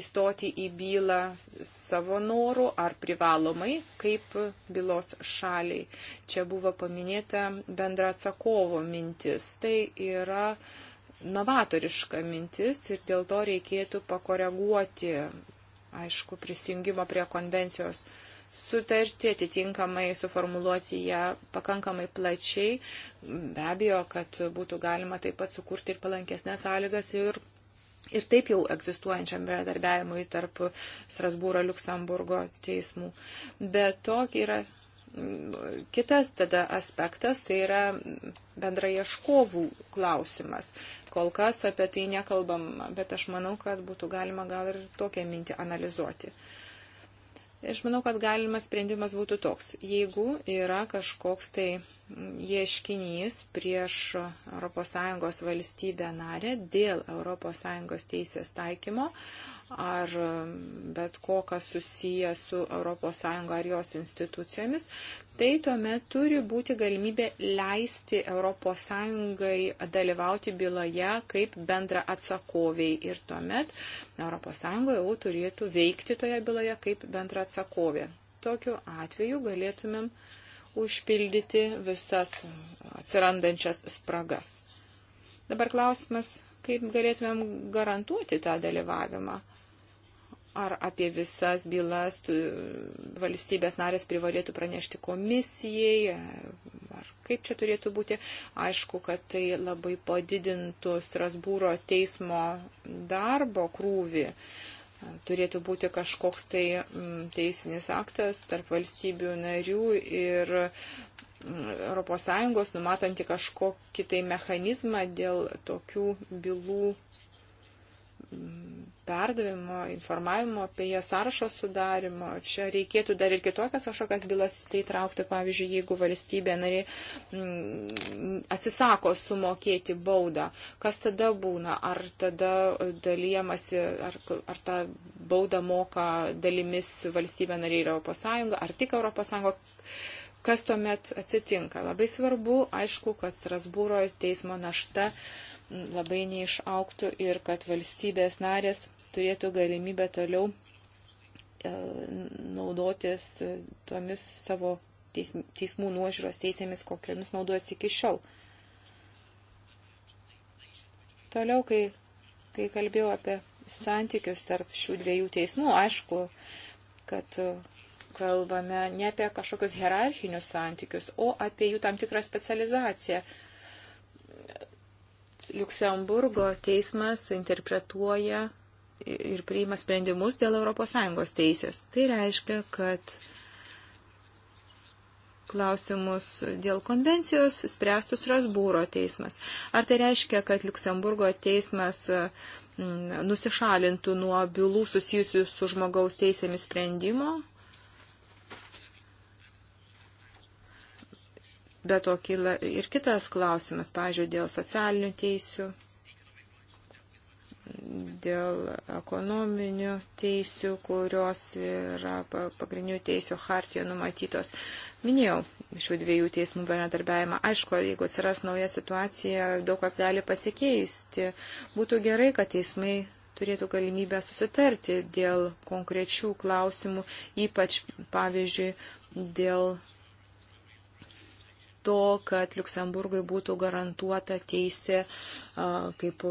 įstoti į bylą savo norų ar privalomai kaip bylos šaliai. Čia buvo paminėta bendra atsakovo mintis. Tai yra uh, novatoriška mintis ir dėl to reikėtų pakoreguoti, aišku, prisijungimo prie konvencijos sutartį, atitinkamai suformuluoti ją pakankamai plačiai, be abejo, kad būtų galima taip pat sukurti ir palankesnės sąlygas ir, ir taip jau egzistuojančiam bendradarbiavimui tarp Strasbūro Luksemburgo teismų. Bet tokia yra Kitas tada aspektas tai yra bendraieškovų klausimas. Kol kas apie tai nekalbam, bet aš manau, kad būtų galima gal ir tokią mintį analizuoti. Aš manau, kad galimas sprendimas būtų toks. Jeigu yra kažkoks tai ieškinys prieš ES valstybę narę dėl ES teisės taikymo ar bet ko, kas susiję su ES ar jos institucijomis, tai tuomet turi būti galimybė leisti ES dalyvauti byloje kaip bendra atsakoviai ir tuomet ES jau turėtų veikti toje byloje kaip bendra atsakovė. Tokiu atveju galėtumėm uh, užpildyti visas atsirandančias spragas. Dabar klausimas, kaip galėtumėm garantuoti tą dalyvavimą. Ar apie visas bylas valstybės narės privalėtų pranešti komisijai, ar kaip čia turėtų būti. Aišku, kad tai labai padidintų Strasbūro teismo darbo krūvį. Uh, turėtų būti kažkoks tai mm, teisinis aktas tarp valstybių narių ir mm, ES numatanti kažkokį tai mechanizmą dėl tokių bylų mm, perdavimo, informavimo apie ją sąrašo sudarimo. Čia reikėtų dar ir kitokias kažkokias bylas tai traukti, pavyzdžiui, jeigu valstybė nari mm, atsisako sumokėti baudą, kas tada būna, ar tada dalyjamasi, ar, ar tą baudą moka dalimis valstybė nariai ir ES, ar tik ES kas tuomet atsitinka. Labai svarbu, aišku, kad Strasbūro teismo našta labai neišauktų ir kad valstybės narės turėtų galimybę toliau e, naudotis tomis savo teismų nuožiūros teisėmis, kokiamis naudojasi iki šiol. Toliau, kai, kai kalbėjau apie santykius tarp šių dviejų teismų, aišku, kad e, kalbame ne apie kažkokius hierarchinius santykius, o apie jų tam tikrą specializaciją. Luksemburgo teismas interpretuoja ir priima sprendimus dėl ES teisės. Tai reiškia, kad klausimus dėl konvencijos spręstų Strasbūro teismas. Ar tai reiškia, kad Luksemburgo teismas mm, nusišalintų nuo bylų susijusių su žmogaus teisėmis sprendimo? Be to kyla ir kitas klausimas, pažiūrėjau, dėl socialinių teisių, dėl ekonominių teisių, kurios yra pagrindinių teisių hartijoje numatytos. Minėjau šių dviejų teismų bendradarbiavimą. Aišku, jeigu atsiras nauja situacija, daug kas gali pasikeisti. Būtų gerai, kad teismai turėtų galimybę susitarti dėl konkrečių klausimų, ypač, pavyzdžiui, dėl to, kad Luksemburgui būtų garantuota teisė kaip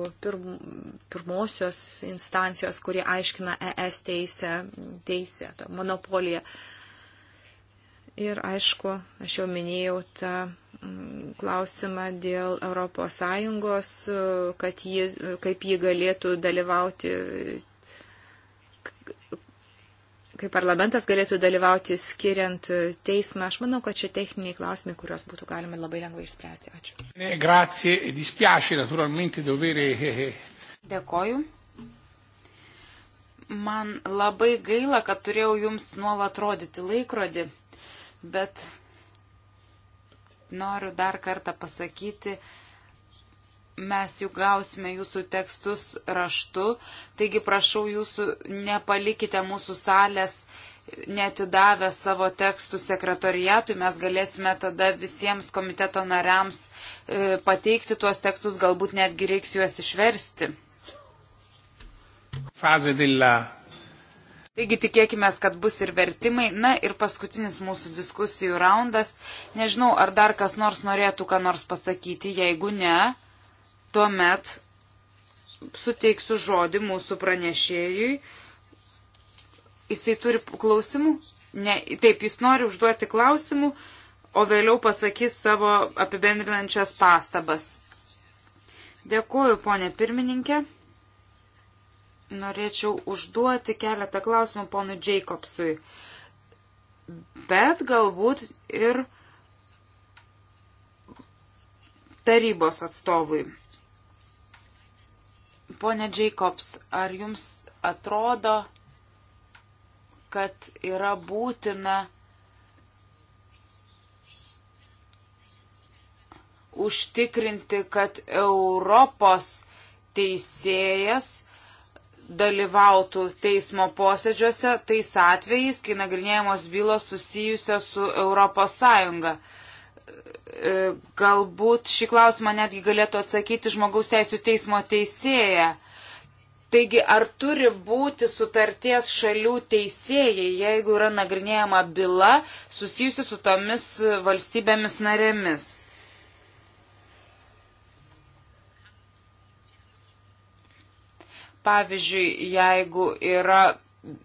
pirmosios instancijos, kuri aiškina ES teisę, teisę tą monopoliją. Ir aišku, aš jau minėjau tą mm, klausimą dėl ES, kad ji, kaip ji galėtų dalyvauti kaip parlamentas galėtų dalyvauti skiriant teismą. Aš manau, kad čia techniniai klausimai, kuriuos būtų galima labai lengvai išspręsti. Ačiū. Grazie, e dispiace, naturalmente, dovere. Eh, eh, eh. Dėkoju. Man labai gaila, kad turėjau jums nuolat rodyti laikrodį, bet noriu dar kartą pasakyti, mes juk gausime jūsų tekstus raštu, taigi prašau jūsų nepalikite mūsų salės netidavę savo tekstų sekretoriatui, mes galėsime tada visiems komiteto nariams e, pateikti tuos tekstus, galbūt netgi reiks juos išversti. Taigi tikėkime, kad bus ir vertimai. Na ir paskutinis mūsų diskusijų raundas. Nežinau, ar dar kas nors norėtų ką nors pasakyti. Jeigu ne, tuomet suteiksiu žodį mūsų pranešėjui. Jisai turi klausimų? Ne, taip, jis nori užduoti klausimų, o vėliau pasakys savo apibendrinančias pastabas. Dėkuoju, ponė pirmininkė. Norėčiau užduoti keletą klausimų ponui Jacobsui. Bet galbūt ir tarybos atstovui. Pone Jacobs, ar jums atrodo, kad yra būtina užtikrinti, kad Europos teisėjas dalyvautų teismo posėdžiuose tais atvejais, kai nagrinėjamos bylos susijusios su Europos Sąjunga. E, galbūt šį klausimą netgi galėtų atsakyti žmogaus teisų teismo teisėja. Taigi, ar turi būti sutarties šalių teisėjai, jeigu yra nagrinėjama byla susijusi su tomis valstybėmis narėmis? Pavyzdžiui, jeigu yra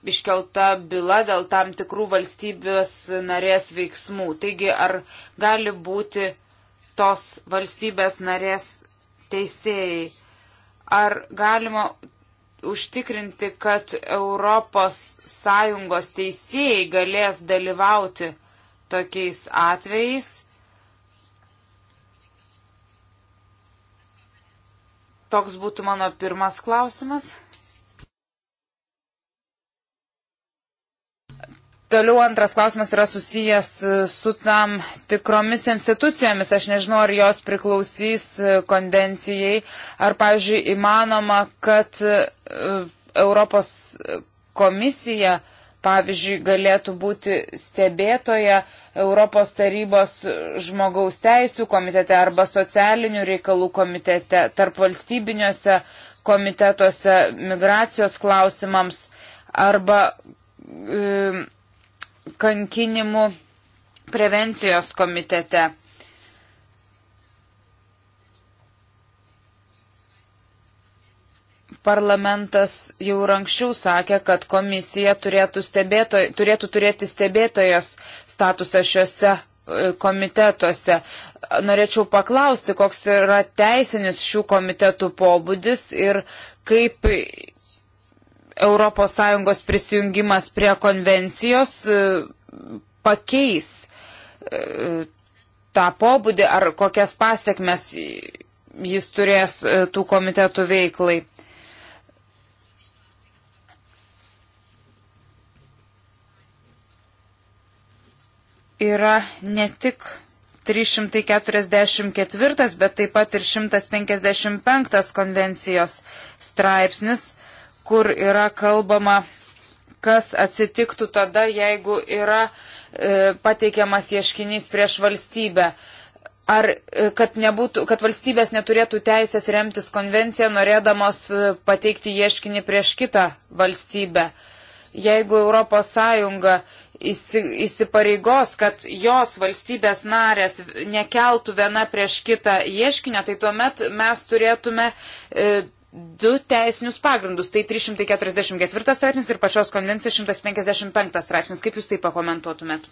iškelta byla dėl tam tikrų valstybės narės veiksmų. Taigi, ar gali būti tos valstybės narės teisėjai? Ar galima užtikrinti, kad ES teisėjai galės dalyvauti tokiais atvejais? Toks būtų mano pirmas klausimas. Toliau antras klausimas yra susijęs e, su tam tikromis institucijomis. Aš nežinau, ar jos priklausys e, konvencijai, ar, pavyzdžiui, įmanoma, kad e, Europos komisija, pavyzdžiui, galėtų būti stebėtoja Europos tarybos žmogaus teisų komitete arba socialinių reikalų komitete, tarp valstybiniuose komitetuose migracijos klausimams arba. E, kankinimų prevencijos komitete. Parlamentas jau anksčiau sakė, kad komisija turėtų, stebėto, turėtų turėti stebėtojos statusą šiuose e, komitetuose. Norėčiau paklausti, koks yra teisinis šių komitetų pobūdis ir kaip ES prisijungimas prie konvencijos e, pakeis e, tą pobūdį ar kokias pasiekmes jis turės e, tų komitetų veiklai. Yra ne tik 344, bet taip pat ir 155 konvencijos straipsnis, kur yra kalbama, kas atsitiktų tada, jeigu yra e, pateikiamas ieškinys prieš valstybę. Ar e, kad, nebūtų, kad valstybės neturėtų teisės remtis konvenciją, norėdamos e, pateikti ieškinį prieš kitą valstybę? Jeigu ES įsipareigos, kad jos valstybės narės nekeltų viena prieš kitą ieškinio, tai tuomet mes turėtume e, du teisinius pagrindus. Tai 344 straipsnis ir pačios konvencijos 155 straipsnis. Kaip Jūs tai pakomentuotumėt?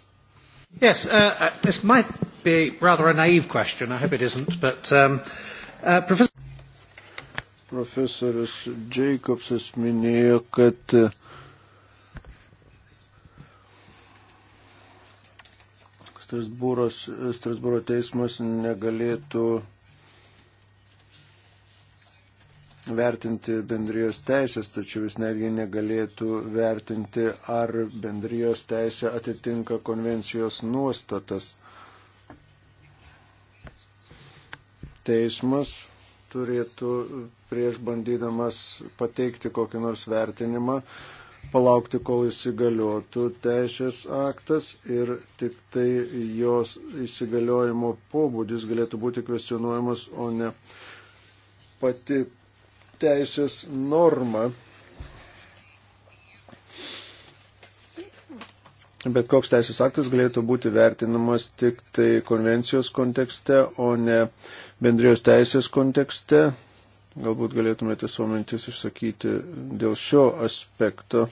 Yes, uh, uh, this might be rather a naive question. I hope it isn't. But, um, uh, professor... Profesorius Jacobsas minėjo, kad uh, Strasbūro teismas negalėtų uh, vertinti bendrijos teisės, tačiau jis netgi negalėtų vertinti, ar bendrijos teisė atitinka konvencijos nuostatas. Teismas turėtų prieš bandydamas pateikti kokį nors vertinimą, palaukti, kol įsigaliotų teisės aktas ir tik tai jos įsigaliojimo pobūdis galėtų būti kvestionuojamas, o ne pati teisės norma. Bet koks teisės aktas galėtų būti vertinamas tik tai konvencijos kontekste, o ne bendrijos teisės kontekste. Galbūt galėtumėte savo mintis išsakyti dėl šio aspekto.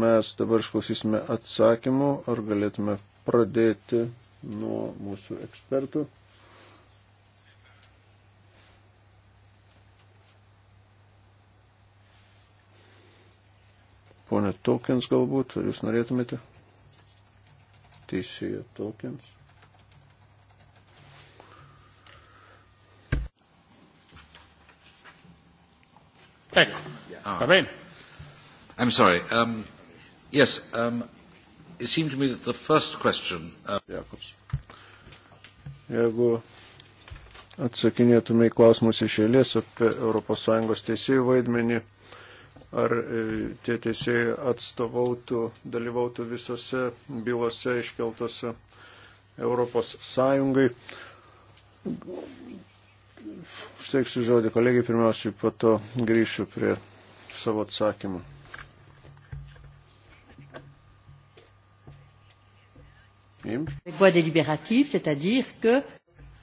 Mes dabar išklausysime atsakymų, ar galėtume pradėti nuo mūsų ekspertų. Pone Tokins galbūt, ar jūs norėtumėte? Teisėjo Tokins. Ecco, ah. va bene. I'm sorry. Um, yes, um, it seemed to me that the first question... Uh... Jakobs. Jeigu atsakinėtume į klausimus iš eilės apie ES teisėjų vaidmenį, ar e, tie teisėjai atstovautų, dalyvautų visose bylose iškeltose Europos Sąjungai. Steiksiu žodį kolegiai pirmiausiai, po to grįšiu prie savo atsakymų. Voie délibérative, c'est-à-dire que.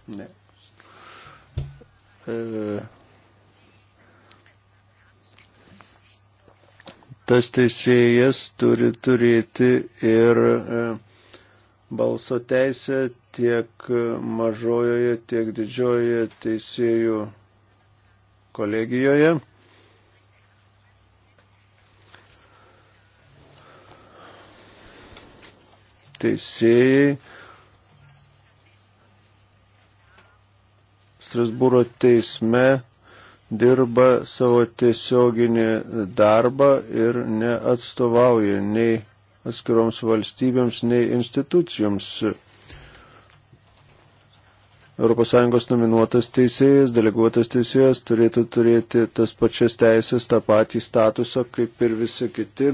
Ne. Euh, tas teisėjas turi turėti ir e, balso teisę tiek mažojoje, tiek didžiojoje teisėjų kolegijoje. Teisėjai Strasbūro teisme dirba savo tiesioginį darbą ir neatstovauja nei atskiroms valstybėms, nei institucijoms. ES nominuotas teisėjas, deleguotas teisėjas turėtų turėti tas pačias teisės, tą patį statusą, kaip ir visi kiti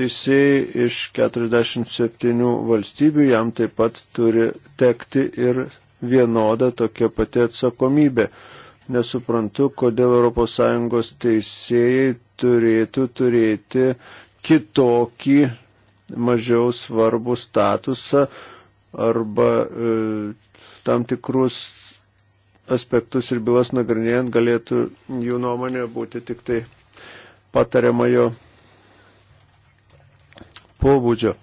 teisėjai iš 47 valstybių, jam taip pat turi tekti ir vienoda tokia pati atsakomybė nesuprantu, kodėl ES teisėjai turėtų turėti kitokį mažiau svarbų statusą arba e, tam tikrus aspektus ir bylas nagrinėjant galėtų jų nuomonė būti tik tai patariamojo pobūdžio.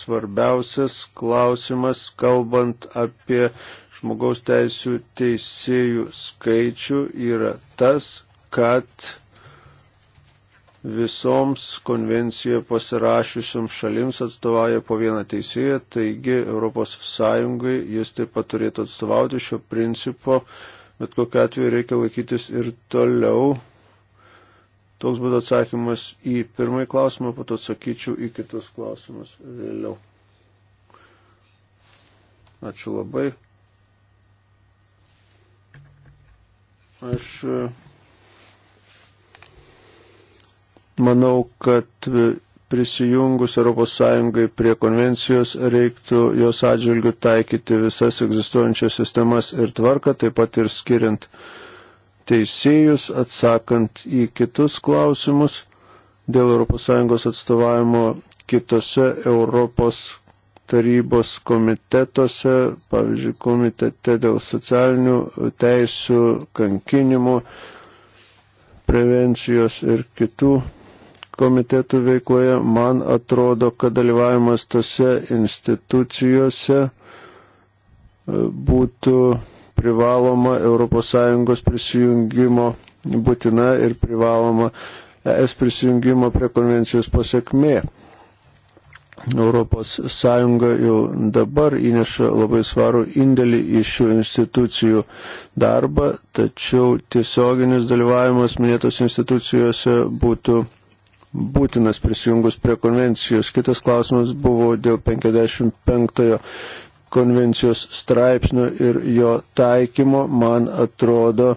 Svarbiausias klausimas, kalbant apie žmogaus teisų teisėjų skaičių yra tas, kad visoms konvencijoje pasirašiusioms šalims atstovauja po vieną teisėją, taigi ES jis taip pat turėtų atstovauti šio principo, bet kokiu atveju reikia laikytis ir toliau. Toks būtų atsakymas į pirmąjį klausimą, pat atsakyčiau į kitus klausimus vėliau. Ačiū labai. Aš e, manau, kad e, prisijungus ES prie konvencijos reiktų jos atžvilgių taikyti visas egzistuojančias sistemas ir tvarką, taip pat ir skiriant teisėjus, atsakant į kitus klausimus dėl ES atstovavimo kitose Europos tarybos komitetuose, pavyzdžiui, komitete dėl socialinių teisų, kankinimų, prevencijos ir kitų komitetų veikloje, man atrodo, kad dalyvavimas tose institucijose e, būtų privaloma ES prisijungimo būtina ir privaloma ES prisijungimo prie konvencijos pasiekmė. ES jau dabar įneša labai svarų indėlį iš šių institucijų darbą, tačiau tiesioginis dalyvavimas minėtos institucijose būtų būtinas prisijungus prie konvencijos. Kitas klausimas buvo dėl 55 konvencijos straipsnio ir jo taikymo. Man atrodo,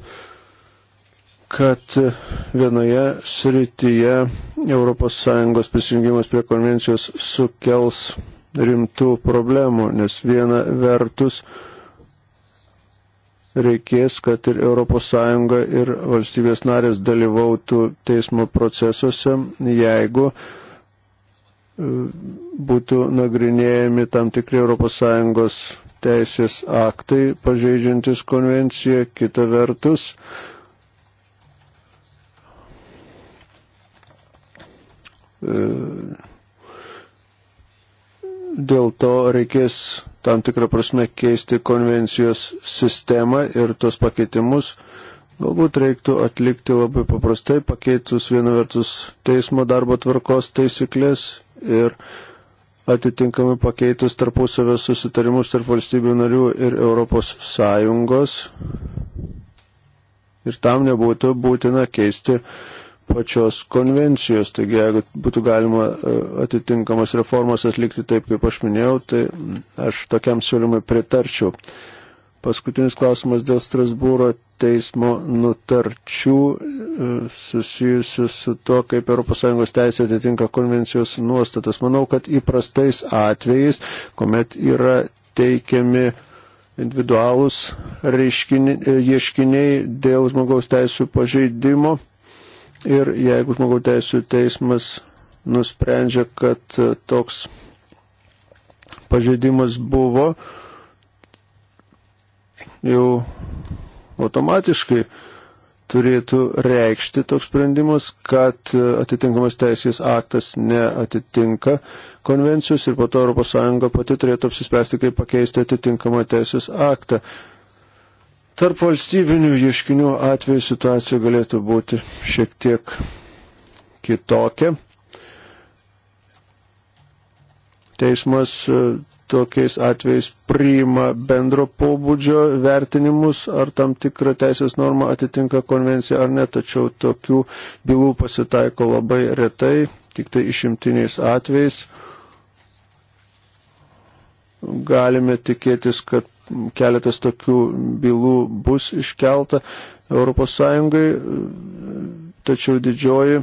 kad vienoje srityje ES prisijungimas prie konvencijos sukels rimtų problemų, nes viena vertus reikės, kad ir ES ir valstybės narės dalyvautų teismo procesuose, jeigu e, būtų nagrinėjami tam tikri ES teisės aktai pažeidžiantis konvenciją, kita vertus E, dėl to reikės tam tikrą prasme keisti konvencijos sistemą ir tos pakeitimus galbūt reiktų atlikti labai paprastai, pakeitus viena vertus teismo darbo tvarkos taisyklės ir atitinkamai pakeitus tarpusavės susitarimus tarp valstybių narių ir Europos Sąjungos. Ir tam nebūtų būtina keisti pačios konvencijos. Taigi, jeigu būtų galima e, atitinkamas reformas atlikti taip, kaip aš minėjau, tai aš tokiam siūlymui pritarčiau. Paskutinis klausimas dėl Strasbūro teismo nutarčių e, susijusių su to, kaip ES teisė atitinka konvencijos nuostatas. Manau, kad įprastais atvejais, kuomet yra teikiami individualūs e, ieškiniai dėl žmogaus teisų pažeidimo, Ir jeigu žmogaus teisų teismas nusprendžia, kad e, toks pažeidimas buvo, jau automatiškai turėtų reikšti toks sprendimas, kad e, atitinkamas teisės aktas neatitinka konvencijos ir po to ES pati turėtų apsispręsti, kaip pakeisti atitinkamą teisės aktą. Tarp valstybinių ieškinių atveju situacija galėtų būti šiek tiek kitokia. Teismas e, tokiais atvejais priima bendro pobūdžio vertinimus, ar tam tikra teisės norma atitinka konvenciją ar ne, tačiau tokių bylų pasitaiko labai retai, tik tai išimtiniais atvejais. Galime tikėtis, kad keletas tokių bylų bus iškelta ES, tačiau didžioji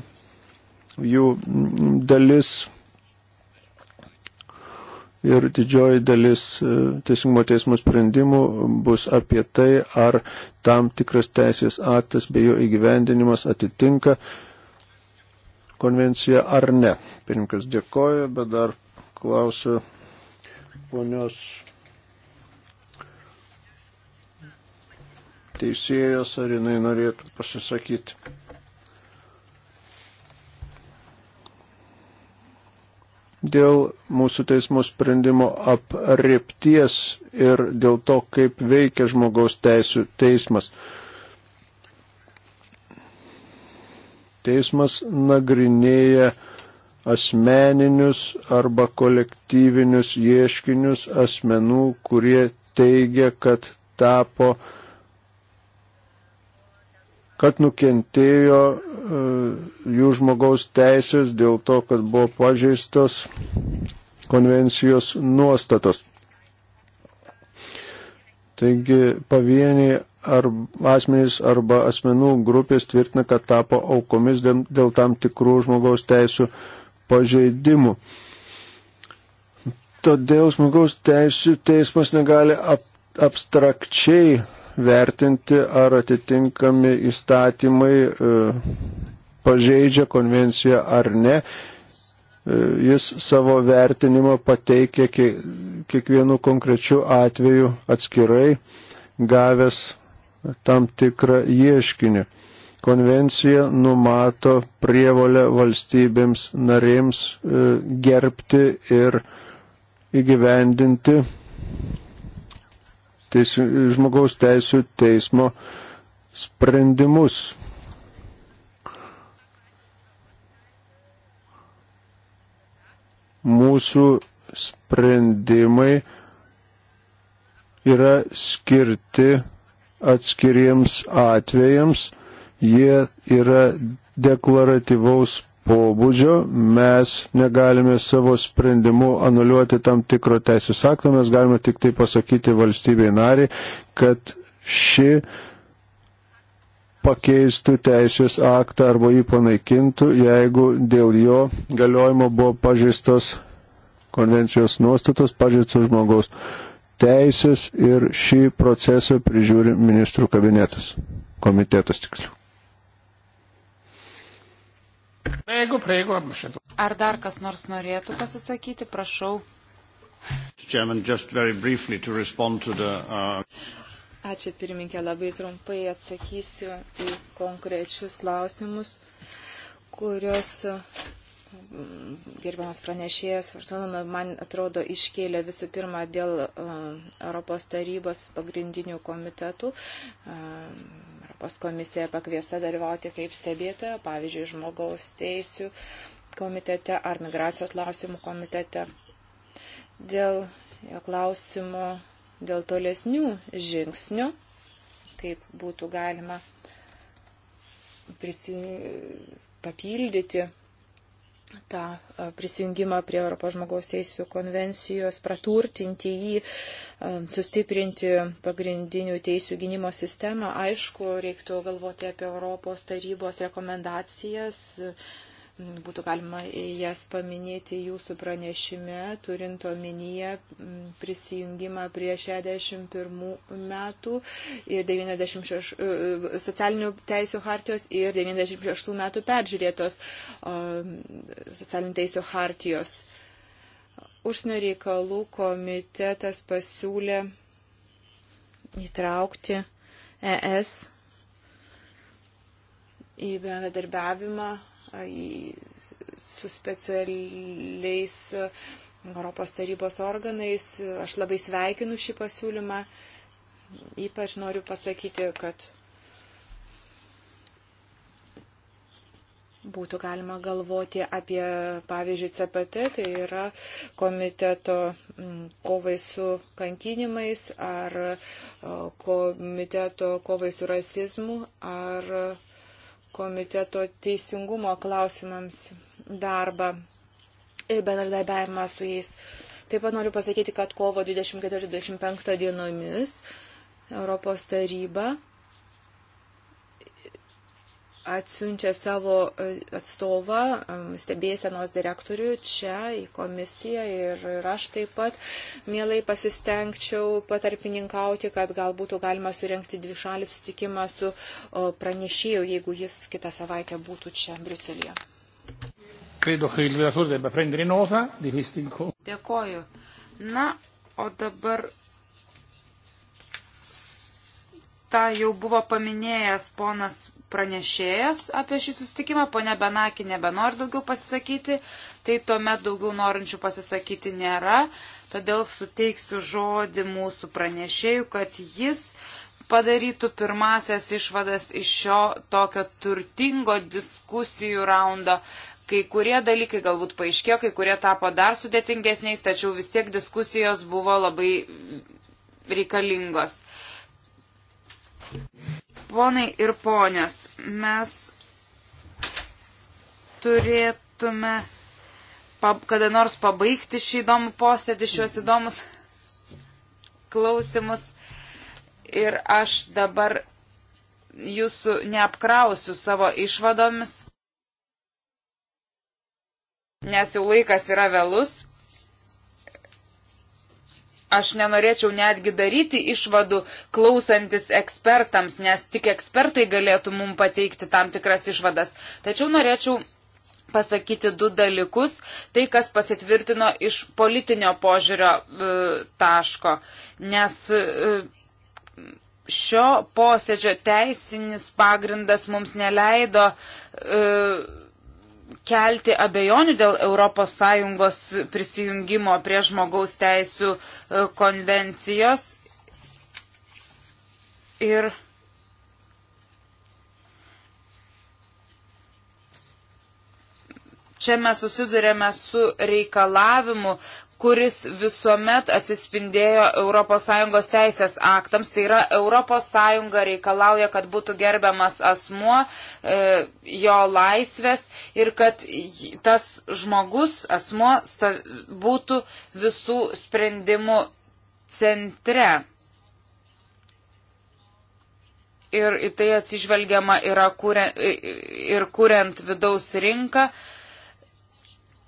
jų dalis ir didžioji dalis e, teisingumo teismo sprendimų bus apie tai, ar tam tikras teisės aktas bei jo įgyvendinimas atitinka konvenciją ar ne. Pirinkas dėkoja, bet dar klausiu ponios teisėjas, ar jinai norėtų pasisakyti. Dėl mūsų teismo sprendimo aprepties ir dėl to, kaip veikia žmogaus teisų teismas. Teismas nagrinėja asmeninius arba kolektyvinius ieškinius asmenų, kurie teigia, kad tapo kad nukentėjo e, jų žmogaus teisės dėl to, kad buvo pažeistos konvencijos nuostatos. Taigi pavieniai ar asmenys arba asmenų grupės tvirtina, kad tapo aukomis dėl tam tikrų žmogaus teisų pažeidimų. Todėl žmogaus teisų teismas negali ap, abstrakčiai vertinti, ar atitinkami įstatymai e, pažeidžia konvenciją ar ne. E, jis savo vertinimą pateikė kiekvienu konkrečiu atveju atskirai, gavęs tam tikrą ieškinį. Konvencija numato prievolę valstybėms narėms e, gerbti ir įgyvendinti teis, žmogaus teisų teismo sprendimus. Mūsų sprendimai yra skirti atskiriems atvejams, jie yra deklaratyvaus pobūdžio, mes negalime savo sprendimu anuliuoti tam tikro teisės akto, mes galime tik tai pasakyti valstybei nariai, kad ši pakeistų teisės aktą arba jį panaikintų, jeigu dėl jo galiojimo buvo pažįstos konvencijos nuostatos, pažįstos žmogaus teisės ir šį procesą prižiūri ministrų kabinetas, komitetas tiksliau. Jeigu prieigu, apmašėtų. Ar dar kas nors norėtų pasisakyti, prašau. Chairman, just very briefly to respond to the. Uh... Ačiū pirmininkė, labai trumpai atsakysiu į konkrečius klausimus, kurios mm, gerbiamas pranešėjas, man atrodo, iškėlė visų pirma dėl uh, Europos tarybos pagrindinių komitetų. Uh, Europos komisija pakviesta dalyvauti kaip stebėtoja, pavyzdžiui, žmogaus teisių komitete ar migracijos klausimų komitete. Dėl klausimų, dėl tolesnių žingsnių, kaip būtų galima prisi... papildyti tą e, prisijungimą prie Europos žmogaus teisų konvencijos, praturtinti jį, e, sustiprinti pagrindinių teisų gynimo sistemą. Aišku, reiktų galvoti apie Europos tarybos rekomendacijas būtų galima jas paminėti jūsų pranešime, turint omenyje prisijungimą prie 61 metų ir 96 e, socialinių teisų hartijos ir 96 metų peržiūrėtos socialinių teisų hartijos. Užsienio reikalų komitetas pasiūlė įtraukti ES į bendradarbiavimą su specialiais uh, Europos tarybos organais. Aš labai sveikinu šį pasiūlymą. Ypač noriu pasakyti, kad būtų galima galvoti apie, pavyzdžiui, CPT, tai yra komiteto mm, kovai su kankinimais ar uh, komiteto kovai su rasizmu ar komiteto teisingumo klausimams darbą ir bendradarbiavimą su jais. Taip pat noriu pasakyti, kad kovo 24-25 dienomis Europos taryba atsiunčia savo e, atstovą, e, stebėsenos direktorių čia į komisiją ir, ir aš taip pat mielai pasistengčiau patarpininkauti, kad gal būtų galima surenkti dvi šalį sutikimą su pranešėju, jeigu jis kitą savaitę būtų čia Briuselėje. Dėkoju. Na, o dabar tą jau buvo paminėjęs ponas pranešėjas apie šį sustikimą, ponia Benaki nebenori daugiau pasisakyti, tai tuomet daugiau norinčių pasisakyti nėra, todėl suteiksiu žodį mūsų pranešėjų, kad jis padarytų pirmasias išvadas iš šio tokio turtingo diskusijų raundo. Kai kurie dalykai galbūt paaiškėjo, kai kurie tapo dar sudėtingesniais, tačiau vis tiek diskusijos buvo labai reikalingos. Ponai ir ponios, mes turėtume kada nors pabaigti šį įdomų posėdį, šiuos įdomus klausimus. Ir aš dabar jūsų neapkrausiu savo išvadomis, nes jau laikas yra vėlus aš nenorėčiau netgi daryti išvadų klausantis ekspertams, nes tik ekspertai galėtų mums pateikti tam tikras išvadas. Tačiau norėčiau pasakyti du dalykus, tai kas pasitvirtino iš politinio požiūrio e, taško, nes e, šio posėdžio teisinis pagrindas mums neleido e, kelti abejonių dėl ES prisijungimo prie žmogaus teisų e, konvencijos. Ir čia mes susidurėme su reikalavimu, kuris visuomet atsispindėjo ES teisės aktams. Tai yra ES reikalauja, kad būtų gerbiamas asmuo, e, jo laisvės ir kad tas žmogus, asmuo būtų visų sprendimų centre ir į tai atsižvelgiama yra kūrent, ir kuriant vidaus rinką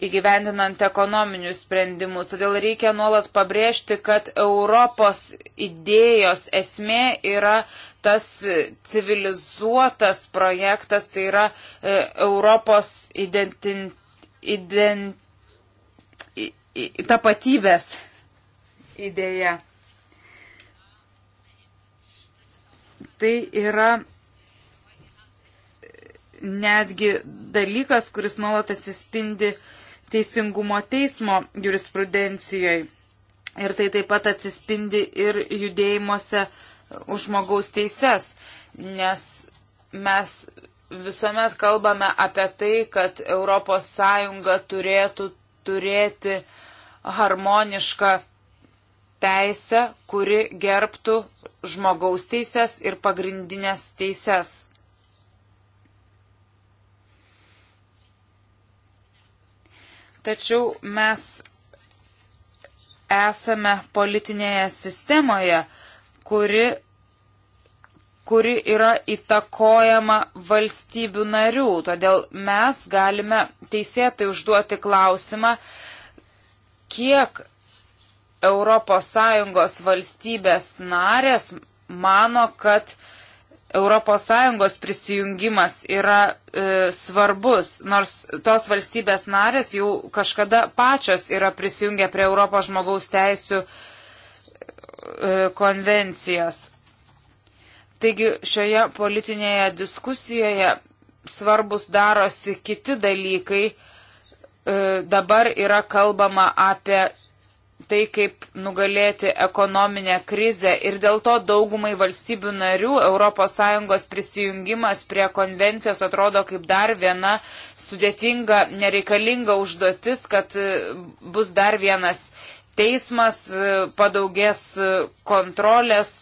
įgyvendinant ekonominius sprendimus. Todėl reikia nuolat pabrėžti, kad Europos idėjos esmė yra tas civilizuotas projektas, tai yra e, Europos identin, ident, i, i, tapatybės idėja. Tai yra netgi dalykas, kuris nuolat atsispindi e, teisingumo teismo jurisprudencijoje. Ir tai taip pat atsispindi ir judėjimuose už žmogaus teises, nes mes visuomet kalbame apie tai, kad ES turėtų turėti harmonišką teisę, kuri gerbtų žmogaus teises ir pagrindinės teises. tačiau mes esame politinėje sistemoje, kuri, kuri yra įtakojama valstybių narių. Todėl mes galime teisėtai užduoti klausimą, kiek ES valstybės narės mano, kad ES prisijungimas yra e, svarbus, nors tos valstybės narės jau kažkada pačios yra prisijungę prie Europos žmogaus teisų e, konvencijos. Taigi šioje politinėje diskusijoje svarbus darosi kiti dalykai. E, dabar yra kalbama apie tai, kaip nugalėti ekonominę krizę ir dėl to daugumai valstybių narių ES prisijungimas prie konvencijos atrodo kaip dar viena sudėtinga, nereikalinga užduotis, kad e, bus dar vienas teismas, e, padaugės e, kontrolės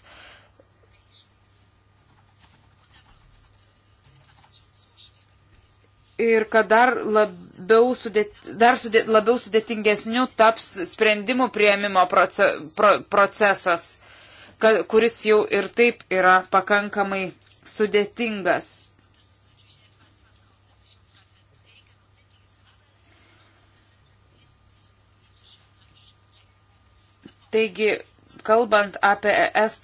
ir kad dar labiau, sudėt, dar sudėt, labiau sudėtingesniu taps sprendimų prieimimo proce, pro, procesas, kad, kuris jau ir taip yra pakankamai sudėtingas. Taigi, kalbant apie ES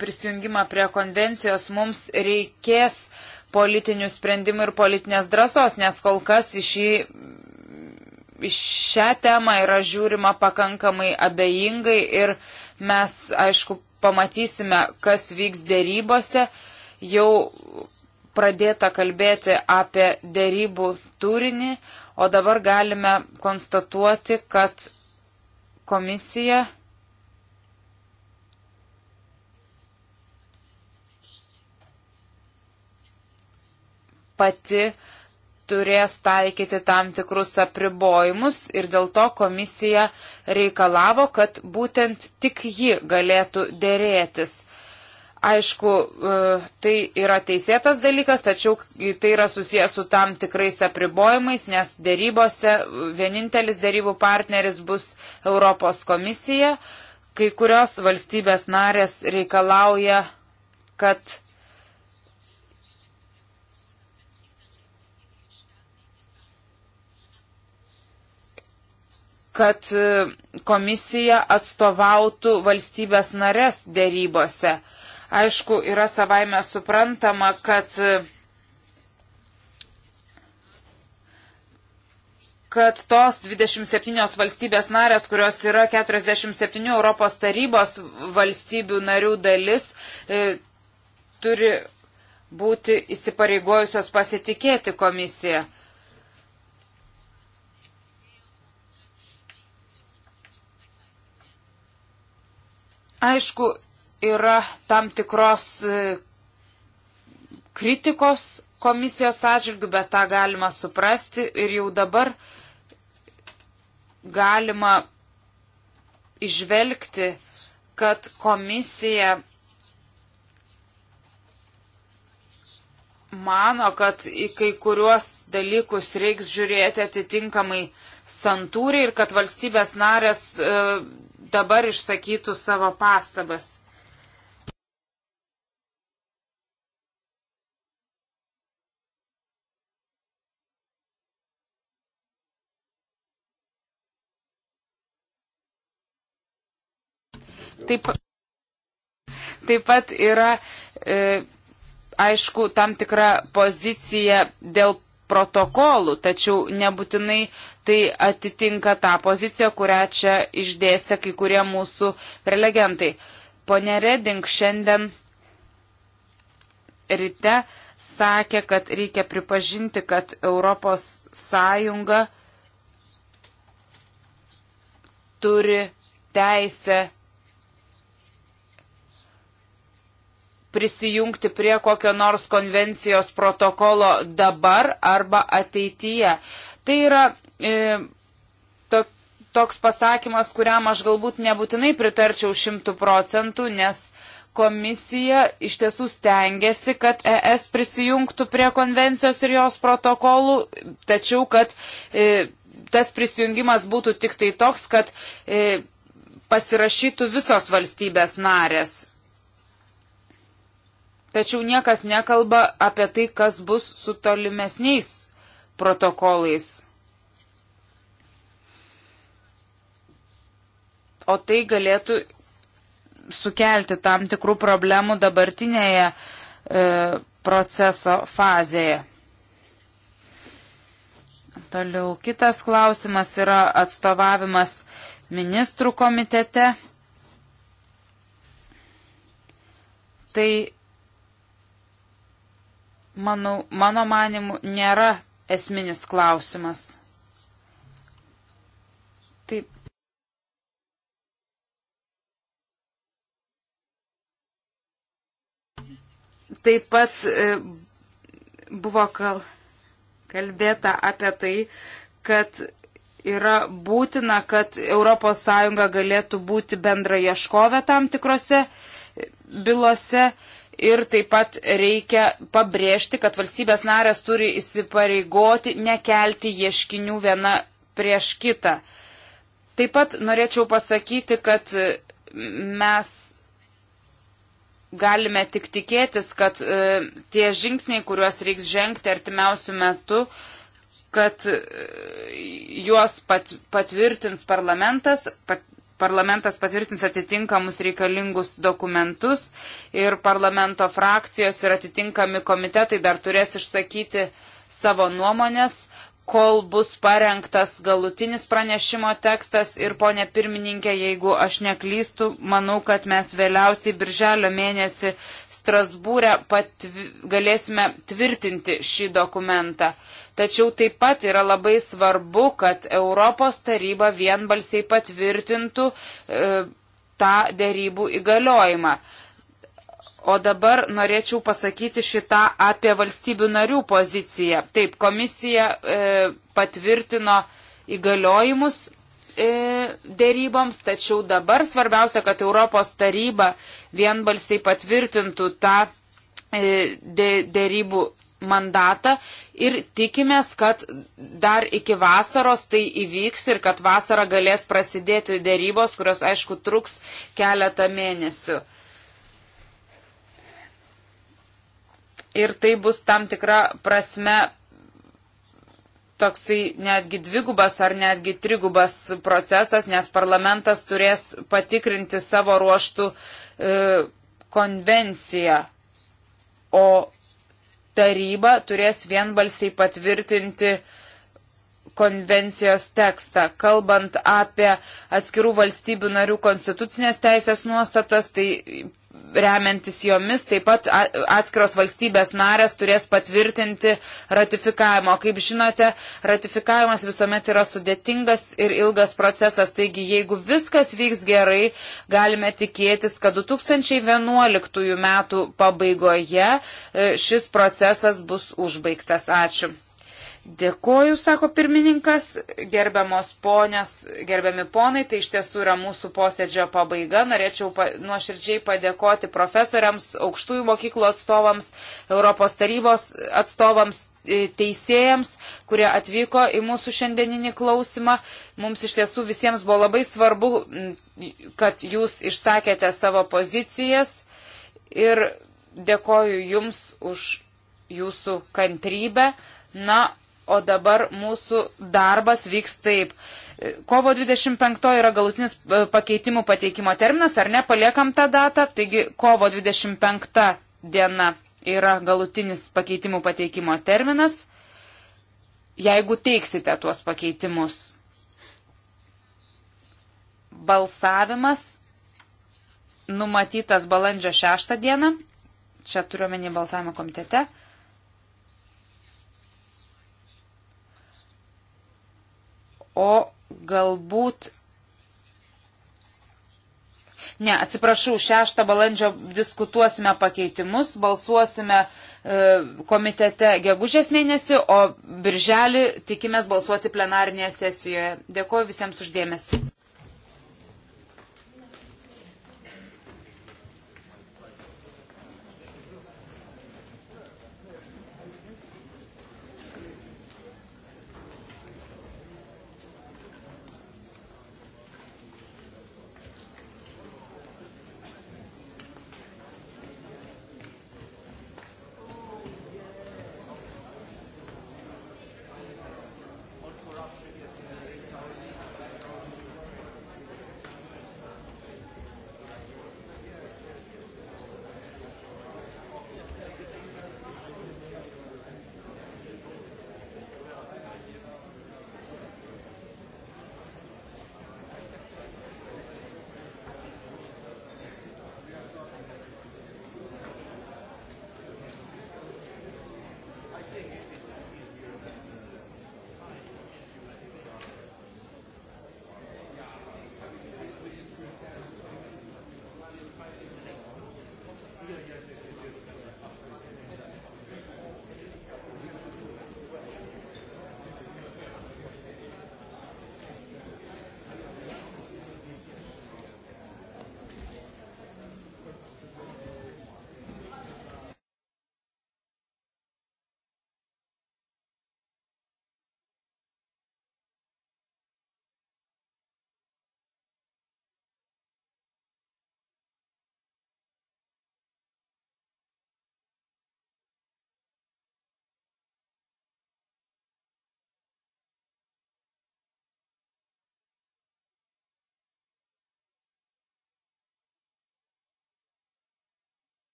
prisijungimą prie konvencijos, mums reikės politinių sprendimų ir politinės drąsos, nes kol kas iš į, šią temą yra žiūrima pakankamai abejingai ir mes, aišku, pamatysime, kas vyks dėrybose. Jau pradėta kalbėti apie dėrybų turinį, o dabar galime konstatuoti, kad komisija pati turės taikyti tam tikrus apribojimus ir dėl to komisija reikalavo, kad būtent tik ji galėtų dėrėtis. Aišku, e, tai yra teisėtas dalykas, tačiau tai yra susijęs su tam tikrais apribojimais, nes dėrybose vienintelis dėrybų partneris bus Europos komisija. Kai kurios valstybės narės reikalauja, kad kad e, komisija atstovautų valstybės narės dėrybose. Aišku, yra savaime suprantama, kad, kad tos 27 valstybės narės, kurios yra 47 Europos tarybos valstybių narių dalis, e, turi būti įsipareigojusios pasitikėti komisiją. Aišku, yra tam tikros e, kritikos komisijos atžvilgių, bet tą galima suprasti ir jau dabar galima išvelgti, kad komisija mano, kad į kai kuriuos dalykus reiks žiūrėti atitinkamai santūriai ir kad valstybės narės e, dabar išsakytų savo pastabas. Taip, taip pat yra, e, aišku, tam tikra pozicija dėl protokolų, tačiau nebūtinai tai atitinka tą poziciją, kurią čia išdėstė kai kurie mūsų prelegentai. Pone Reding šiandien ryte sakė, kad reikia pripažinti, kad Europos Sąjunga turi teisę prisijungti prie kokio nors konvencijos protokolo dabar arba ateityje. Tai yra e, to, toks pasakymas, kuriam aš galbūt nebūtinai pritarčiau šimtų procentų, nes komisija iš tiesų stengiasi, kad ES prisijungtų prie konvencijos ir jos protokolų, tačiau kad e, tas prisijungimas būtų tik tai toks, kad e, pasirašytų visos valstybės narės tačiau niekas nekalba apie tai, kas bus su tolimesniais protokolais. O tai galėtų sukelti tam tikrų problemų dabartinėje e, proceso fazėje. Toliau kitas klausimas yra atstovavimas ministrų komitete. Tai manau, mano manimu, nėra esminis klausimas. Taip. Taip pat e, buvo kalbėta apie tai, kad yra būtina, kad ES galėtų būti bendra ieškovė tam tikrose uh, bylose. Ir taip pat reikia pabrėžti, kad valstybės narės turi įsipareigoti nekelti ieškinių viena prieš kitą. Taip pat norėčiau pasakyti, kad mes galime tik tikėtis, kad e, tie žingsniai, kuriuos reiks žengti artimiausių metų, kad e, juos pat, patvirtins parlamentas, pat, parlamentas patvirtins atitinkamus reikalingus dokumentus ir parlamento frakcijos ir atitinkami komitetai dar turės išsakyti savo nuomonės kol bus parengtas galutinis pranešimo tekstas ir ponė pirmininkė, jeigu aš neklystu, manau, kad mes vėliausiai birželio mėnesį Strasbūrę patvi, galėsime tvirtinti šį dokumentą. Tačiau taip pat yra labai svarbu, kad Europos taryba vienbalsiai patvirtintų e, tą dėrybų įgaliojimą. O dabar norėčiau pasakyti šitą apie valstybių narių poziciją. Taip, komisija e, patvirtino įgaliojimus e, dėryboms, tačiau dabar svarbiausia, kad Europos taryba vienbalsiai patvirtintų tą e, dė, dėrybų mandatą ir tikimės, kad dar iki vasaros tai įvyks ir kad vasarą galės prasidėti dėrybos, kurios aišku truks keletą mėnesių. ir tai bus tam tikra prasme toksai netgi dvigubas ar netgi trigubas procesas, nes parlamentas turės patikrinti savo ruoštų e, konvenciją, o taryba turės vienbalsiai patvirtinti konvencijos tekstą. Kalbant apie atskirų valstybių narių konstitucinės teisės nuostatas, tai remiantis jomis, taip pat atskiros valstybės narės turės patvirtinti ratifikavimo. Kaip žinote, ratifikavimas visuomet yra sudėtingas ir ilgas procesas, taigi jeigu viskas vyks gerai, galime tikėtis, kad 2011 metų pabaigoje e, šis procesas bus užbaigtas. Ačiū. Dėkoju, sako pirmininkas, gerbiamos ponios, gerbiami ponai, tai iš tiesų yra mūsų posėdžio pabaiga. Norėčiau pa, nuoširdžiai padėkoti profesoriams, aukštųjų mokyklų atstovams, Europos tarybos atstovams, e, teisėjams, kurie atvyko į mūsų šiandieninį klausimą. Mums iš tiesų visiems buvo labai svarbu, kad jūs išsakėte savo pozicijas ir dėkoju jums už jūsų kantrybę. Na, o dabar mūsų darbas vyks taip. Kovo 25 yra galutinis e, pakeitimų pateikimo terminas, ar ne, paliekam tą datą, taigi kovo 25 diena yra galutinis pakeitimų pateikimo terminas, jeigu teiksite tuos pakeitimus. Balsavimas numatytas balandžio 6 dieną, čia turiuomenį balsavimo komitete. o galbūt. Ne, atsiprašau, 6 balandžio diskutuosime pakeitimus, balsuosime e, komitete gegužės mėnesį, o birželį tikimės balsuoti plenarinėje sesijoje. Dėkuoju visiems uždėmesi.